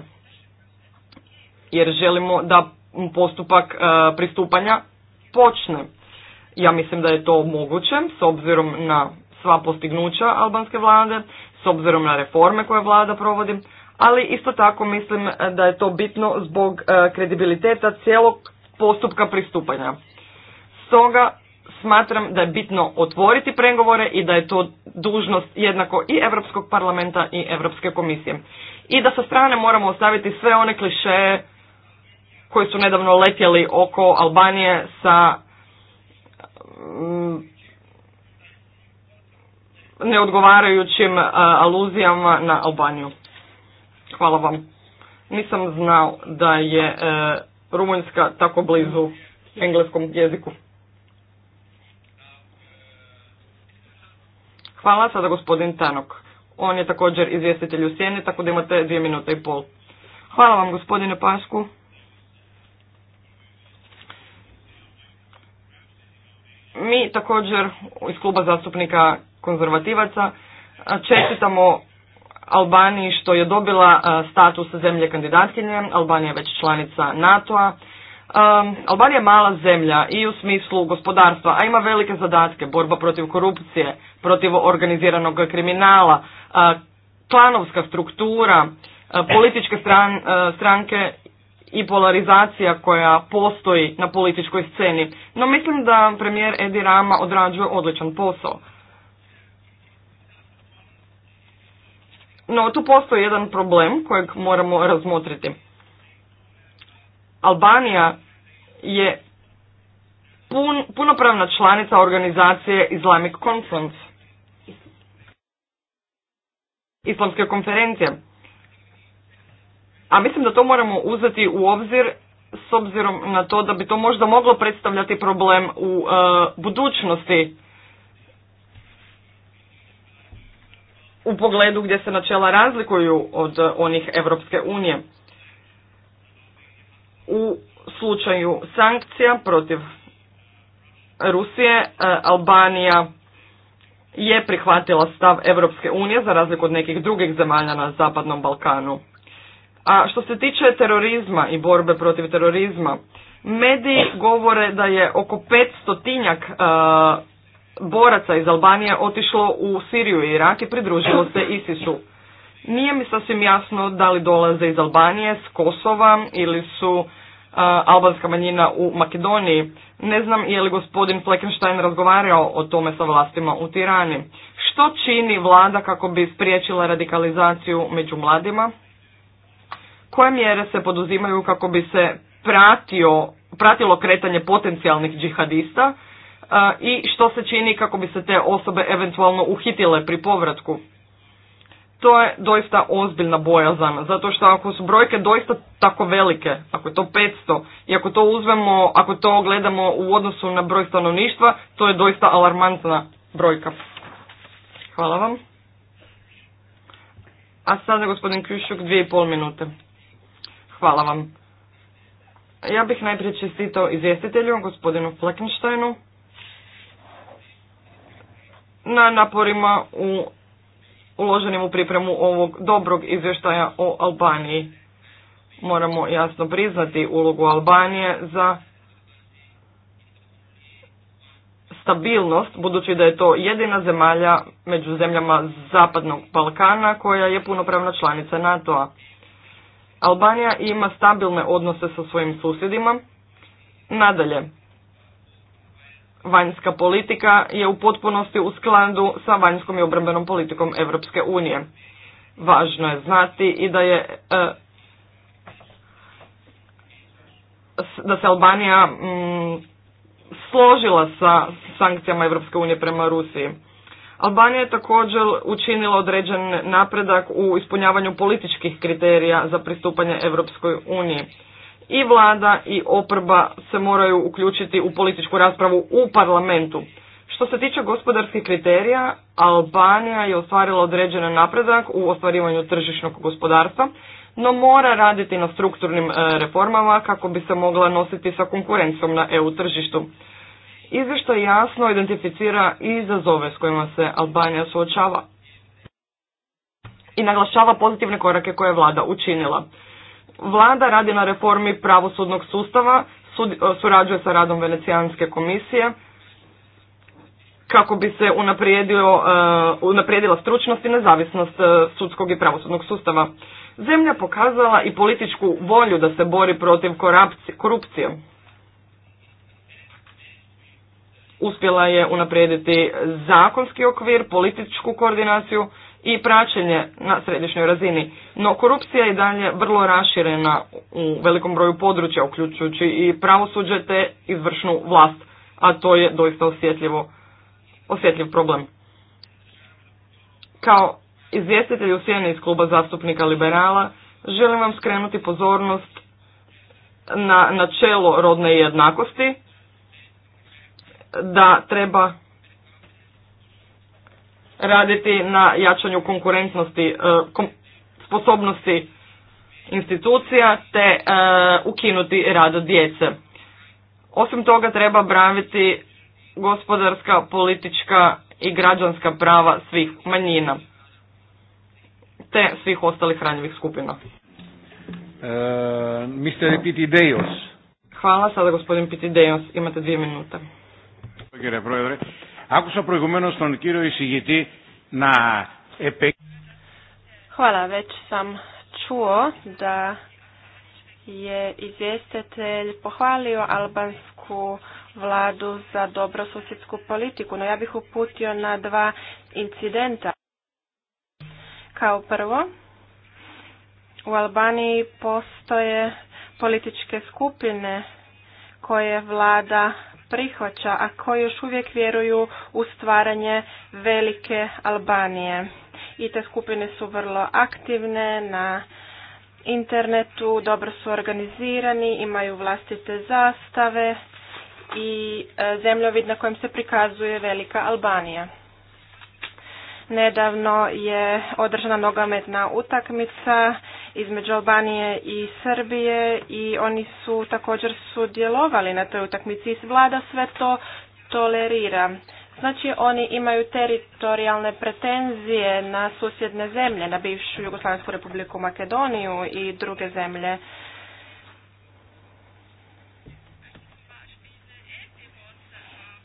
jer želimo da postupak e, pristupanja počne. Ja mislim da je to moguće s obzirom na sva postignuća albanske vlade, s obzirom na reforme koje vlada provodi, ali isto tako mislim e, da je to bitno zbog e, kredibiliteta cijelog postupka pristupanja. Stoga smatram da je bitno otvoriti pregovore i da je to dužnost jednako i Europskog parlamenta i Europske komisije. I da sa strane moramo ostaviti sve one kliše koji su nedavno letjeli oko Albanije sa mm, neodgovarajućim aluzijama na Albaniju. Hvala vam. Nisam znao da je e, Rumunjska tako blizu engleskom jeziku. Hvala sada gospodin Tanok. On je također izvjestitelj u sjeni, tako da imate dvije minute i pol. Hvala vam gospodine Pasku. Mi također iz kluba zastupnika konzervativaca čestitamo Albaniji što je dobila status zemlje kandidatkinje. Albanija je već članica NATO-a. Um, Albanija je mala zemlja i u smislu gospodarstva, a ima velike zadatke, borba protiv korupcije, protiv organiziranog kriminala, klanovska struktura, političke stran, stranke i polarizacija koja postoji na političkoj sceni. No mislim da premijer Edi Rama odrađuje odličan posao. No tu postoji jedan problem kojeg moramo razmotriti. Albanija je pun, punopravna članica organizacije Islamic Conference islamske konferencije. A mislim da to moramo uzeti u obzir s obzirom na to da bi to možda moglo predstavljati problem u e, budućnosti u pogledu gdje se načela razlikuju od onih Evropske unije. U slučaju sankcija protiv Rusije, e, Albanija je prihvatila stav Europske unije za razliku od nekih drugih zemalja na Zapadnom Balkanu. A što se tiče terorizma i borbe protiv terorizma, mediji govore da je oko 500 tinjak e, boraca iz Albanije otišlo u Siriju i Irak i pridružilo se ISIS-u. Nije mi sasvim jasno da li dolaze iz Albanije, s Kosova ili su albanska manjina u Makedoniji. Ne znam je li gospodin Fleckenstein razgovarao o tome sa vlastima u Tirani. Što čini vlada kako bi spriječila radikalizaciju među mladima? Koje mjere se poduzimaju kako bi se pratio, pratilo kretanje potencijalnih džihadista? I što se čini kako bi se te osobe eventualno uhitile pri povratku? to je doista ozbiljna bojazan, zato što ako su brojke doista tako velike, ako je to 500 i ako to uzmemo, ako to gledamo u odnosu na broj stanovništva, to je doista alarmantna brojka. Hvala vam. A sada gospodin Kjušuk, dvije i pol minute. Hvala vam. Ja bih najprije čestitao izvjestitelju, gospodinu Fleckensteinu, na naporima u uloženim u pripremu ovog dobrog izvještaja o Albaniji. Moramo jasno priznati ulogu Albanije za stabilnost, budući da je to jedina zemalja među zemljama Zapadnog Balkana koja je punopravna članica NATO-a. Albanija ima stabilne odnose sa svojim susjedima. Nadalje, vanjska politika je u potpunosti u skladu sa vanjskom i obrambenom politikom Europske unije. Važno je znati i da je e, da se Albanija mm, složila sa sankcijama Europske unije prema Rusiji. Albanija je također učinila određen napredak u ispunjavanju političkih kriterija za pristupanje Europskoj uniji i vlada i oprba se moraju uključiti u političku raspravu u parlamentu. Što se tiče gospodarskih kriterija, Albanija je ostvarila određen napredak u ostvarivanju tržišnog gospodarstva, no mora raditi na strukturnim e, reformama kako bi se mogla nositi sa konkurencijom na EU tržištu. Izvještaj jasno identificira i izazove s kojima se Albanija suočava i naglašava pozitivne korake koje je vlada učinila. Vlada radi na reformi pravosudnog sustava, e, surađuje sa radom Venecijanske komisije kako bi se e, unaprijedila stručnost i nezavisnost e, sudskog i pravosudnog sustava. Zemlja pokazala i političku volju da se bori protiv korupcije. Uspjela je unaprijediti zakonski okvir, političku koordinaciju i praćenje na središnjoj razini. No korupcija je i dalje vrlo raširena u velikom broju područja, uključujući i pravosuđe te izvršnu vlast, a to je doista osjetljivo, osjetljiv problem. Kao izvjestitelj u sjeni iz kluba zastupnika liberala, želim vam skrenuti pozornost na načelo rodne jednakosti, da treba raditi na jačanju konkurentnosti, e, sposobnosti institucija te e, ukinuti rad djece. Osim toga treba braviti gospodarska, politička i građanska prava svih manjina te svih ostalih ranjivih skupina. E, Mr. Hvala, sada gospodin Dejos, imate dvije minute. Άκουσα προηγουμένω τον κύριο εισηγητή να Hvala, već sam čuo da je izvjestitelj pohvalio albansku vladu za dobrosusjedsku politiku, no ja bih uputio na dva incidenta. Kao prvo, u Albaniji postoje političke skupine koje vlada prihvaća, a koji još uvijek vjeruju u stvaranje velike Albanije. I te skupine su vrlo aktivne na internetu, dobro su organizirani, imaju vlastite zastave i e, zemljovid na kojem se prikazuje velika Albanija. Nedavno je održana nogometna utakmica između Albanije i Srbije i oni su također sudjelovali na toj utakmici i vlada sve to tolerira. Znači oni imaju teritorijalne pretenzije na susjedne zemlje, na bivšu Jugoslavensku republiku Makedoniju i druge zemlje.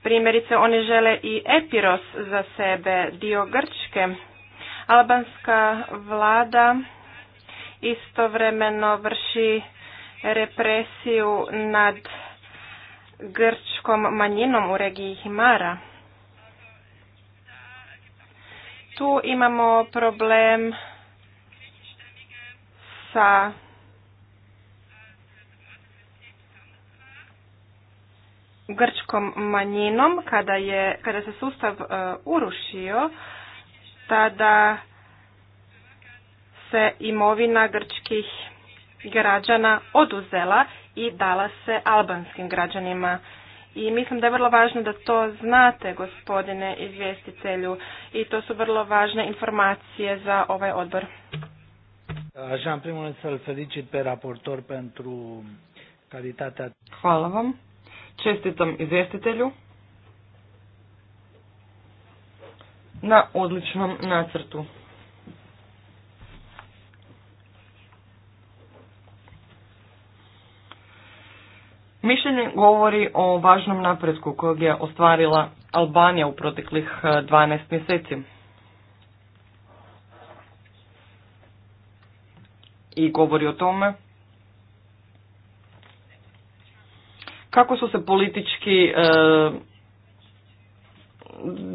Primjerice, oni žele i Epiros za sebe, dio Grčke. Albanska vlada istovremeno vrši represiju nad grčkom manjinom u regiji Himara. Tu imamo problem sa grčkom manjinom kada je kada se sustav e, urušio tada se imovina grčkih građana oduzela i dala se albanskim građanima. I mislim da je vrlo važno da to znate, gospodine izvjestitelju, i to su vrlo važne informacije za ovaj odbor. Hvala vam. Čestitam izvjestitelju na odličnom nacrtu. Mišljenje govori o važnom napretku kojeg je ostvarila Albanija u proteklih 12 eh, mjeseci. I govori o tome kako su se politički eh,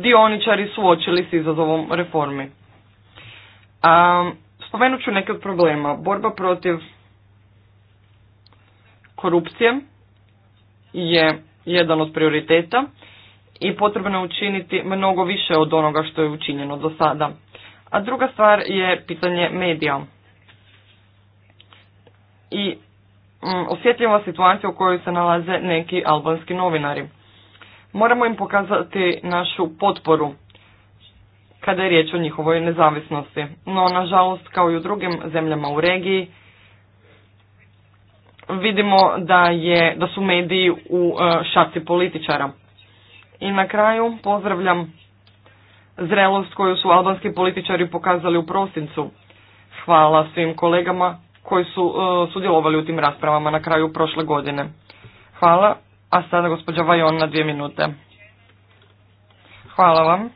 dioničari suočili s izazovom reformi. A, spomenut ću neke od problema. Borba protiv korupcije, je jedan od prioriteta i potrebno je učiniti mnogo više od onoga što je učinjeno do sada. A druga stvar je pitanje medija. I mm, osjetljiva situacija u kojoj se nalaze neki albanski novinari. Moramo im pokazati našu potporu kada je riječ o njihovoj nezavisnosti. No, nažalost, kao i u drugim zemljama u regiji, vidimo da, je, da su mediji u e, šaci političara. I na kraju pozdravljam zrelost koju su albanski političari pokazali u prosincu. Hvala svim kolegama koji su e, sudjelovali u tim raspravama na kraju prošle godine. Hvala, a sada gospođa Vajon na dvije minute. Hvala vam.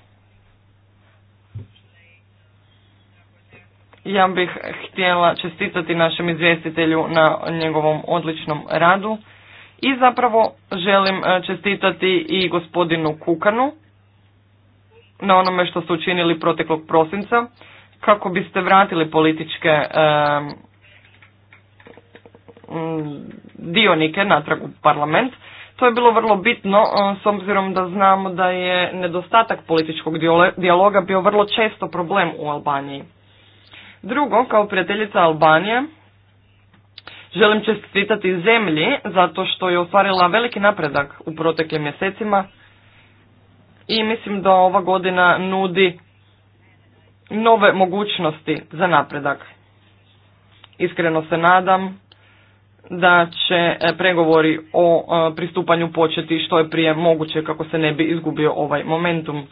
Ja bih htjela čestitati našem izvjestitelju na njegovom odličnom radu i zapravo želim e, čestitati i gospodinu Kukanu na onome što su učinili proteklog prosinca kako biste vratili političke e, dionike natrag u parlament. To je bilo vrlo bitno e, s obzirom da znamo da je nedostatak političkog dijaloga bio vrlo često problem u Albaniji. Drugo, kao prijateljica Albanije, želim čestitati zemlji zato što je ostvarila veliki napredak u proteklim mjesecima i mislim da ova godina nudi nove mogućnosti za napredak. Iskreno se nadam da će e, pregovori o e, pristupanju početi što je prije moguće kako se ne bi izgubio ovaj momentum.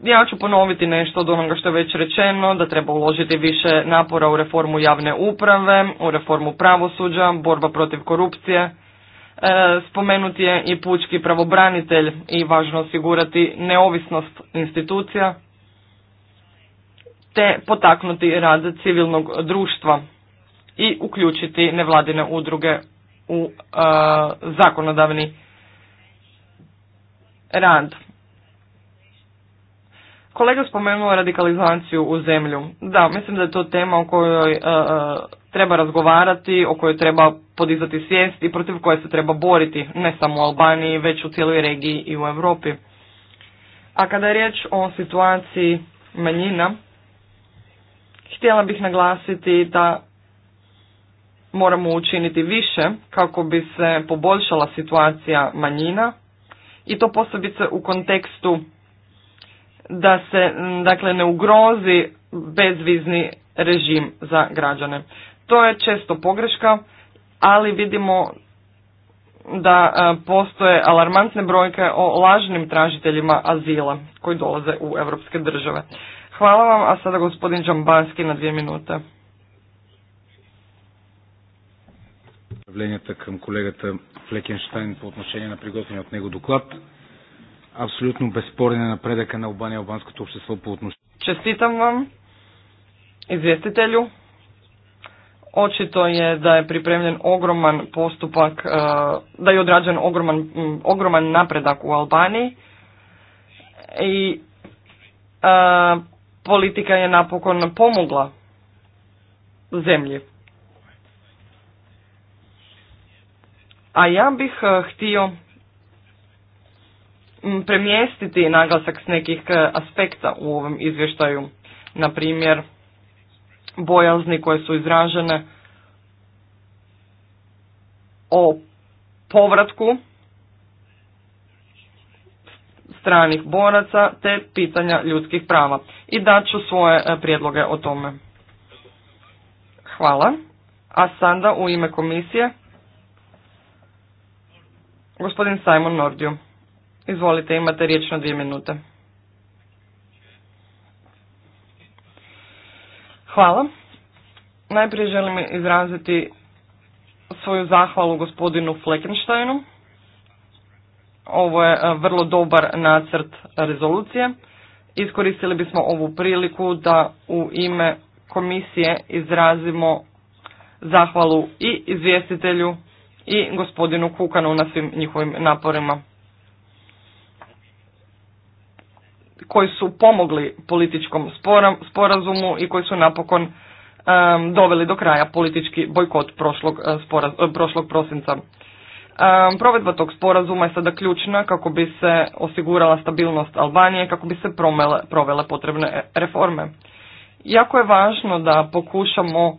Ja ću ponoviti nešto od onoga što je već rečeno, da treba uložiti više napora u reformu javne uprave, u reformu pravosuđa, borba protiv korupcije. E, spomenut je i pučki pravobranitelj i važno osigurati neovisnost institucija te potaknuti rad civilnog društva i uključiti nevladine udruge u e, zakonodavni rad. Kolega spomenuo radikalizaciju u zemlju. Da, mislim da je to tema o kojoj e, e, treba razgovarati, o kojoj treba podizati svijest i protiv koje se treba boriti, ne samo u Albaniji, već u cijeloj regiji i u Europi. A kada je riječ o situaciji manjina, htjela bih naglasiti da moramo učiniti više kako bi se poboljšala situacija manjina i to posebice u kontekstu da se dakle ne ugrozi bezvizni režim za građane. To je često pogreška, ali vidimo da e, postoje alarmantne brojke o lažnim tražiteljima azila koji dolaze u europske države. Hvala vam, a sada gospodin Đambanski na dvije minute. kam kolegata Flekenštajn po odnošenju na od apsolutno безспорен napredaka na Албания Albansko албанското Čestitam vam, izvjestitelju. Očito je da je pripremljen ogroman postupak, da je odrađen ogroman, ogroman napredak u Albaniji i politika je napokon pomogla zemlji. A ja bih htio premjestiti naglasak s nekih e, aspekta u ovom izvještaju. Na primjer, bojazni koje su izražene o povratku stranih boraca te pitanja ljudskih prava. I daću svoje e, prijedloge o tome. Hvala. A sada u ime komisije gospodin Simon Nordio. Izvolite, imate riječ na dvije minute. Hvala. Najprije želim izraziti svoju zahvalu gospodinu Fleckensteinu. Ovo je e, vrlo dobar nacrt rezolucije. Iskoristili bismo ovu priliku da u ime komisije izrazimo zahvalu i izvjestitelju i gospodinu Kukanu na svim njihovim naporima. koji su pomogli političkom sporazumu i koji su napokon doveli do kraja politički bojkot prošlog, e, e, prošlog prosinca. Um, provedba tog sporazuma je sada ključna kako bi se osigurala stabilnost Albanije, kako bi se provele potrebne e, reforme. Jako je važno da pokušamo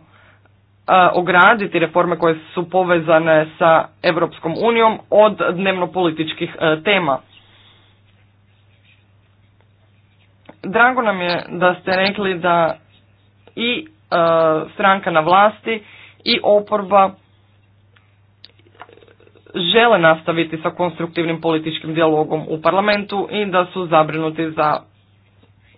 ograditi reforme koje su povezane sa Europskom unijom od dnevno-političkih tema. Drago nam je da ste rekli da i e, stranka na vlasti i oporba žele nastaviti sa konstruktivnim političkim dijalogom u parlamentu i da su zabrinuti za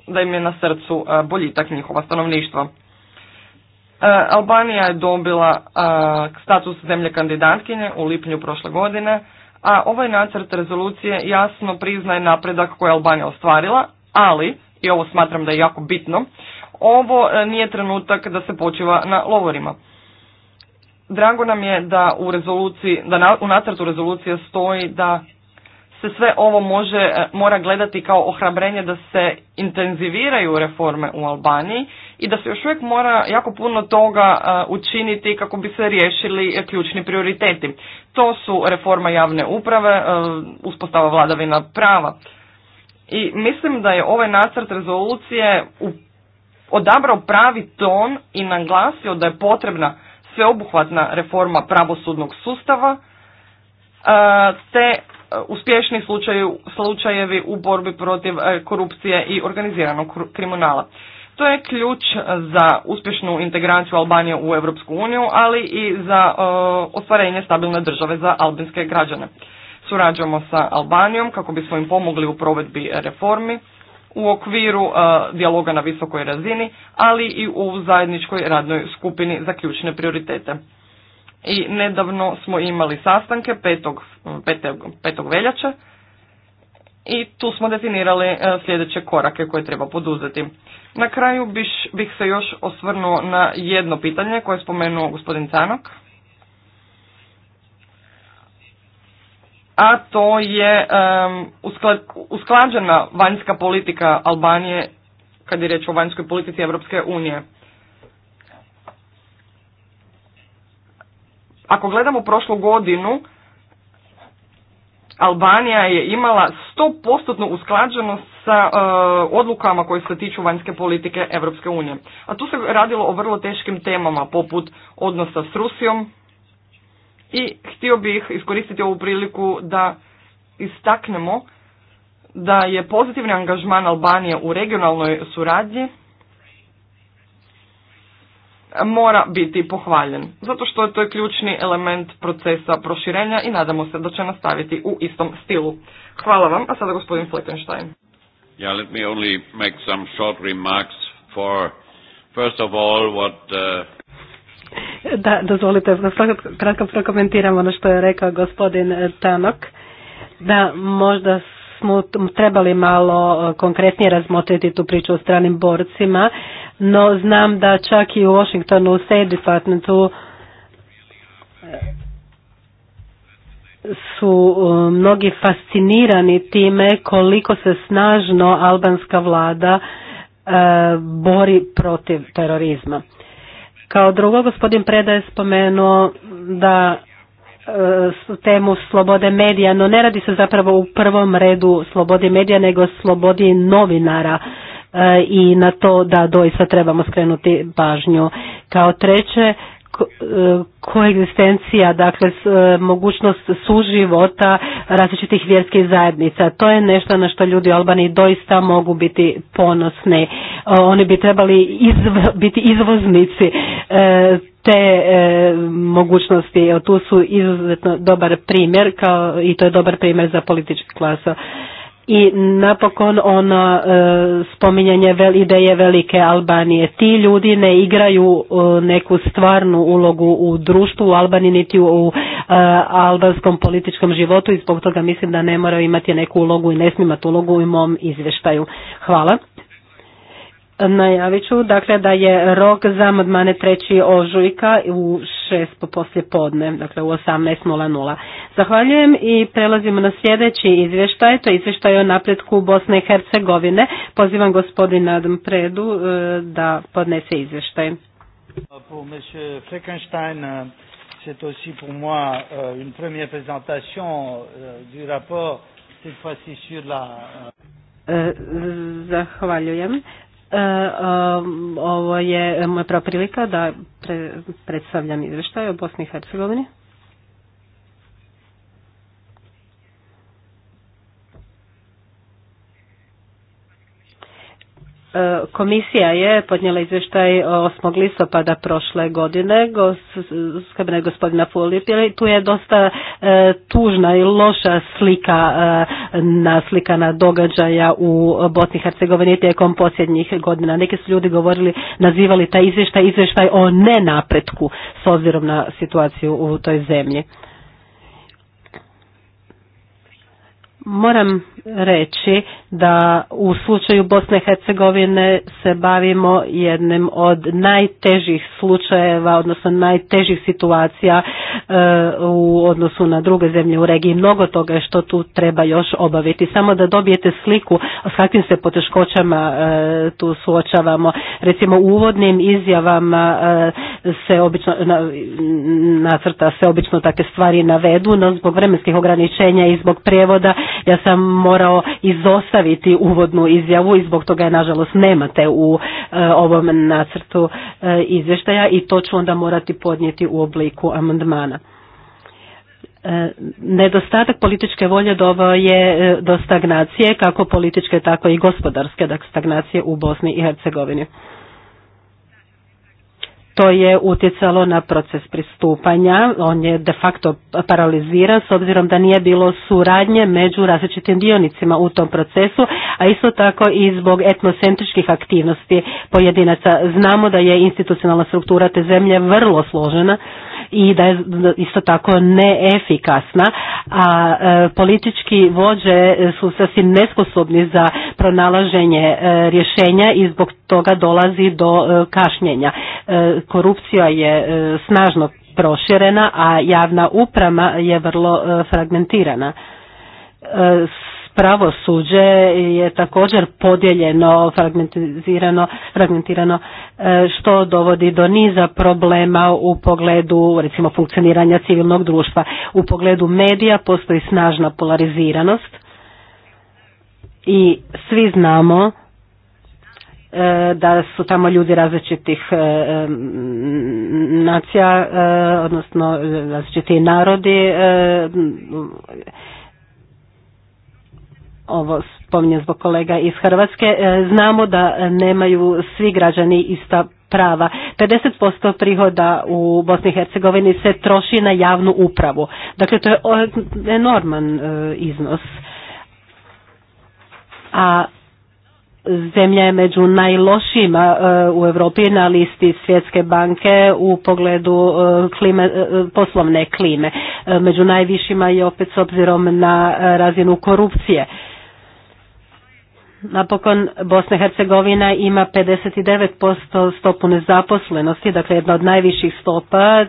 da im je na srcu e, boljitak njihova stanovništva. E, Albanija je dobila status zemlje kandidatkinje u lipnju prošle godine, a ovaj nacrt rezolucije jasno priznaje napredak koji je Albanija ostvarila, ali i ovo smatram da je jako bitno, ovo e, nije trenutak da se počiva na lovorima. Drago nam je da u rezoluciji, da u nacrtu rezolucije stoji da se sve ovo može, e, mora gledati kao ohrabrenje da se intenziviraju reforme u Albaniji i da se još uvijek mora jako puno toga e, učiniti kako bi se riješili ključni prioriteti. To su reforma javne uprave, uspostava vladavina prava. I mislim da je ovaj nacrt rezolucije odabrao pravi ton i naglasio da je potrebna sveobuhvatna reforma pravosudnog sustava e, te e, uspješni slučajevi u borbi protiv e, korupcije i organiziranog kriminala. To je ključ za uspješnu integraciju Albanije u Europsku uniju, ali i za ostvarenje stabilne države za albanske građane surađujemo sa Albanijom kako bismo im pomogli u provedbi reformi u okviru e, dijaloga na visokoj razini, ali i u zajedničkoj radnoj skupini za ključne prioritete. I nedavno smo imali sastanke 5. 5. veljače i tu smo definirali e, sljedeće korake koje treba poduzeti. Na kraju biš, bih se još osvrnuo na jedno pitanje koje je spomenuo gospodin Canok. a to je usklađena vanjska politika Albanije kad je riječ o vanjskoj politici Europske unije. Ako gledamo prošlu godinu, Albanija je imala 100% usklađenost sa e, odlukama koje se tiču vanjske politike Europske unije. A tu se radilo o vrlo teškim temama poput odnosa s Rusijom, i htio bih iskoristiti ovu priliku da istaknemo da je pozitivni angažman Albanije u regionalnoj suradnji mora biti pohvaljen, zato što je to ključni element procesa proširenja i nadamo se da će nastaviti u istom stilu. Hvala vam, a sada gospodin Fleckenstein. Yeah, let me only make some short remarks for, first of all, what uh, da, dozvolite, kratko prokomentiram ono što je rekao gospodin Tanok, da možda smo trebali malo e, konkretnije razmotriti tu priču o stranim borcima, no znam da čak i u Washingtonu, u State Departmentu e, su e, mnogi fascinirani time koliko se snažno albanska vlada bori protiv terorizma. Kao drugo, gospodin Preda je spomenuo da e, temu slobode medija, no ne radi se zapravo u prvom redu slobodi medija, nego slobodi novinara e, i na to da doista trebamo skrenuti pažnju. Kao treće, E, koegzistencija, dakle e, mogućnost suživota različitih vjerskih zajednica. To je nešto na što ljudi Albani doista mogu biti ponosni. E, oni bi trebali biti izvoznici te mogućnosti. tu su izuzetno dobar primjer kao, i to je dobar primjer za političku klasa i napokon ono e, spominjanje ideje velike Albanije. Ti ljudi ne igraju e, neku stvarnu ulogu u društvu u Albaniji niti u e, albanskom političkom životu i zbog toga mislim da ne moraju imati neku ulogu i ne smiju imati ulogu u mom izvještaju. Hvala. Najavit ću dakle da je rok za amandmane 3. ožujka u 6 poslje podne, dakle u 18.00. Zahvaljujem i prelazimo na sljedeći izvještaj, to je izvještaj o napretku Bosne i Hercegovine. Pozivam gospodina Adam Predu e, da podnese izvještaj. Po monsieur Fleckenstein, euh, c'est aussi pour moi euh, une première présentation euh, du rapport, cette fois-ci sur la... E, zahvaljujem. E, um, ovo je moja prva prilika da predstavljam izveštaje o Bosni i Hercegovini. Komisija je podnijela izvještaj 8. listopada prošle godine gospodina i tu je dosta e, tužna i loša slika e, naslikana događaja u Bosni i Hercegovini tijekom posljednjih godina. Neki su ljudi govorili, nazivali taj izvještaj izvještaj o nenapretku s obzirom na situaciju u toj zemlji. Moram reći da u slučaju Bosne i Hercegovine se bavimo jednim od najtežih slučajeva, odnosno najtežih situacija e, u odnosu na druge zemlje u regiji. Mnogo toga što tu treba još obaviti. Samo da dobijete sliku s kakvim se poteškoćama e, tu suočavamo. Recimo u uvodnim izjavama e, se obično nacrta se obično takve stvari navedu, no zbog vremenskih ograničenja i zbog prijevoda ja sam morao izostaviti uvodnu izjavu i zbog toga je nažalost nemate u e, ovom nacrtu e, izvještaja i to ću onda morati podnijeti u obliku amandmana. E, nedostatak političke volje doveo je do stagnacije kako političke tako i gospodarske stagnacije u Bosni i Hercegovini to je utjecalo na proces pristupanja, on je de facto paraliziran s obzirom da nije bilo suradnje među različitim dionicima u tom procesu, a isto tako i zbog etnocentričkih aktivnosti pojedinaca. Znamo da je institucionalna struktura te zemlje vrlo složena i da je isto tako neefikasna, a e, politički vođe su sasvim nesposobni za pronalaženje e, rješenja i zbog toga dolazi do e, kašnjenja. Korupcija je snažno proširena, a javna uprava je vrlo fragmentirana pravosuđe je također podijeljeno, fragmentizirano, fragmentirano e, što dovodi do niza problema u pogledu recimo funkcioniranja civilnog društva. U pogledu medija postoji snažna polariziranost i svi znamo e, da su tamo ljudi različitih e, nacija, odnosno različiti narodi ovo spominjem zbog kolega iz Hrvatske, e, znamo da nemaju svi građani ista prava. 50% prihoda u Bosni i Hercegovini se troši na javnu upravu. Dakle, to je enorman e, iznos. A zemlja je među najlošijima e, u Europi na listi Svjetske banke u pogledu poslovne klime. Među najvišima je opet s obzirom na razinu korupcije. Napokon Bosna i Hercegovina ima 59% stopu nezaposlenosti, dakle jedna od najviših stopa e,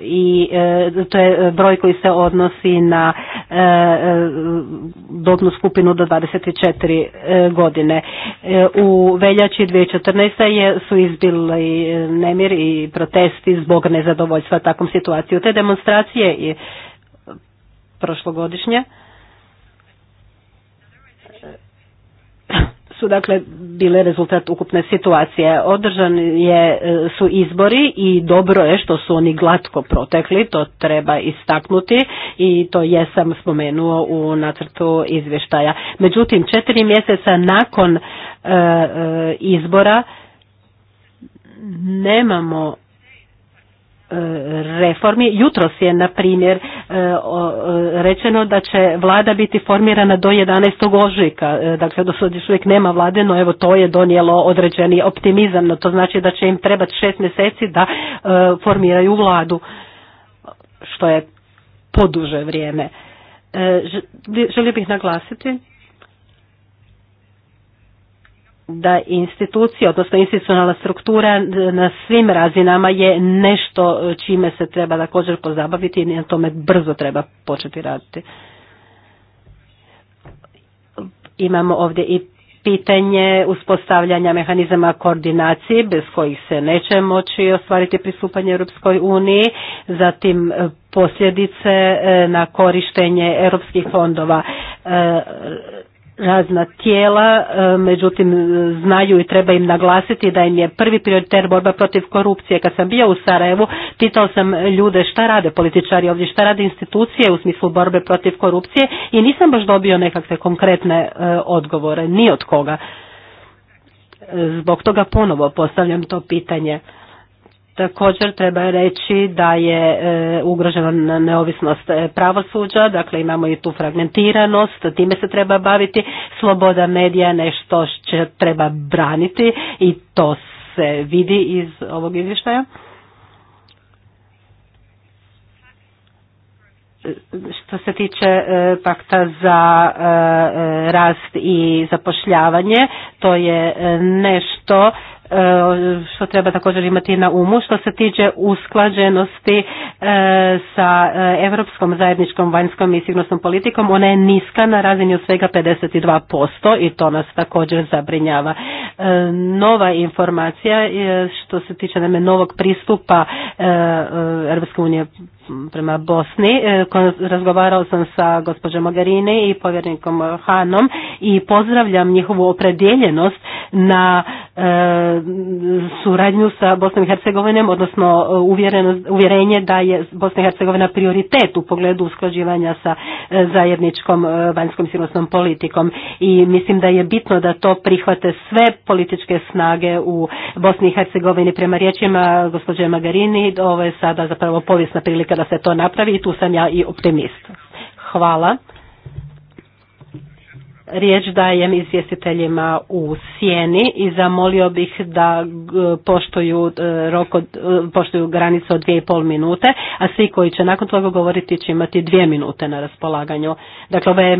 i e, to je broj koji se odnosi na e, dobnu skupinu do 24 godine. U veljači 2014. Je, su izbili nemir i protesti zbog nezadovoljstva takvom situaciju. Te demonstracije i prošlogodišnje su dakle bile rezultat ukupne situacije. Održan je, e, su izbori i dobro je što su oni glatko protekli, to treba istaknuti i to jesam spomenuo u nacrtu izvještaja. Međutim, četiri mjeseca nakon e, e, izbora nemamo reformi. Jutros je, na primjer, e, e, rečeno da će vlada biti formirana do 11. ožujka. E, dakle, do sada još uvijek nema vlade, no evo to je donijelo određeni optimizam. No, to znači da će im trebati šest mjeseci da formiraju vladu, što je poduže vrijeme. Želio bih naglasiti da institucija, odnosno institucionalna struktura na svim razinama je nešto čime se treba također pozabaviti i na tome brzo treba početi raditi. Imamo ovdje i pitanje uspostavljanja mehanizama koordinacije bez kojih se neće moći ostvariti pristupanje Europskoj uniji, zatim posljedice e, na korištenje europskih fondova. E, razna tijela, e, međutim e, znaju i treba im naglasiti da im je prvi prioritet borba protiv korupcije. Kad sam bio u Sarajevu, pitao sam ljude šta rade političari ovdje, šta rade institucije u smislu borbe protiv korupcije i nisam baš dobio nekakve konkretne e, odgovore, ni od koga. Zbog toga ponovo postavljam to pitanje. Također treba reći da je e, ugrožena neovisnost e, pravosuđa, dakle imamo i tu fragmentiranost, time se treba baviti, sloboda medija je nešto što treba braniti i to se vidi iz ovog izvještaja. Što se tiče e, pakta za rast i zapošljavanje, to je nešto E, što treba također imati na umu što se tiče usklađenosti e, sa e, europskom zajedničkom vanjskom i sigurnosnom politikom ona je niska na razini od svega 52% i to nas također zabrinjava. Nova informacija što se tiče neme novog pristupa Europske unije prema Bosni. Razgovarao sam sa gospođom Mogherini i povjernikom Hanom i pozdravljam njihovu opredjeljenost na e, suradnju sa Bosnom i Hercegovinom, odnosno e, uvjerenje da je Bosna i Hercegovina prioritet u pogledu usklađivanja sa e, zajedničkom vanjskom sigurnosnom politikom i mislim da je bitno da to prihvate sve političke snage u Bosni i Hercegovini prema riječima gospođe Magarini. Ovo je sada zapravo povijesna prilika da se to napravi i tu sam ja i optimist. Hvala. Riječ dajem izvjestiteljima u sjeni i zamolio bih da e, poštuju, e, rok od, e, poštuju granicu od dvije i pol minute, a svi koji će nakon toga govoriti će imati dvije minute na raspolaganju. Dakle, ovo je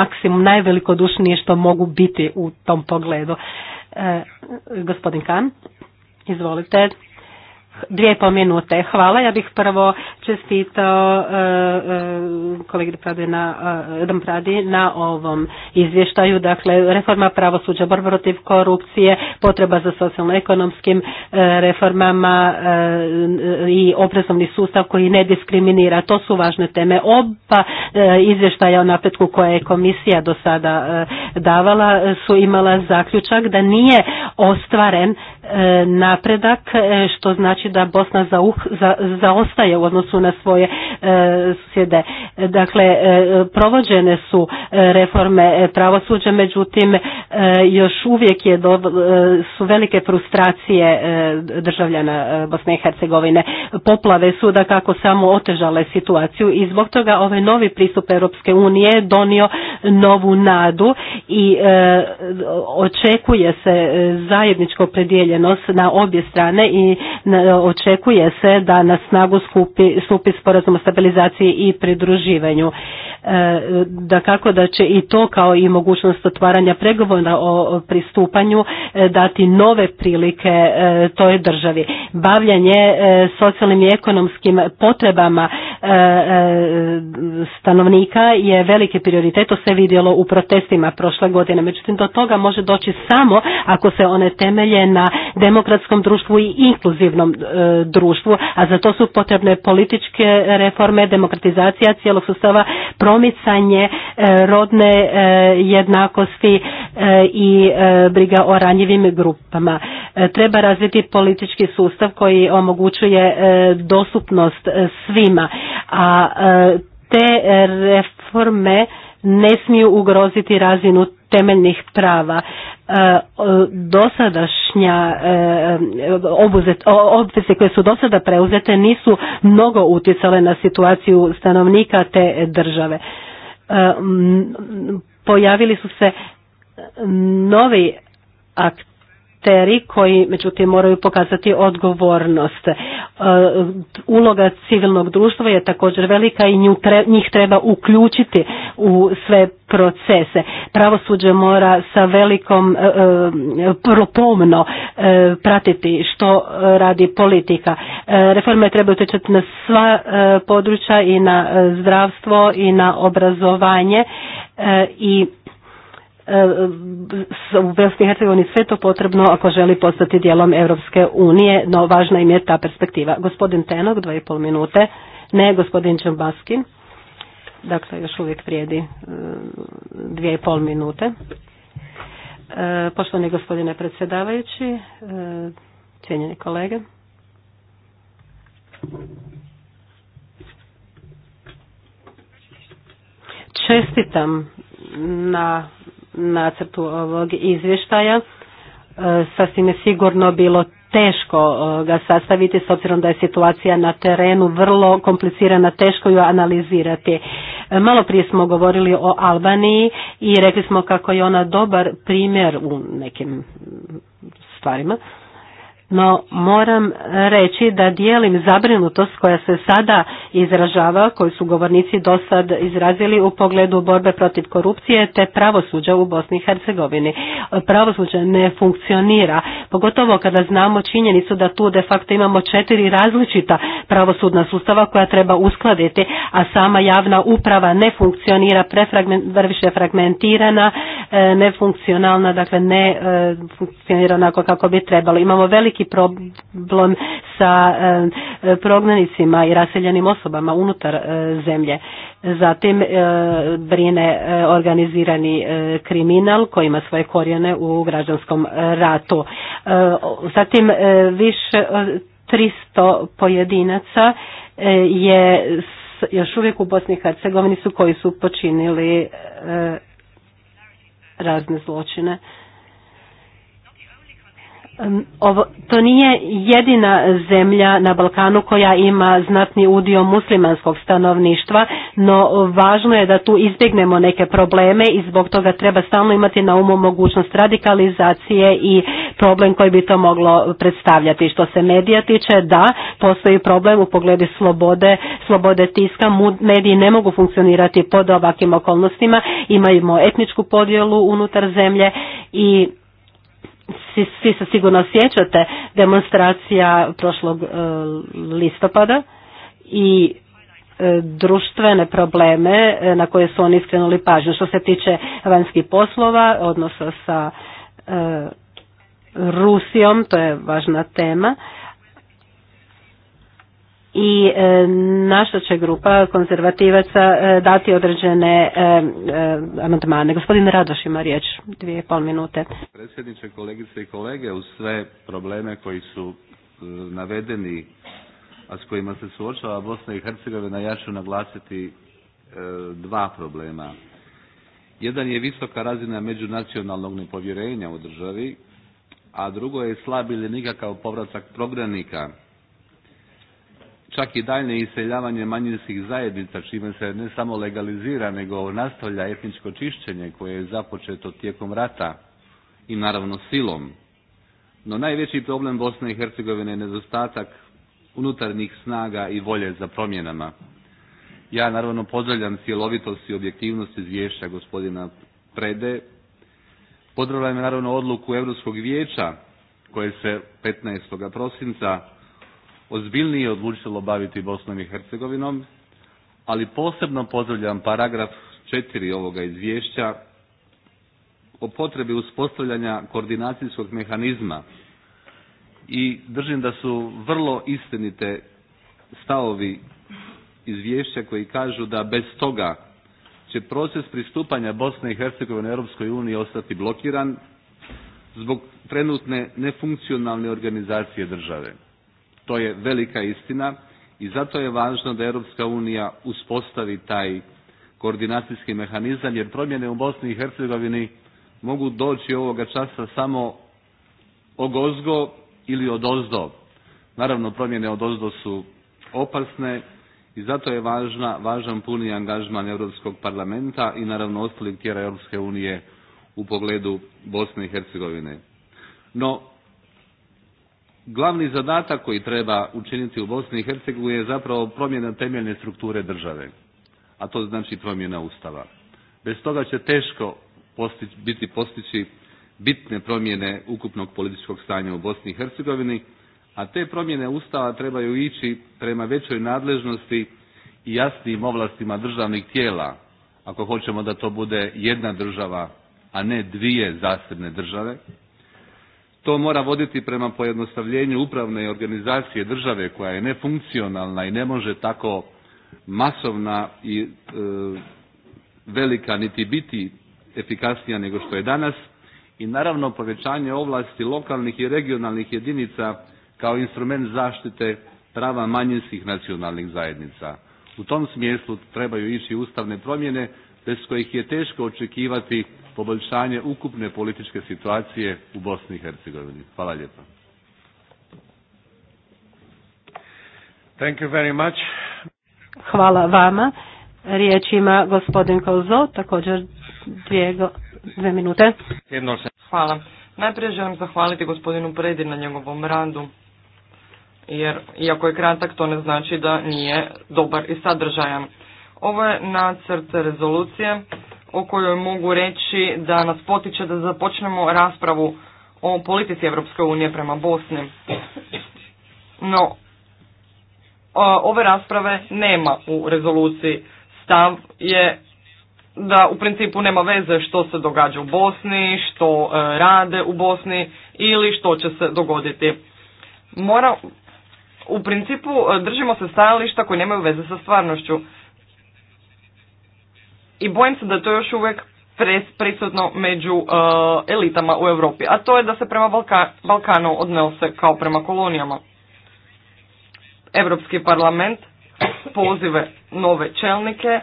maksimum najvelikodušnije što mogu biti u tom pogledu. gospodin Kan, izvolite. Dvije i pol minute. Hvala. Ja bih prvo čestitao e, e, kolegi Pradi na, e, Pradi na ovom izvještaju. Dakle, reforma pravosuđa, borba protiv korupcije, potreba za socijalno-ekonomskim reformama i obrazovni sustav koji ne diskriminira. To su važne teme. Oba izvještaja o napretku koje je komisija do sada davala su imala zaključak da nije ostvaren napredak, e, što znači da Bosna zaostaje u odnosu na svoje e, susjede. Dakle, e, provođene su reforme pravosuđa, međutim, još uvijek je do, su velike frustracije državljana Bosne i Hercegovine. Poplave su da kako samo otežale situaciju i zbog toga ovaj novi pristup Europske unije donio novu nadu i očekuje se zajedničko predijeljeno na obje strane i očekuje se da na snagu skupi, stupi sporazum o stabilizaciji i pridruživanju. E, da kako da će i to kao i mogućnost otvaranja pregovora o pristupanju e, dati nove prilike e, toj državi. Bavljanje socijalnim i ekonomskim potrebama E, e, stanovnika je veliki prioritet, to se vidjelo u protestima prošle godine. Međutim, do toga može doći samo ako se one temelje na demokratskom društvu i inkluzivnom e, društvu, a za to su potrebne političke reforme, demokratizacija cijelog sustava, promicanje rodne jednakosti i briga o ranjivim grupama. Treba razviti politički sustav koji omogućuje dostupnost svima a e, te reforme ne smiju ugroziti razinu temeljnih prava. E, dosadašnja e, obveze koje su dosada preuzete nisu mnogo utjecale na situaciju stanovnika te države. Pojavili su se novi akt akteri koji međutim moraju pokazati odgovornost. E, uloga civilnog društva je također velika i njih treba uključiti u sve procese. Pravosuđe mora sa velikom propomno e, e, pratiti što radi politika. Reforme treba utječati na sva područja i na zdravstvo i na obrazovanje i E, u Bosni i Hercegovini sve to potrebno ako želi postati dijelom Europske unije, no važna im je ta perspektiva. Gospodin Tenok, dva i pol minute, ne gospodin Čembaskin, dakle još uvijek vrijedi e, dvije i pol minute. E, poštovani gospodine predsjedavajući, cijenjeni kolege. Čestitam na nacrtu ovog izvještaja. E, sasvim je sigurno bilo teško e, ga sastaviti s obzirom da je situacija na terenu vrlo komplicirana, teško ju analizirati. E, malo prije smo govorili o Albaniji i rekli smo kako je ona dobar primjer u nekim stvarima no moram reći da dijelim zabrinutost koja se sada izražava, koju su govornici do sad izrazili u pogledu borbe protiv korupcije te pravosuđa u Bosni i Hercegovini. Pravosuđe ne funkcionira, pogotovo kada znamo činjenicu da tu de facto imamo četiri različita pravosudna sustava koja treba uskladiti, a sama javna uprava ne funkcionira, više fragmentirana, e, nefunkcionalna, dakle ne e, funkcionira onako kako bi trebalo. Imamo veliki problem sa e, e, prognanicima i raseljenim osobama unutar e, zemlje. Zatim brine organizirani kriminal koji ima svoje korijene u građanskom ratu. Zatim više 300 pojedinaca je još uvijek u Bosni i Hercegovini su koji su počinili razne zločine. Ovo, to nije jedina zemlja na Balkanu koja ima znatni udio muslimanskog stanovništva, no važno je da tu izbjegnemo neke probleme i zbog toga treba stalno imati na umu mogućnost radikalizacije i problem koji bi to moglo predstavljati. Što se medija tiče, da, postoji problem u pogledu slobode, slobode tiska, mediji ne mogu funkcionirati pod ovakvim okolnostima, imamo etničku podjelu unutar zemlje i svi se sigurno sjećate demonstracija prošlog e, listopada i e, društvene probleme e, na koje su oni skrenuli pažnju. Što se tiče vanjskih poslova, odnosa sa Rusijom, to je važna tema i e, naša će grupa konzervativaca e, dati određene e, amandmane. Gospodin Radoš ima riječ, dvije i pol minute. Predsjedniče, kolegice i kolege, uz sve probleme koji su navedeni, a s kojima se suočava Bosna i Hercegovina, ja ću naglasiti dva problema. Jedan je visoka razina međunacionalnog nepovjerenja u državi, a drugo je slab ili nikakav povratak prognanika čak i daljnje iseljavanje manjinskih zajednica čime se ne samo legalizira nego nastavlja etničko čišćenje koje je započeto tijekom rata i naravno silom. No najveći problem Bosne i Hercegovine je nedostatak unutarnjih snaga i volje za promjenama. Ja naravno pozdravljam cjelovitost i objektivnost izvješća gospodina Prede. Pozdravljam naravno odluku Europskog vijeća koje se 15. prosinca ozbiljnije odlučilo baviti Bosnom i Hercegovinom, ali posebno pozdravljam paragraf četiri ovoga izvješća o potrebi uspostavljanja koordinacijskog mehanizma i držim da su vrlo istinite stavovi izvješća koji kažu da bez toga će proces pristupanja Bosne i Hercegovine Europskoj uniji ostati blokiran zbog trenutne nefunkcionalne organizacije države. To je velika istina i zato je važno da Europska unija uspostavi taj koordinacijski mehanizam jer promjene u Bosni i Hercegovini mogu doći ovoga časa samo ogozgo ili odozdo. Naravno promjene odozdo su opasne i zato je važna, važan puni angažman Europskog parlamenta i naravno ostalih tijela Europske unije u pogledu Bosne i Hercegovine. No, Glavni zadatak koji treba učiniti u Bosni i Hercegovini je zapravo promjena temeljne strukture države, a to znači promjena Ustava. Bez toga će teško postići, biti postići bitne promjene ukupnog političkog stanja u Bosni i Hercegovini, a te promjene Ustava trebaju ići prema većoj nadležnosti i jasnim ovlastima državnih tijela, ako hoćemo da to bude jedna država, a ne dvije zasebne države, to mora voditi prema pojednostavljenju upravne organizacije države koja je nefunkcionalna i ne može tako masovna i e, velika niti biti efikasnija nego što je danas i naravno povećanje ovlasti lokalnih i regionalnih jedinica kao instrument zaštite prava manjinskih nacionalnih zajednica. U tom smislu trebaju ići ustavne promjene bez kojih je teško očekivati poboljšanje ukupne političke situacije u Bosni i Hercegovini. Hvala lijepa. Thank you very much. Hvala vama. Riječ ima gospodin Kozo, također dvije, dvije minute. Hvala. Najprije želim zahvaliti gospodinu Predi na njegovom radu, jer iako je kratak to ne znači da nije dobar i sadržajan. Ovo je nacrt rezolucije o kojoj mogu reći da nas potiče da započnemo raspravu o politici Europske unije prema Bosni. No, ove rasprave nema u rezoluciji. Stav je da u principu nema veze što se događa u Bosni, što e, rade u Bosni ili što će se dogoditi. Mora, u principu e, držimo se stajališta koji nemaju veze sa stvarnošću i bojim se da je to još uvijek prisutno među uh, elitama u Europi, a to je da se prema Balka Balkanu odnose kao prema kolonijama. Europski parlament pozive nove čelnike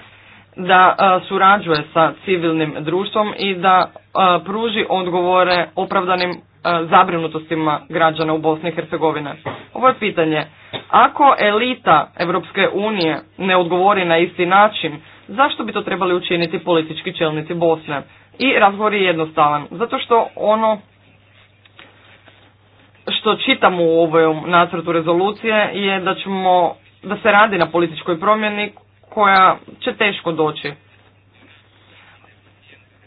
da uh, surađuje sa civilnim društvom i da uh, pruži odgovore opravdanim uh, zabrinutostima građana u Bosni i Hercegovine. Ovo je pitanje. Ako elita Europske unije ne odgovori na isti način Zašto bi to trebali učiniti politički čelnici Bosne? I razgovor je jednostavan, zato što ono što čitam u ovom nacrtu rezolucije je da ćemo, da se radi na političkoj promjeni koja će teško doći.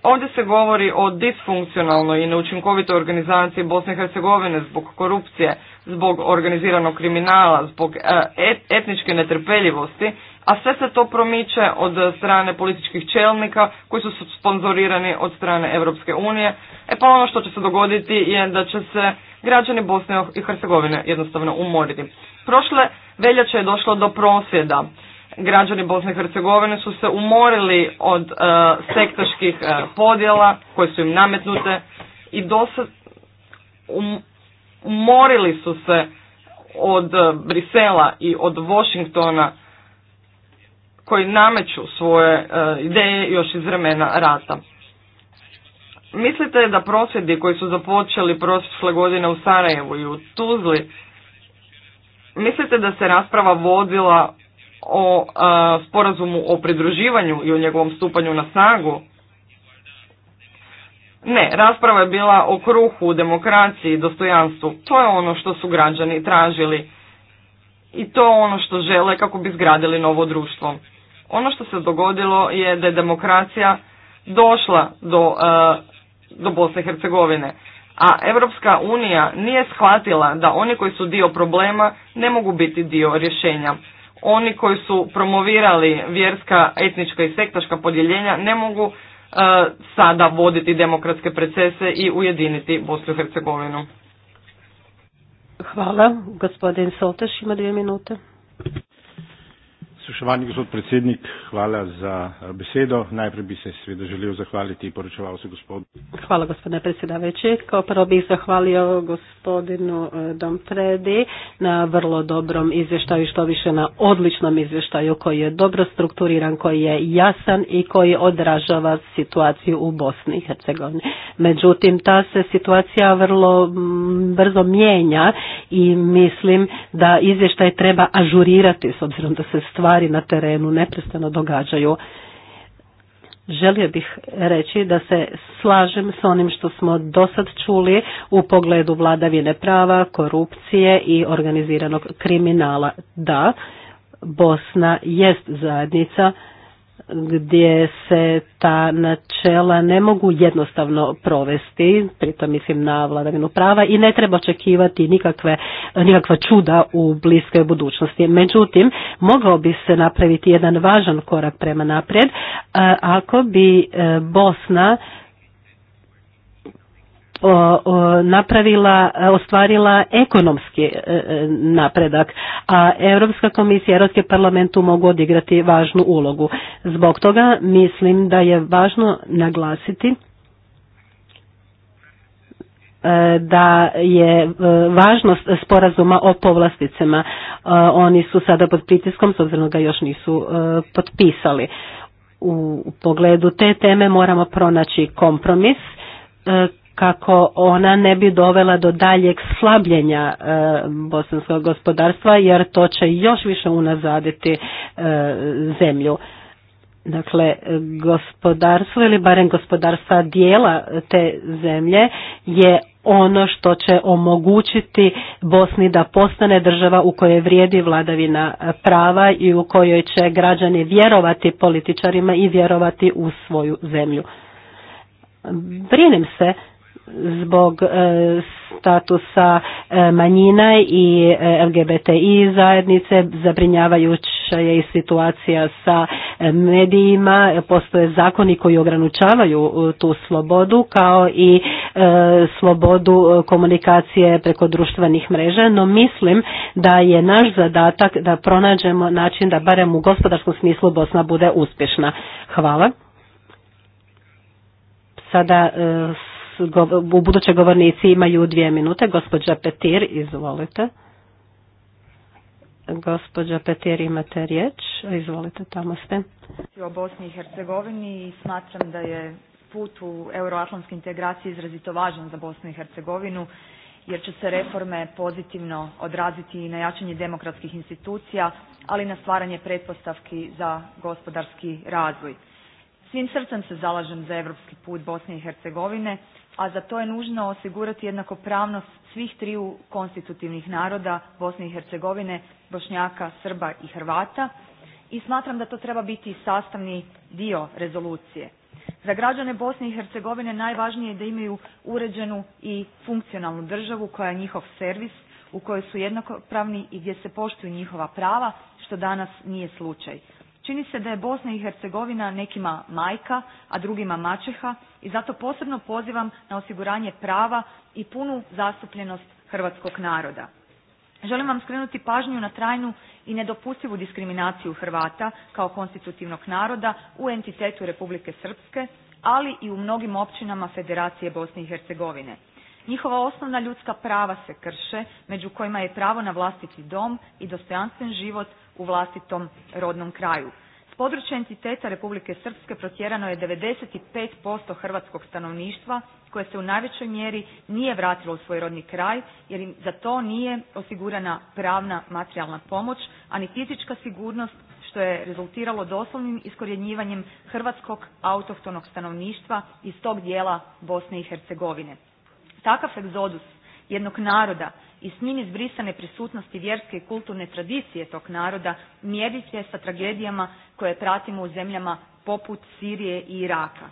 Ovdje se govori o disfunkcionalnoj i neučinkovitoj organizaciji Bosne i Hercegovine zbog korupcije, zbog organiziranog kriminala, zbog e, etničke netrpeljivosti a sve se to promiče od strane političkih čelnika koji su sponzorirani od strane Europske unije. E pa ono što će se dogoditi je da će se građani Bosne i Hercegovine jednostavno umoriti. Prošle veljače je došlo do prosvjeda. Građani Bosne i Hercegovine su se umorili od e, sektaških e, podjela koje su im nametnute i dosad um, umorili su se od e, Brisela i od Washingtona koji nameću svoje e, ideje još iz vremena rata. Mislite da prosvjedi koji su započeli prošle godine u Sarajevu i u Tuzli, mislite da se rasprava vodila o e, sporazumu o pridruživanju i o njegovom stupanju na snagu? Ne, rasprava je bila o kruhu, demokraciji, dostojanstvu. To je ono što su građani tražili i to je ono što žele kako bi zgradili novo društvo. Ono što se dogodilo je da je demokracija došla do, e, do Bosne i Hercegovine, a Europska unija nije shvatila da oni koji su dio problema ne mogu biti dio rješenja. Oni koji su promovirali vjerska, etnička i sektaška podjeljenja ne mogu e, sada voditi demokratske procese i ujediniti Bosnu i Hercegovinu. Hvala. Gospodin Soltaš ima dvije minute. Spoštovani gospod predsednik, hvala za besedo. Najprej bi se seveda želel zahvaliti se gospodu. Hvala gospodine predsjedavajući. Kao prvo bih zahvalio gospodinu eh, Dompredi na vrlo dobrom izvještaju, što više na odličnom izvještaju koji je dobro strukturiran, koji je jasan i koji odražava situaciju u Bosni i Hercegovini. Međutim, ta se situacija vrlo mm, brzo mijenja i mislim da izvještaj treba ažurirati s obzirom da se stvar stvari na terenu neprestano događaju. Želio bih reći da se slažem s onim što smo do sad čuli u pogledu vladavine prava, korupcije i organiziranog kriminala. Da, Bosna jest zajednica gdje se ta načela ne mogu jednostavno provesti, pritom mislim na vladavinu prava i ne treba očekivati nikakve, nikakva čuda u bliskoj budućnosti. Međutim, mogao bi se napraviti jedan važan korak prema naprijed ako bi e, Bosna napravila, e, ostvarila ekonomski e, e, napredak, a Europska komisija i Europski parlament tu mogu odigrati važnu ulogu. Zbog toga mislim da je važno naglasiti da je važnost sporazuma o povlasticama. Oni su sada pod pritiskom, s obzirom da ga još nisu potpisali. U pogledu te teme moramo pronaći kompromis kako ona ne bi dovela do daljeg slabljenja e, bosanskog gospodarstva jer to će još više unazaditi e, zemlju. Dakle, gospodarstvo ili barem gospodarstva dijela te zemlje je ono što će omogućiti Bosni da postane država u kojoj vrijedi vladavina prava i u kojoj će građani vjerovati političarima i vjerovati u svoju zemlju. Brinem se zbog e, statusa e, manjina i e, LGBTI zajednice, zabrinjavajuća je i situacija sa medijima, postoje zakoni koji ograničavaju tu slobodu kao i slobodu komunikacije preko društvenih mreža, no mislim da je naš zadatak da pronađemo način da barem u gospodarskom smislu Bosna bude uspješna. Hvala. Sada u buduće govornici imaju dvije minute. Gospođa Petir, izvolite. Gospođa Petir, imate riječ. Izvolite, tamo ste. o Bosni i Hercegovini smatram da je put u euroatlantske integracije izrazito važan za Bosnu i Hercegovinu jer će se reforme pozitivno odraziti i na jačanje demokratskih institucija, ali i na stvaranje pretpostavki za gospodarski razvoj. Svim srcem se zalažem za europski put Bosne i Hercegovine a za to je nužno osigurati jednakopravnost svih triju konstitutivnih naroda Bosne i Hercegovine, Bošnjaka, Srba i Hrvata i smatram da to treba biti sastavni dio rezolucije. Za građane Bosne i Hercegovine najvažnije je da imaju uređenu i funkcionalnu državu koja je njihov servis, u kojoj su jednakopravni i gdje se poštuju njihova prava, što danas nije slučaj. Čini se da je Bosna i Hercegovina nekima majka, a drugima maćeha i zato posebno pozivam na osiguranje prava i punu zastupljenost hrvatskog naroda. Želim vam skrenuti pažnju na trajnu i nedopustivu diskriminaciju Hrvata kao konstitutivnog naroda u entitetu Republike Srpske, ali i u mnogim općinama Federacije Bosne i Hercegovine. Njihova osnovna ljudska prava se krše, među kojima je pravo na vlastiti dom i dostojanstven život u vlastitom rodnom kraju. S područja entiteta Republike Srpske protjerano je 95% hrvatskog stanovništva koje se u najvećoj mjeri nije vratilo u svoj rodni kraj jer im za to nije osigurana pravna materijalna pomoć, a ni fizička sigurnost što je rezultiralo doslovnim iskorjenjivanjem hrvatskog autohtonog stanovništva iz tog dijela Bosne i Hercegovine. Takav egzodus jednog naroda i s njim izbrisane prisutnosti vjerske i kulturne tradicije tog naroda mjerit će sa tragedijama koje pratimo u zemljama poput Sirije i Iraka.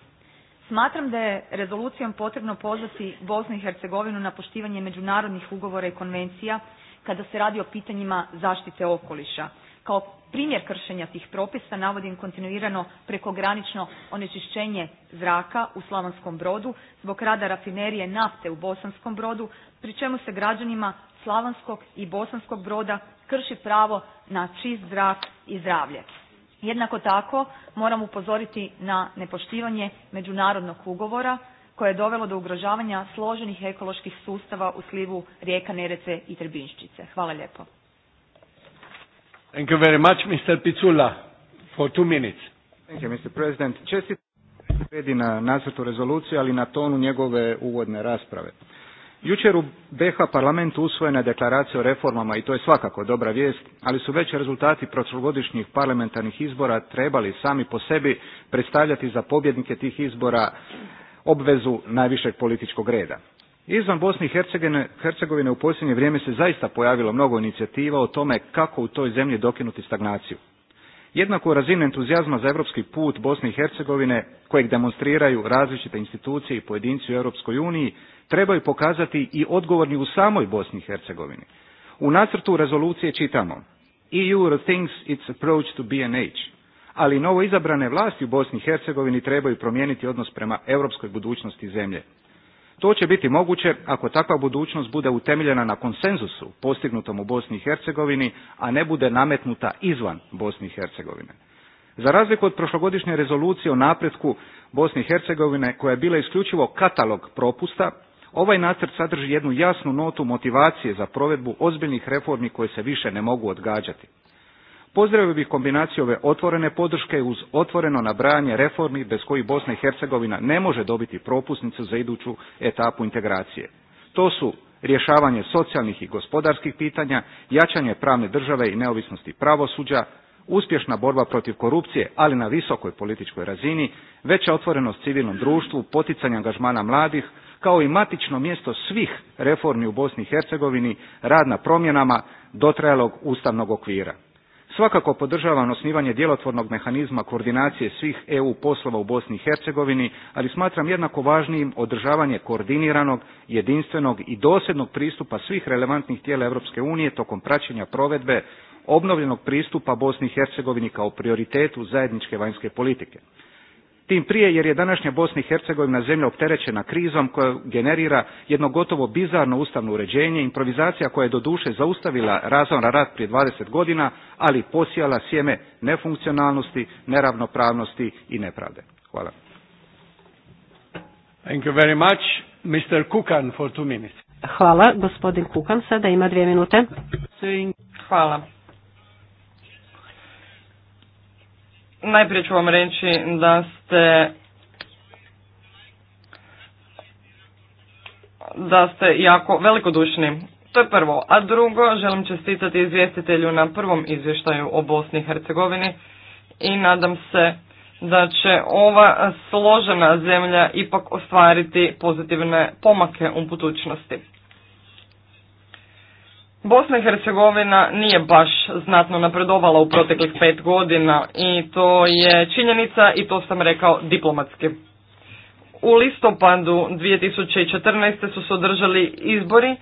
Smatram da je rezolucijom potrebno pozvati Bosnu i Hercegovinu na poštivanje međunarodnih ugovora i konvencija kada se radi o pitanjima zaštite okoliša. Kao primjer kršenja tih propisa navodim kontinuirano prekogranično onečišćenje zraka u Slavonskom Brodu zbog rada rafinerije nafte u Bosanskom Brodu pri čemu se građanima Slavonskog i Bosanskog Broda krši pravo na čist zrak i zdravlje. Jednako tako moram upozoriti na nepoštivanje međunarodnog ugovora koje je dovelo do ugrožavanja složenih ekoloških sustava u slivu rijeka Nerece i Trbinščice. Hvala lijepo. Thank you very much, Mr. Picula, for two minutes. Thank you, Mr. President. Čestit na nacrtu rezolucije, ali na tonu njegove uvodne rasprave. Jučer u BH parlamentu usvojena je deklaracija o reformama i to je svakako dobra vijest, ali su već rezultati prošlogodišnjih parlamentarnih izbora trebali sami po sebi predstavljati za pobjednike tih izbora obvezu najvišeg političkog reda. Izvan Bosni i Hercegovine u posljednje vrijeme se zaista pojavilo mnogo inicijativa o tome kako u toj zemlji dokinuti stagnaciju. Jednako razinu entuzijazma za europski put Bosne i Hercegovine, kojeg demonstriraju različite institucije i pojedinci u Europskoj uniji, trebaju pokazati i odgovorni u samoj Bosni i Hercegovini. U nacrtu rezolucije čitamo EU thinks its approach to BNH, ali novo izabrane vlasti u Bosni i Hercegovini trebaju promijeniti odnos prema europskoj budućnosti zemlje. To će biti moguće ako takva budućnost bude utemeljena na konsenzusu postignutom u Bosni i Hercegovini, a ne bude nametnuta izvan Bosni i Hercegovine. Za razliku od prošlogodišnje rezolucije o napretku Bosni i Hercegovine, koja je bila isključivo katalog propusta, ovaj nacrt sadrži jednu jasnu notu motivacije za provedbu ozbiljnih reformi koje se više ne mogu odgađati. Pozdravio bih kombinaciju ove otvorene podrške uz otvoreno nabrajanje reformi bez kojih Bosna i Hercegovina ne može dobiti propusnicu za iduću etapu integracije. To su rješavanje socijalnih i gospodarskih pitanja, jačanje pravne države i neovisnosti pravosuđa, uspješna borba protiv korupcije, ali na visokoj političkoj razini, veća otvorenost civilnom društvu, poticanje angažmana mladih, kao i matično mjesto svih reformi u Bosni i Hercegovini, rad na promjenama dotrajalog ustavnog okvira. Svakako podržavam osnivanje djelotvornog mehanizma koordinacije svih EU poslova u Bosni i Hercegovini, ali smatram jednako važnijim održavanje koordiniranog, jedinstvenog i dosljednog pristupa svih relevantnih tijela Europske unije tokom praćenja provedbe obnovljenog pristupa Bosni i Hercegovini kao prioritetu zajedničke vanjske politike tim prije jer je današnja Bosna i Hercegovina zemlja opterećena krizom koja generira jedno gotovo bizarno ustavno uređenje, improvizacija koja je doduše zaustavila razoran rat prije 20 godina, ali posijala sjeme nefunkcionalnosti, neravnopravnosti i nepravde. Hvala. Thank you very much. Mr. Kukan for minutes. Hvala. Gospodin Kukan sada ima dvije minute. Hvala. Najprije ću vam reći da ste da ste jako velikodušni. To je prvo. A drugo, želim čestitati izvjestitelju na prvom izvještaju o Bosni i Hercegovini i nadam se da će ova složena zemlja ipak ostvariti pozitivne pomake u budućnosti. Bosna i Hercegovina nije baš znatno napredovala u proteklih pet godina i to je činjenica i to sam rekao diplomatski. U listopadu 2014. su se održali izbori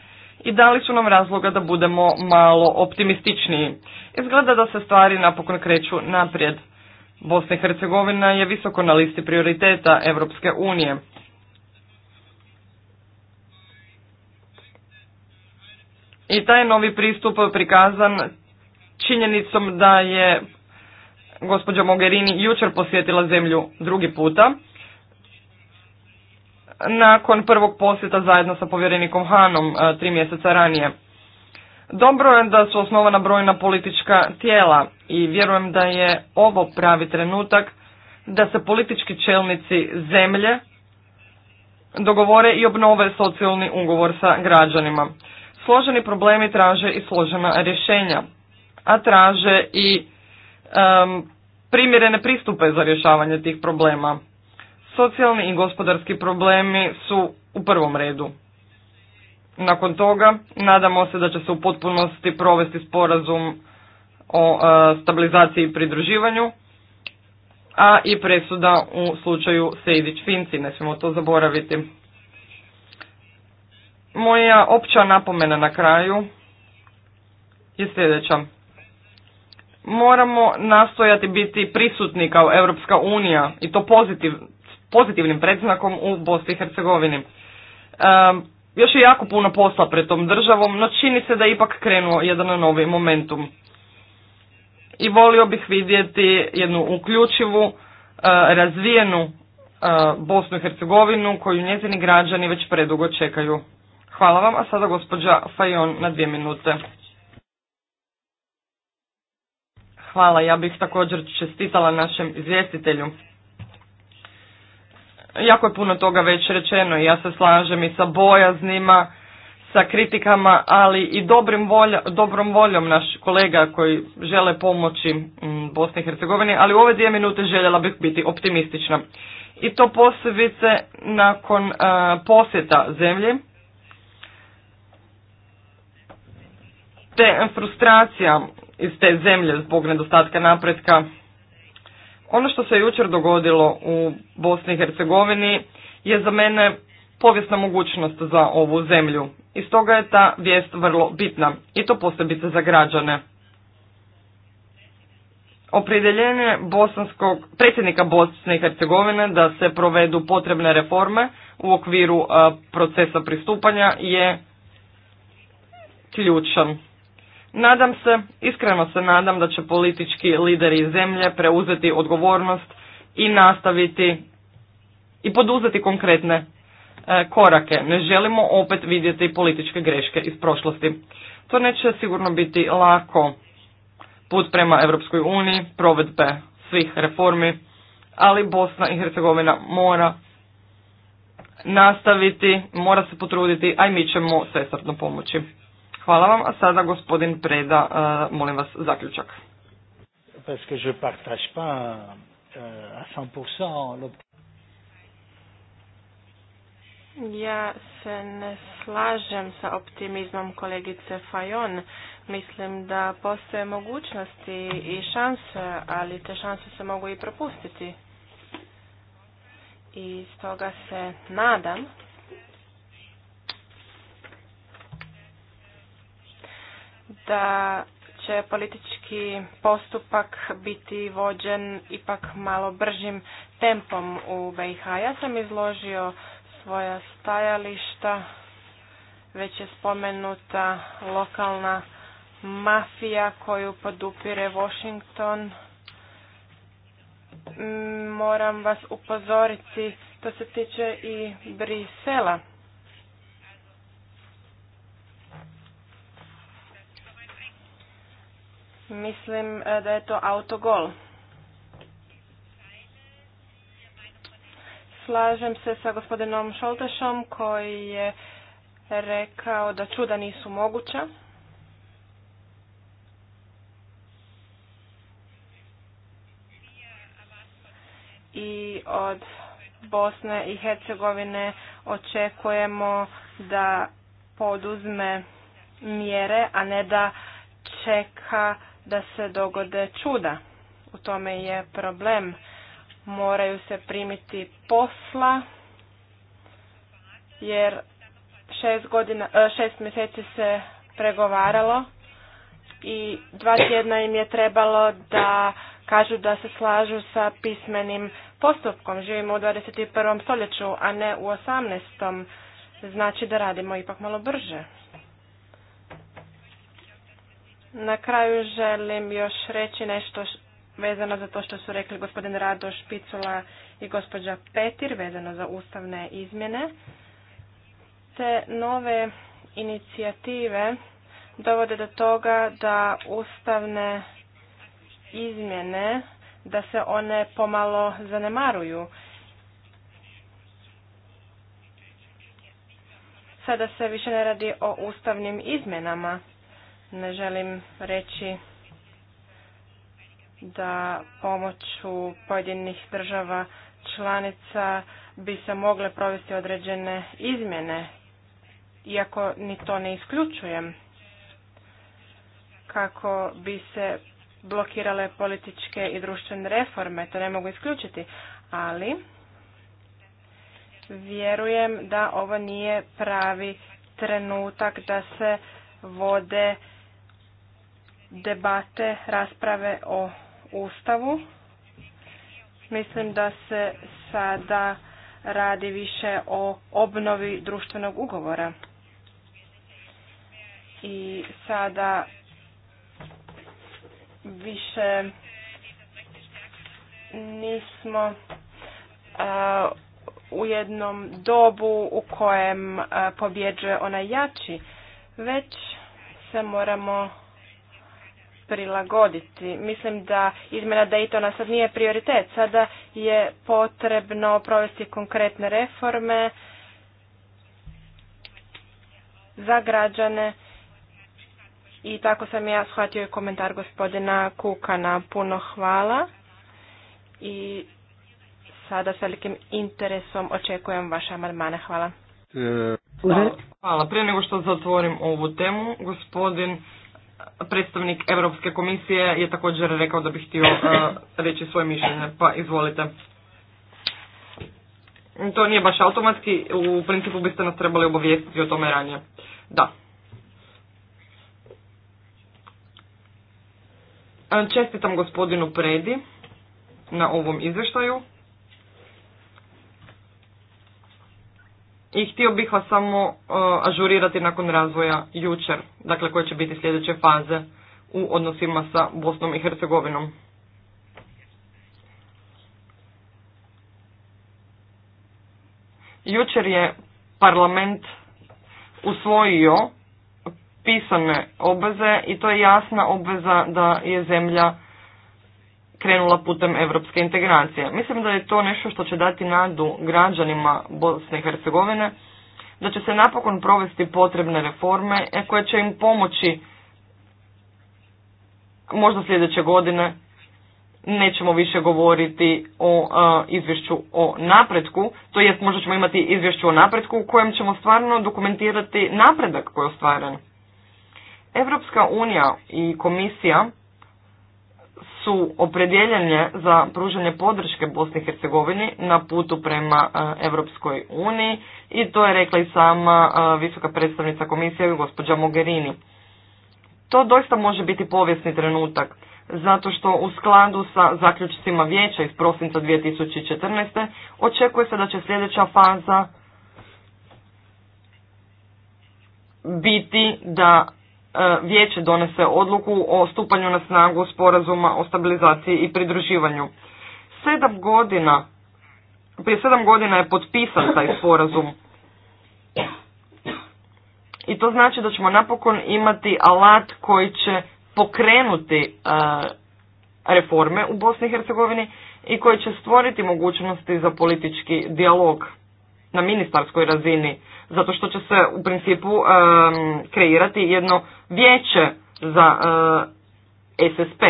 i dali su nam razloga da budemo malo optimističniji. Izgleda da se stvari napokon kreću naprijed. Bosna i Hercegovina je visoko na listi prioriteta Europske unije. I taj novi pristup prikazan činjenicom da je gospođa Mogherini jučer posjetila zemlju drugi puta. Nakon prvog posjeta zajedno sa povjerenikom Hanom e, tri mjeseca ranije. Dobro je da su osnovana brojna politička tijela i vjerujem da je ovo pravi trenutak da se politički čelnici zemlje dogovore i obnove socijalni ugovor sa građanima. Složeni problemi traže i složena rješenja, a traže i primjerene pristupe za rješavanje tih problema. Socijalni i gospodarski problemi su u prvom redu. Nakon toga nadamo se da će se u potpunosti provesti sporazum o e, stabilizaciji i pridruživanju, a i presuda u slučaju Sejdić Finci, ne smijemo to zaboraviti. Moja opća napomena na kraju je sljedeća. Moramo nastojati biti prisutni kao Europska unija i to pozitiv, pozitivnim predznakom u Bosni i Hercegovini. E, još je jako puno posla pred tom državom, no čini se da je ipak krenuo jedan novi momentum. I volio bih vidjeti jednu uključivu, e, razvijenu e, Bosnu i Hercegovinu koju njezini građani već predugo čekaju. Hvala vam, a sada gospođa Fajon na dvije minute. Hvala, ja bih također čestitala našem izvjestitelju. Jako je puno toga već rečeno i ja se slažem i sa bojaznima, sa kritikama, ali i dobrim dobrom voljom naš kolega koji žele pomoći mm, Bosni i Hercegovini, ali u ove dvije minute željela bih biti optimistična. I to posebice nakon posjeta zemlji te frustracija iz te zemlje zbog nedostatka napretka. Ono što se jučer dogodilo u Bosni i Hercegovini je za mene povijesna mogućnost za ovu zemlju. I stoga je ta vijest vrlo bitna i to posebice za građane. Opredjeljenje predsjednika Bosne i Hercegovine da se provedu potrebne reforme u okviru procesa pristupanja je ključan. Nadam se, iskreno se nadam da će politički lideri zemlje preuzeti odgovornost i nastaviti i poduzeti konkretne e, korake. Ne želimo opet vidjeti političke greške iz prošlosti. To neće sigurno biti lako put prema Europskoj uniji, provedbe svih reformi, ali Bosna i Hercegovina mora nastaviti, mora se potruditi, a i mi ćemo sestrno pomoći. Hvala vam, a sada gospodin Preda, e, molim vas, zaključak. Parce que je partage pas euh, ja se ne slažem sa optimizmom kolegice Fajon. Mislim da postoje mogućnosti i šanse, ali te šanse se mogu i propustiti. I stoga se nadam da će politički postupak biti vođen ipak malo bržim tempom u BiH. Ja sam izložio svoja stajališta, već je spomenuta lokalna mafija koju podupire Washington. Mm, moram vas upozoriti, to se tiče i Brisela. Mislim e, da je to autogol. Slažem se sa gospodinom Šoltešom koji je rekao da čuda nisu moguća. I od Bosne i Hercegovine očekujemo da poduzme mjere, a ne da čeka da se dogode čuda. U tome je problem. Moraju se primiti posla jer šest, godina, e, šest mjeseci se pregovaralo i dva tjedna im je trebalo da kažu da se slažu sa pismenim postupkom. Živimo u 21. stoljeću, a ne u 18. Znači da radimo ipak malo brže. Na kraju želim još reći nešto vezano za to što su rekli gospodin Rado Špicula i gospođa Petir vezano za ustavne izmjene. Te nove inicijative dovode do toga da ustavne izmjene, da se one pomalo zanemaruju. Sada se više ne radi o ustavnim izmjenama ne želim reći da pomoću pojedinih država članica bi se mogle provesti određene izmjene, iako ni to ne isključujem, kako bi se blokirale političke i društvene reforme, to ne mogu isključiti, ali vjerujem da ovo nije pravi trenutak da se vode debate, rasprave o Ustavu. Mislim da se sada radi više o obnovi društvenog ugovora. I sada više nismo u jednom dobu u kojem pobjeđuje onaj jači, već se moramo prilagoditi. Mislim da izmjena Daytona sad nije prioritet. Sada je potrebno provesti konkretne reforme za građane i tako sam ja shvatio i komentar gospodina Kukana. Puno hvala i sada s velikim interesom očekujem vaše amandmane. Hvala. Hvala. E, hvala. Prije nego što zatvorim ovu temu, gospodin predstavnik Europske komisije je također rekao da bi htio eh, reći svoje mišljenje, pa izvolite. To nije baš automatski, u principu biste nas trebali obavijestiti o tome ranije. Da. Eh, čestitam gospodinu Predi na ovom izvještaju. i htio bih vas samo uh, ažurirati nakon razvoja jučer, dakle koje će biti sljedeće faze u odnosima sa Bosnom i Hercegovinom. Jučer je parlament usvojio pisane obveze i to je jasna obveza da je zemlja krenula putem europske integracije. Mislim da je to nešto što će dati nadu građanima Bosne i Hercegovine, da će se napokon provesti potrebne reforme e, koje će im pomoći možda sljedeće godine nećemo više govoriti o e, izvješću o napretku, to jest možda ćemo imati izvješću o napretku u kojem ćemo stvarno dokumentirati napredak koji je ostvaren. Evropska unija i komisija su opredjeljenje za pružanje podrške Bosni i Hercegovini na putu prema Europskoj uniji i to je rekla i sama e, visoka predstavnica komisije gospođa Mogherini. To doista može biti povijesni trenutak, zato što u skladu sa zaključcima vijeća iz prosinca 2014. očekuje se da će sljedeća faza biti da E, vijeće donese odluku o stupanju na snagu sporazuma o stabilizaciji i pridruživanju. Sedam godina, prije sedam godina je potpisan taj sporazum. I to znači da ćemo napokon imati alat koji će pokrenuti e, reforme u Bosni i Hercegovini i koji će stvoriti mogućnosti za politički dijalog na ministarskoj razini, zato što će se u principu kreirati jedno vijeće za eh, SSP.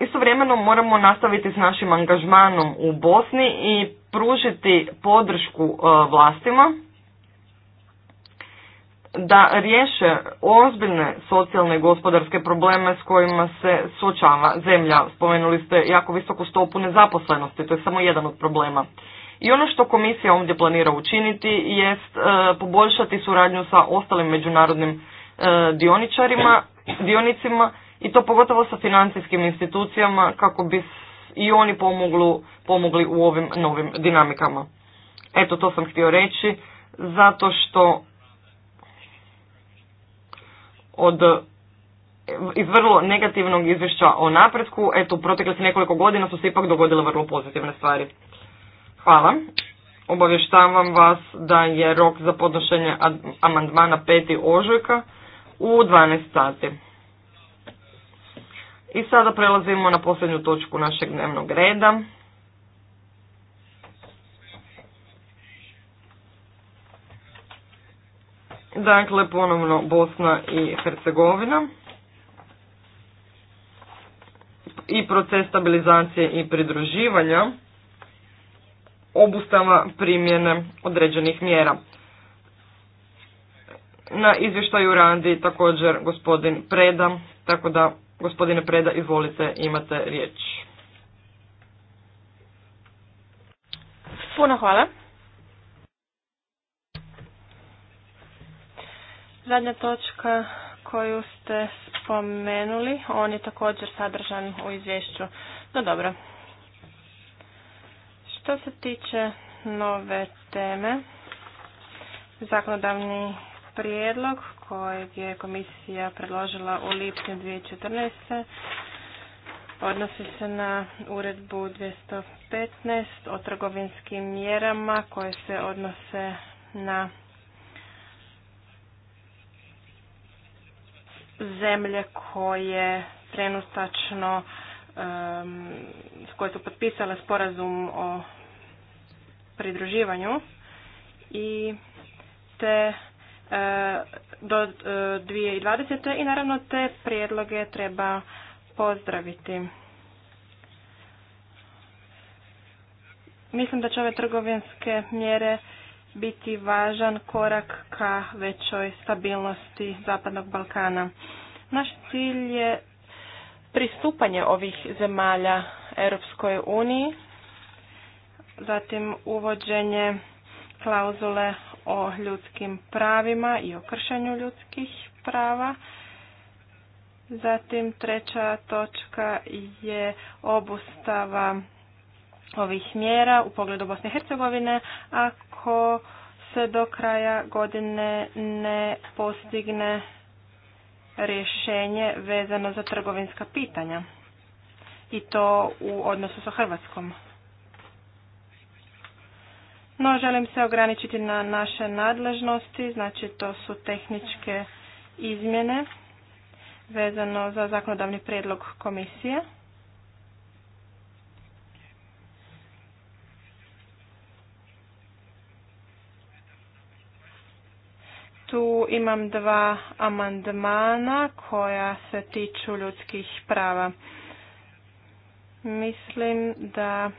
Istovremeno moramo nastaviti s našim angažmanom u Bosni i pružiti podršku eh, vlastima da riješe ozbiljne socijalne i gospodarske probleme s kojima se suočava zemlja. Spomenuli ste jako visoku stopu nezaposlenosti, to je samo jedan od problema. I ono što komisija ovdje planira učiniti jest e, poboljšati suradnju sa ostalim međunarodnim e, dioničarima, dionicima i to pogotovo sa financijskim institucijama kako bi i oni pomoglu, pomogli u ovim novim dinamikama. Eto to sam htio reći zato što od e, iz vrlo negativnog izvješća o napretku, eto, u proteklih nekoliko godina su se ipak dogodile vrlo pozitivne stvari. Hvala. Obavještavam vas da je rok za podnošenje amandmana 5. ožujka u 12 sati. I sada prelazimo na posljednju točku našeg dnevnog reda. Dakle, ponovno Bosna i Hercegovina i proces stabilizacije i pridruživanja obustava primjene određenih mjera. Na izvještaju radi također gospodin Preda, tako da gospodine Preda izvolite imate riječ. Puno hvala. Zadnja točka koju ste spomenuli, on je također sadržan u izvješću. No dobro. Što se tiče nove teme, zakonodavni prijedlog kojeg je komisija predložila u lipnju 2014. Odnosi se na uredbu 215 o trgovinskim mjerama koje se odnose na zemlje koje trenutačno koje su potpisale sporazum o pridruživanju i te e, do 2020. E, i naravno te prijedloge treba pozdraviti. Mislim da će ove trgovinske mjere biti važan korak ka većoj stabilnosti Zapadnog Balkana. Naš cilj je pristupanje ovih zemalja Europskoj uniji, zatim uvođenje klauzule o ljudskim pravima i o kršenju ljudskih prava. Zatim treća točka je obustava ovih mjera u pogledu Bosne i Hercegovine ako se do kraja godine ne postigne rješenje vezano za trgovinska pitanja i to u odnosu sa Hrvatskom. No, želim se ograničiti na naše nadležnosti, znači to su tehničke izmjene vezano za zakonodavni prijedlog komisije. tu imam dva amandmana koja se tiču ljudskih prava. Mislim da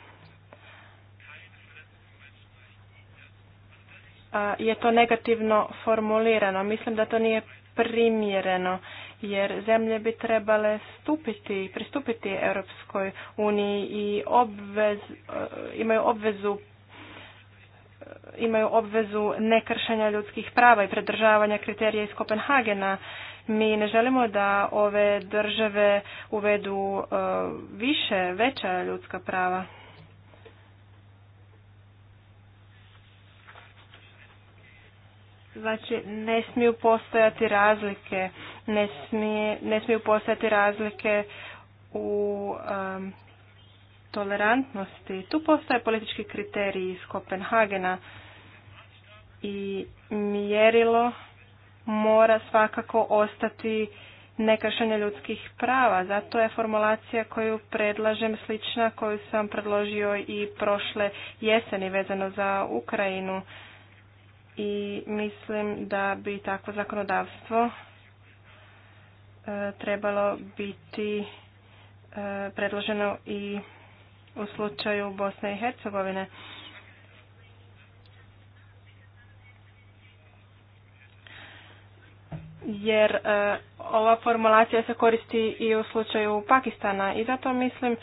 je to negativno formulirano. Mislim da to nije primjereno jer zemlje bi trebale stupiti, pristupiti Europskoj uniji i obvez, imaju obvezu imaju obvezu nekršenja ljudskih prava i predržavanja kriterija iz Kopenhagena. Mi ne želimo da ove države uvedu e, više, veća ljudska prava. Znači, ne smiju postojati razlike, ne, ne smiju postojati razlike u tolerantnosti. Tu postoje politički kriteriji iz Kopenhagena i mjerilo mora svakako ostati nekršenje ljudskih prava. Zato je formulacija koju predlažem slična koju sam predložio i prošle jeseni vezano za Ukrajinu. I mislim da bi takvo zakonodavstvo e, trebalo biti e, predloženo i u slučaju Bosne i Hercegovine. Jer e, ova formulacija se koristi i u slučaju Pakistana i zato mislim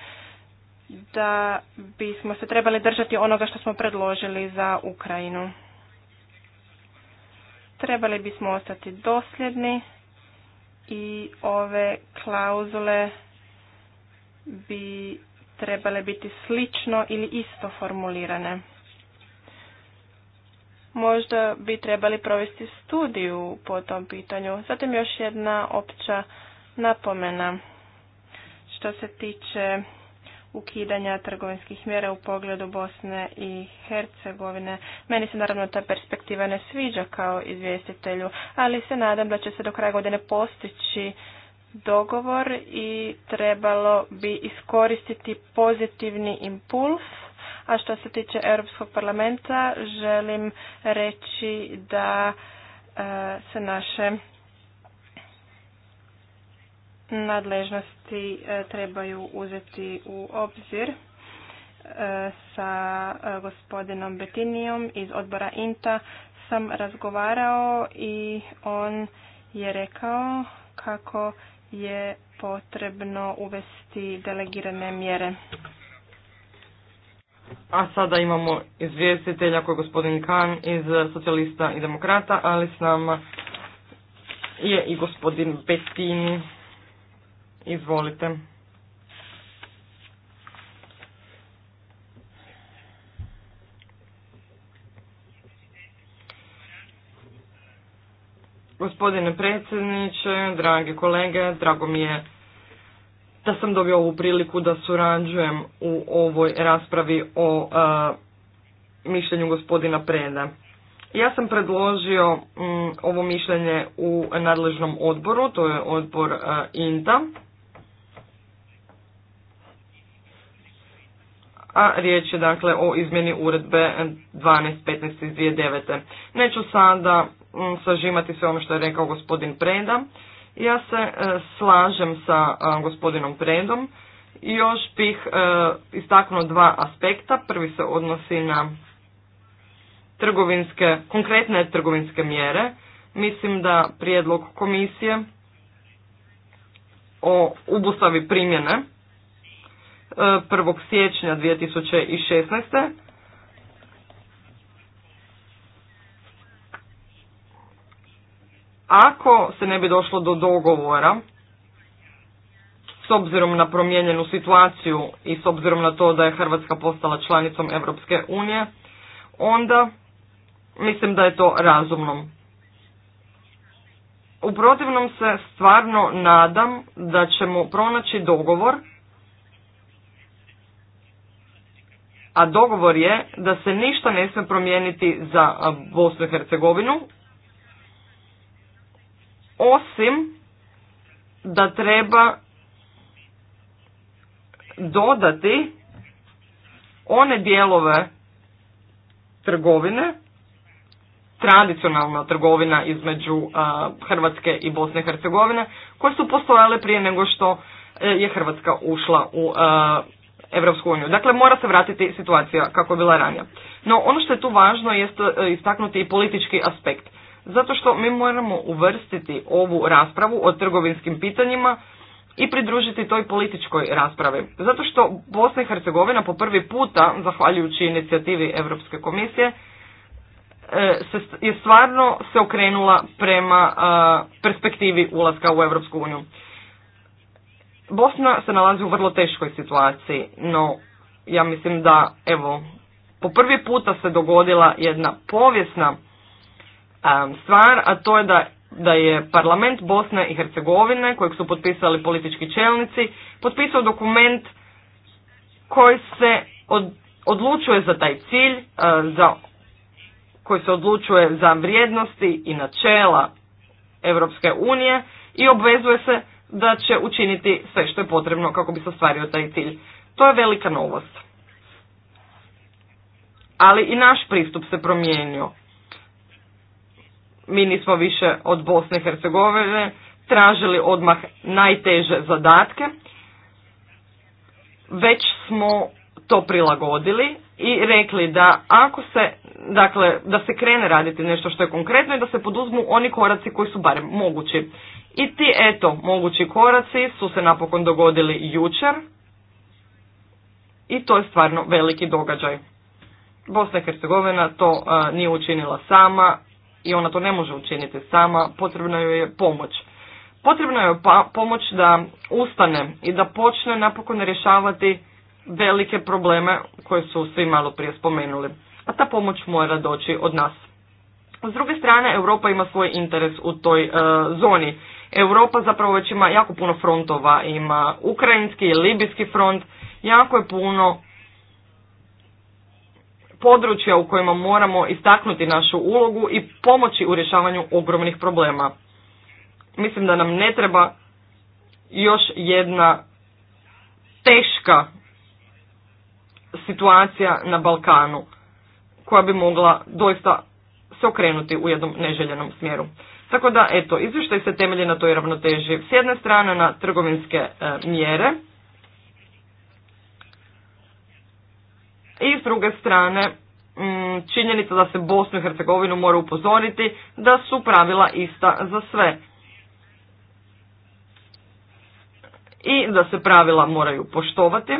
da bismo se trebali držati onoga što smo predložili za Ukrajinu. Trebali bismo ostati dosljedni i ove klauzule bi trebale biti slično ili isto formulirane. Možda bi trebali provesti studiju po tom pitanju. Zatim još jedna opća napomena što se tiče ukidanja trgovinskih mjera u pogledu Bosne i Hercegovine. Meni se naravno ta perspektiva ne sviđa kao izvjestitelju, ali se nadam da će se do kraja godine postići dogovor i trebalo bi iskoristiti pozitivni impuls. A što se tiče Europskog parlamenta, želim reći da e, se naše nadležnosti e, trebaju uzeti u obzir e, sa gospodinom Betinijom iz odbora INTA sam razgovarao i on je rekao kako je potrebno uvesti delegirane mjere. A sada imamo izvjestitelja koji je gospodin Kan iz socijalista i demokrata, ali s nama je i gospodin Bettini. Izvolite. Gospodine predsjedniče, drage kolege, drago mi je da sam dobio ovu priliku da surađujem u ovoj raspravi o e, mišljenju gospodina Preda. Ja sam predložio mm, ovo mišljenje u nadležnom odboru, to je odbor e, INTA. a riječ je dakle o izmjeni uredbe 12.15 iz 2009. Neću sada Mm, sažimati sve ono što je rekao gospodin Preda. Ja se e, slažem sa e, gospodinom Predom i još bih e, istaknuo dva aspekta. Prvi se odnosi na trgovinske, konkretne trgovinske mjere. Mislim da prijedlog komisije o ubustavi primjene 1. siječnja 2016. Ako se ne bi došlo do dogovora, s obzirom na promijenjenu situaciju i s obzirom na to da je Hrvatska postala članicom Europske unije, onda mislim da je to razumno. U protivnom se stvarno nadam da ćemo pronaći dogovor, a dogovor je da se ništa ne smije promijeniti za Bosnu i Hercegovinu, osim da treba dodati one dijelove trgovine, tradicionalna trgovina između Hrvatske i Bosne i Hercegovine, koje su postojale prije nego što e, je Hrvatska ušla u uh, uniju. Dakle, mora se vratiti situacija kako je bila ranija. No, ono što je tu važno jest e, istaknuti i politički aspekt zato što mi moramo uvrstiti ovu raspravu o trgovinskim pitanjima i pridružiti toj političkoj raspravi. Zato što Bosna i Hercegovina po prvi puta, zahvaljujući inicijativi Europske komisije, e, se, je stvarno se okrenula prema e, perspektivi ulaska u Europsku uniju. Bosna se nalazi u vrlo teškoj situaciji, no ja mislim da evo po prvi puta se dogodila jedna povijesna stvar, a to je da, da je parlament Bosne i Hercegovine, kojeg su potpisali politički čelnici, potpisao dokument koji se odlučuje za taj cilj, eh, za, koji se odlučuje za vrijednosti i načela Europske unije i obvezuje se da će učiniti sve što je potrebno kako bi se ostvario taj cilj. To je velika novost. Ali i naš pristup se promijenio mi nismo više od Bosne i Hercegovine tražili odmah najteže zadatke, već smo to prilagodili i rekli da ako se, dakle, da se krene raditi nešto što je konkretno i da se poduzmu oni koraci koji su barem mogući. I ti, eto, mogući koraci su se napokon dogodili jučer i to je stvarno veliki događaj. Bosna i Hercegovina to e, nije učinila sama, i ona to ne može učiniti sama, potrebna joj je pomoć. Potrebna joj je pa, pomoć da ustane i da počne napokon rješavati velike probleme koje su svi malo prije spomenuli. A ta pomoć mora doći od nas. S druge strane, Europa ima svoj interes u toj e, zoni. Europa zapravo već ima jako puno frontova, ima ukrajinski i libijski front, jako je puno područja u kojima moramo istaknuti našu ulogu i pomoći u rješavanju ogromnih problema. Mislim da nam ne treba još jedna teška situacija na Balkanu koja bi mogla doista se okrenuti u jednom neželjenom smjeru. Tako da, eto, izvještaj se temelji na toj ravnoteži. S jedne strane na trgovinske e, mjere, I s druge strane, mm, činjenica da se Bosnu i Hercegovinu mora upozoriti da su pravila ista za sve. I da se pravila moraju poštovati.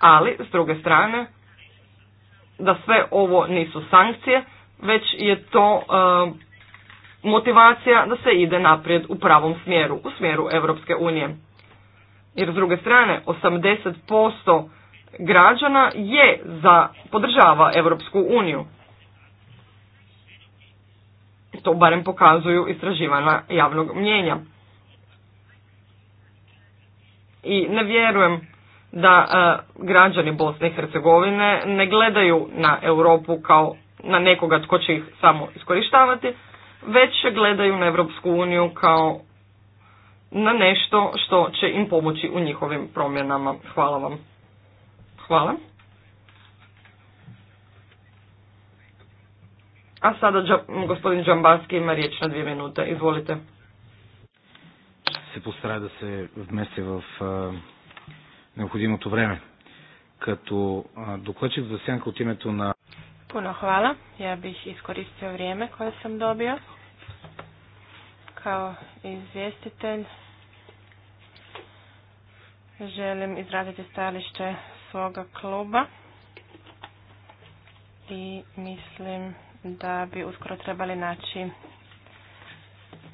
Ali, s druge strane, da sve ovo nisu sankcije, već je to e, motivacija da se ide naprijed u pravom smjeru, u smjeru Europske unije. Jer s druge strane, 80% građana je za, podržava Europsku uniju. To barem pokazuju istraživanja javnog mnjenja. I ne vjerujem da e, građani Bosne i Hercegovine ne gledaju na Europu kao na nekoga tko će ih samo iskorištavati, već gledaju na Europsku uniju kao na nešto što će im pomoći u njihovim promjenama. Hvala vam. Hvala. A sada gospodin Džambarski ima riječ na dvije minute. Izvolite. se постара da se вмести v а, eh, необходимото eh, Puno hvala. Ja bih iskoristio vrijeme koje sam dobio. Kao izvjestitelj. Želim izraziti stajalište svoga kluba i mislim da bi uskoro trebali naći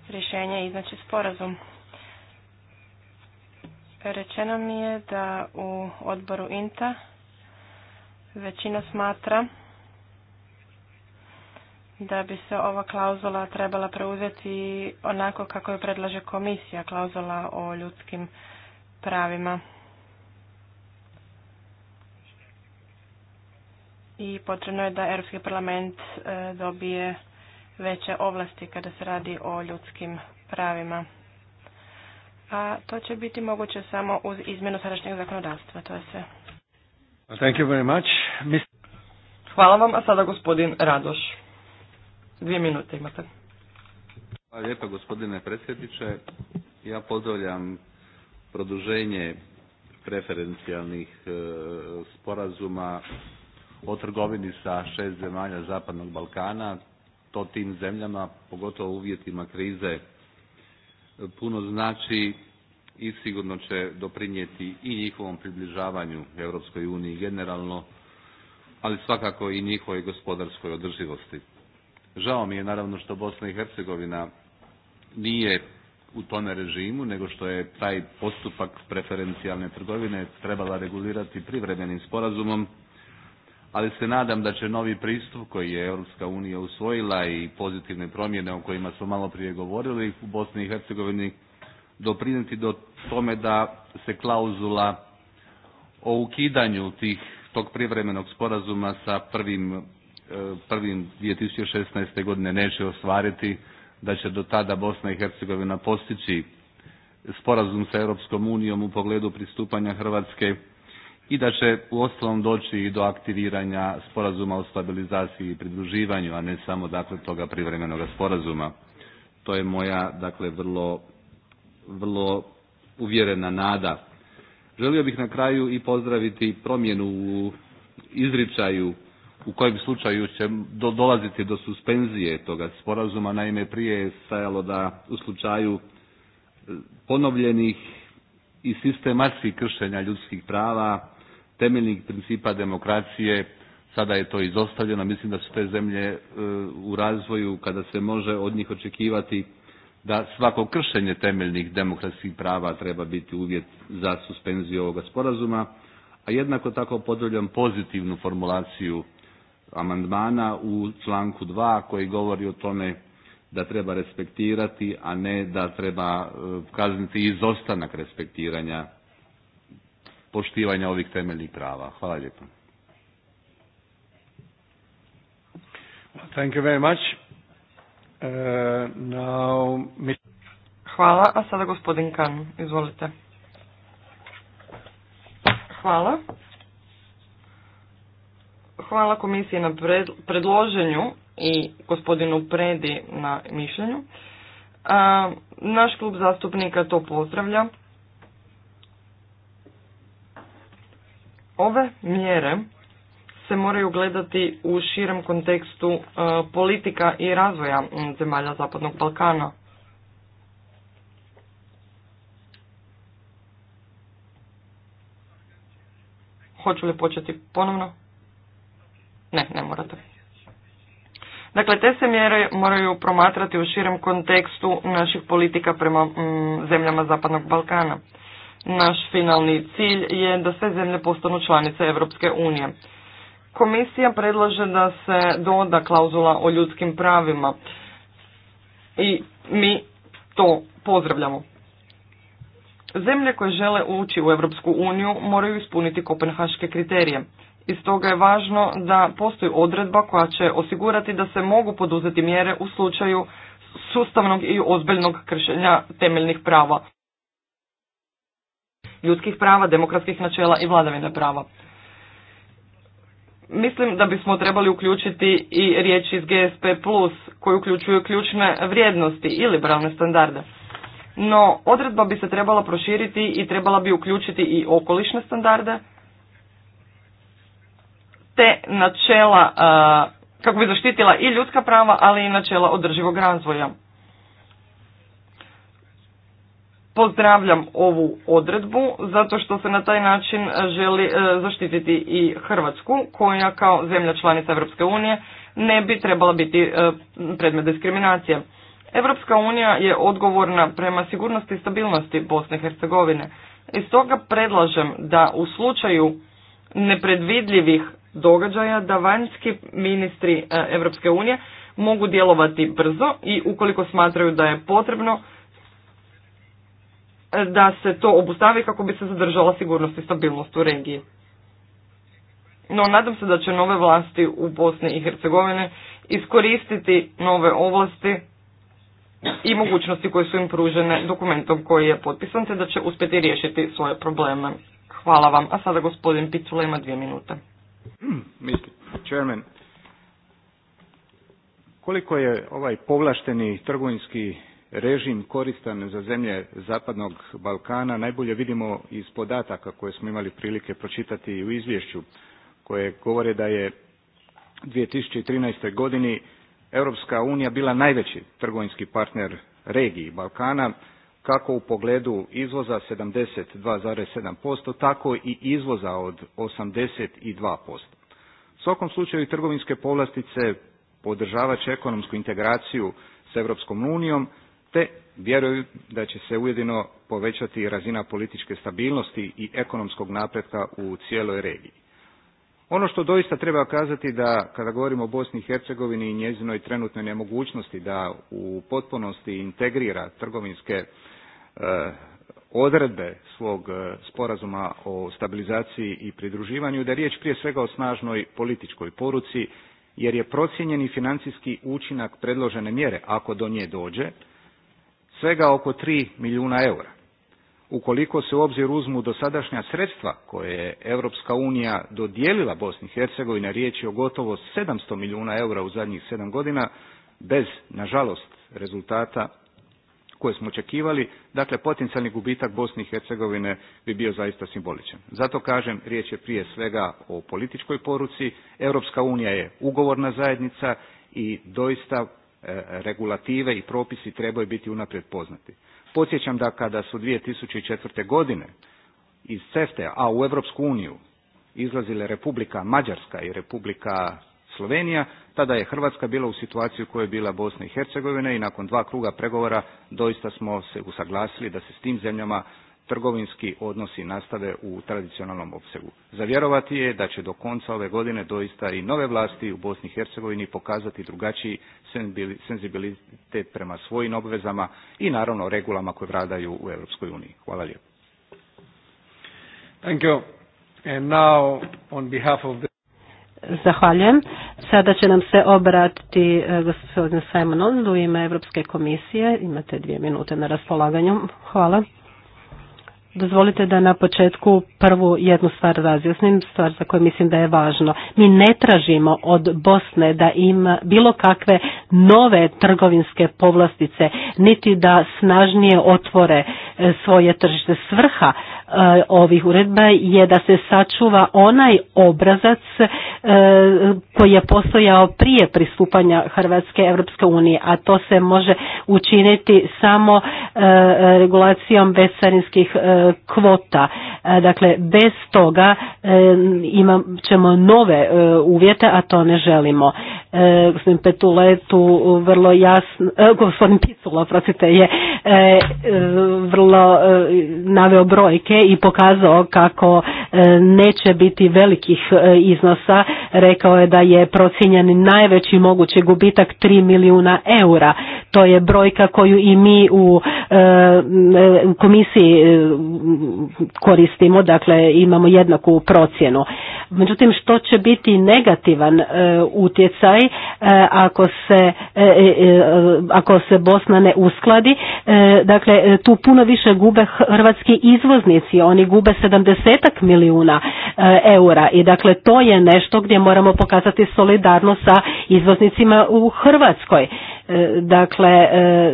rješenje i iznaći sporazum. Rečeno mi je da u odboru INTA većina smatra da bi se ova klauzula trebala preuzeti onako kako je predlaže komisija, klauzula o ljudskim pravima. I potrebno je da Europski parlament e, dobije veće ovlasti kada se radi o ljudskim pravima. A to će biti moguće samo uz izmjenu sadašnjeg zakonodavstva, to je sve. Hvala vam, a sada gospodin Radoš. Dvije minute imate. Hvala lijepa gospodine predsjedniče. Ja pozdravljam produženje preferencijalnih e, sporazuma o trgovini sa šest zemalja Zapadnog Balkana. To tim zemljama, pogotovo u uvjetima krize, e, puno znači i sigurno će doprinijeti i njihovom približavanju Europskoj uniji generalno, ali svakako i njihovoj gospodarskoj održivosti. Žao mi je naravno što Bosna i Hercegovina nije u tome režimu, nego što je taj postupak preferencijalne trgovine trebala regulirati privremenim sporazumom, ali se nadam da će novi pristup koji je Europska unija usvojila i pozitivne promjene o kojima smo malo prije govorili u Bosni i Hercegovini doprinijeti do tome da se klauzula o ukidanju tih, tog privremenog sporazuma sa prvim prvim 2016. godine neće ostvariti, da će do tada Bosna i Hercegovina postići sporazum sa Europskom unijom u pogledu pristupanja Hrvatske i da će u ostalom doći i do aktiviranja sporazuma o stabilizaciji i pridruživanju, a ne samo dakle toga privremenog sporazuma. To je moja dakle vrlo, vrlo uvjerena nada. Želio bih na kraju i pozdraviti promjenu u izričaju u kojem slučaju će dolaziti do suspenzije toga sporazuma. Naime, prije je stajalo da u slučaju e, ponovljenih i sistematskih kršenja ljudskih prava, temeljnih principa demokracije, sada je to izostavljeno. Mislim da su te zemlje e, u razvoju kada se može od njih očekivati da svako kršenje temeljnih demokratskih prava treba biti uvjet za suspenziju ovoga sporazuma, a jednako tako pozdravljam pozitivnu formulaciju amandmana u članku 2 koji govori o tome da treba respektirati, a ne da treba e, kazniti izostanak respektiranja poštivanja ovih temeljnih prava. Hvala lijepo. E, Hvala, a sada gospodin Kan, izvolite. Hvala. Hvala komisiji na predloženju i gospodinu Predi na mišljenju. Naš klub zastupnika to pozdravlja. Ove mjere se moraju gledati u širem kontekstu e, politika i razvoja zemalja Zapadnog Balkana. Hoću li početi ponovno? Ne, ne morate. Dakle, te se mjere moraju promatrati u širem kontekstu naših politika prema mm, zemljama Zapadnog Balkana. Naš finalni cilj je da sve zemlje postanu članice Europske unije. Komisija predlaže da se doda klauzula o ljudskim pravima i mi to pozdravljamo. Zemlje koje žele ući u Europsku uniju moraju ispuniti kopenhaške kriterije i stoga je važno da postoji odredba koja će osigurati da se mogu poduzeti mjere u slučaju sustavnog i ozbiljnog kršenja temeljnih prava, ljudskih prava, demokratskih načela i vladavine prava. Mislim da bismo trebali uključiti i riječi iz GSP+, koji uključuju ključne vrijednosti i liberalne standarde. No, odredba bi se trebala proširiti i trebala bi uključiti i okolišne standarde, te načela e, kako bi zaštitila i ljudska prava, ali i načela održivog razvoja. Pozdravljam ovu odredbu zato što se na taj način želi e, zaštititi i Hrvatsku koja kao zemlja članica Europske unije ne bi trebala biti e, predmet diskriminacije. Europska unija je odgovorna prema sigurnosti i stabilnosti Bosne i Hercegovine. I stoga predlažem da u slučaju nepredvidljivih događaja da vanjski ministri Europske unije mogu djelovati brzo i ukoliko smatraju da je potrebno e, da se to obustavi kako bi se zadržala sigurnost i stabilnost u regiji. No, nadam se da će nove vlasti u Bosni i Hercegovine iskoristiti nove ovlasti i mogućnosti koje su im pružene dokumentom koji je potpisan, te da će uspjeti riješiti svoje probleme. Hvala vam. A sada gospodin Picula ima dvije minute. Mr. Hmm, chairman, koliko je ovaj povlašteni trgovinski režim koristan za zemlje Zapadnog Balkana najbolje vidimo iz podataka koje smo imali prilike pročitati u izvješću koje govore da je 2013. godini Europska unija bila najveći trgovinski partner regiji Balkana kako u pogledu izvoza 72,7%, tako i izvoza od 82%. U svakom slučaju trgovinske povlastice podržavat će ekonomsku integraciju s Europskom unijom, te vjeruju da će se ujedino povećati razina političke stabilnosti i ekonomskog napretka u cijeloj regiji. Ono što doista treba kazati da kada govorimo o Bosni i Hercegovini i njezinoj trenutnoj nemogućnosti da u potpunosti integrira trgovinske E, odredbe svog e, sporazuma o stabilizaciji i pridruživanju, da je riječ prije svega o snažnoj političkoj poruci, jer je procijenjeni financijski učinak predložene mjere, ako do nje dođe, svega oko 3 milijuna eura. Ukoliko se u obzir uzmu dosadašnja sredstva koje je Europska unija dodijelila Bosni i Hercegovini, riječ je o gotovo 700 milijuna eura u zadnjih sedam godina, bez, nažalost, rezultata koje smo očekivali, dakle potencijalni gubitak Bosne i Hercegovine bi bio zaista simboličan. Zato kažem, riječ je prije svega o političkoj poruci, Europska unija je ugovorna zajednica i doista e, regulative i propisi trebaju biti unaprijed poznati. Podsjećam da kada su 2004. godine iz CEFTE, a u Europsku uniju izlazile Republika Mađarska i Republika Slovenija, tada je Hrvatska bila u situaciji u kojoj je bila Bosna i Hercegovina i nakon dva kruga pregovora doista smo se usaglasili da se s tim zemljama trgovinski odnosi nastave u tradicionalnom opsegu. Zavjerovati je da će do konca ove godine doista i nove vlasti u Bosni i Hercegovini pokazati drugačiji senzibilitet prema svojim obvezama i naravno regulama koje vradaju u Europskoj uniji. Hvala lijepo. Thank you. And now on behalf of Zahvaljujem. Sada će nam se obratiti e, gospodin Simon Ond u ime Europske komisije. Imate dvije minute na raspolaganju. Hvala. Dozvolite da na početku prvu jednu stvar razjasnim, stvar za koju mislim da je važno. Mi ne tražimo od Bosne da ima bilo kakve nove trgovinske povlastice, niti da snažnije otvore e, svoje tržište. Svrha E, ovih uredba je da se sačuva onaj obrazac e, koji je postojao prije pristupanja Hrvatske Europske unije, a to se može učiniti samo e, regulacijom bescarinskih kvota. Dakle, bez toga imat ćemo nove uvjete, a to ne želimo. Gospodin Petula vrlo jasno, gospodin Picula, je vrlo naveo brojke i pokazao kako e, neće biti velikih e, iznosa. Rekao je da je procijenjen najveći mogući gubitak 3 milijuna eura. To je brojka koju i mi u e, komisiji koristimo, dakle imamo jednaku procjenu. Međutim, što će biti negativan e, utjecaj e, ako se, e, ako se Bosna ne uskladi? Dakle, tu puno više gube hrvatski izvoznici, oni gube 70 milijuna eura i dakle to je nešto gdje moramo pokazati solidarnost sa izvoznicima u Hrvatskoj. E, dakle, e,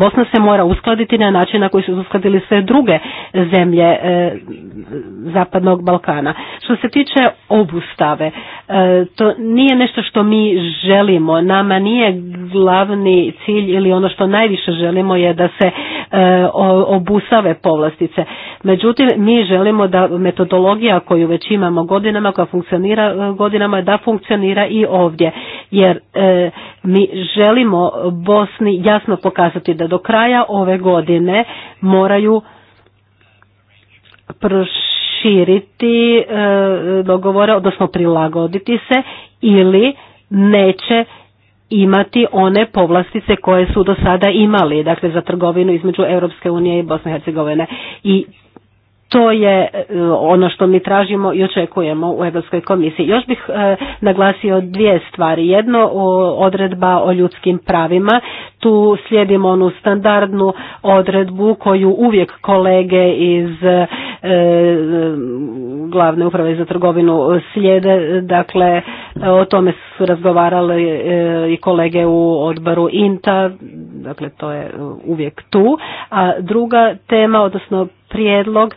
Bosna se mora uskladiti na način na koji su uskladili sve druge zemlje e, Zapadnog Balkana. Što se tiče obustave, to nije nešto što mi želimo. Nama nije glavni cilj ili ono što najviše želimo je da se obustave povlastice. Međutim, mi želimo da metodologija koju već imamo godinama, koja funkcionira godinama, da funkcionira i ovdje. Jer mi želimo Bosni jasno pokazati da do kraja ove godine moraju proširiti e, dogovore, odnosno prilagoditi se ili neće imati one povlastice koje su do sada imali, dakle za trgovinu između Europske unije i Bosne i Hercegovine. I to je e, ono što mi tražimo i očekujemo u Europskoj komisiji. Još bih e, naglasio dvije stvari. Jedno odredba o ljudskim pravima. Tu slijedimo onu standardnu odredbu koju uvijek kolege iz e, glavne uprave za trgovinu slijede. Dakle, o tome su razgovarali i kolege u odboru INTA. Dakle, to je uvijek tu. A druga tema, odnosno prijedlog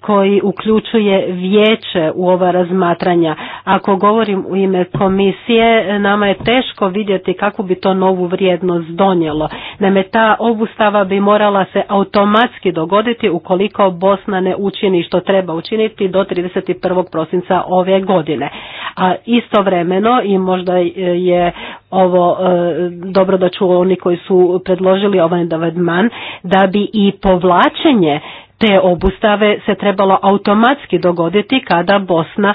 koji uključuje vijeće u ova razmatranja. Ako govorim u ime komisije, nama je teško vidjeti kako bi to novu vrijednost donijelo. Naime, ta obustava bi morala se automatski dogoditi ukoliko Bosna ne učini što treba učiniti do 31. prosinca ove godine. A istovremeno i možda je ovo e, dobro da čuo oni koji su predložili ovaj davadman, da bi i povlačenje te obustave se trebalo automatski dogoditi kada Bosna e,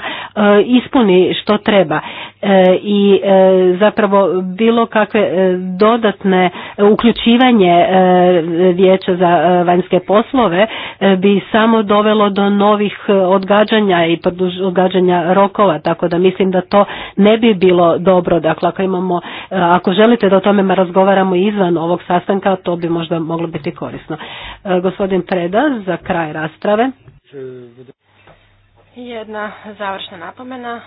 ispuni što treba e, i e, zapravo bilo kakve dodatne uključivanje vijeća za vanjske poslove bi samo dovelo do novih odgađanja i odgađanja rokova tako da mislim da to ne bi bilo dobro dakle ako imamo ako želite da o tome razgovaramo izvan ovog sastanka to bi možda moglo biti korisno gospodin Preda za za kraj rasprave. Jedna završna napomena.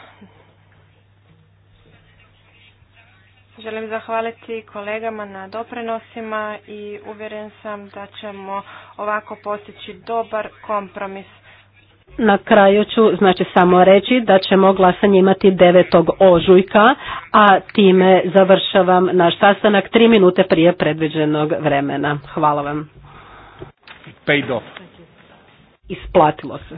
Želim zahvaliti kolegama na doprinosima i uvjeren sam da ćemo ovako postići dobar kompromis. Na kraju ću znači samo reći da ćemo glasanje imati 9. ožujka, a time završavam naš sastanak 3 minute prije predviđenog vremena. Hvala vam. Paid isplatilo se.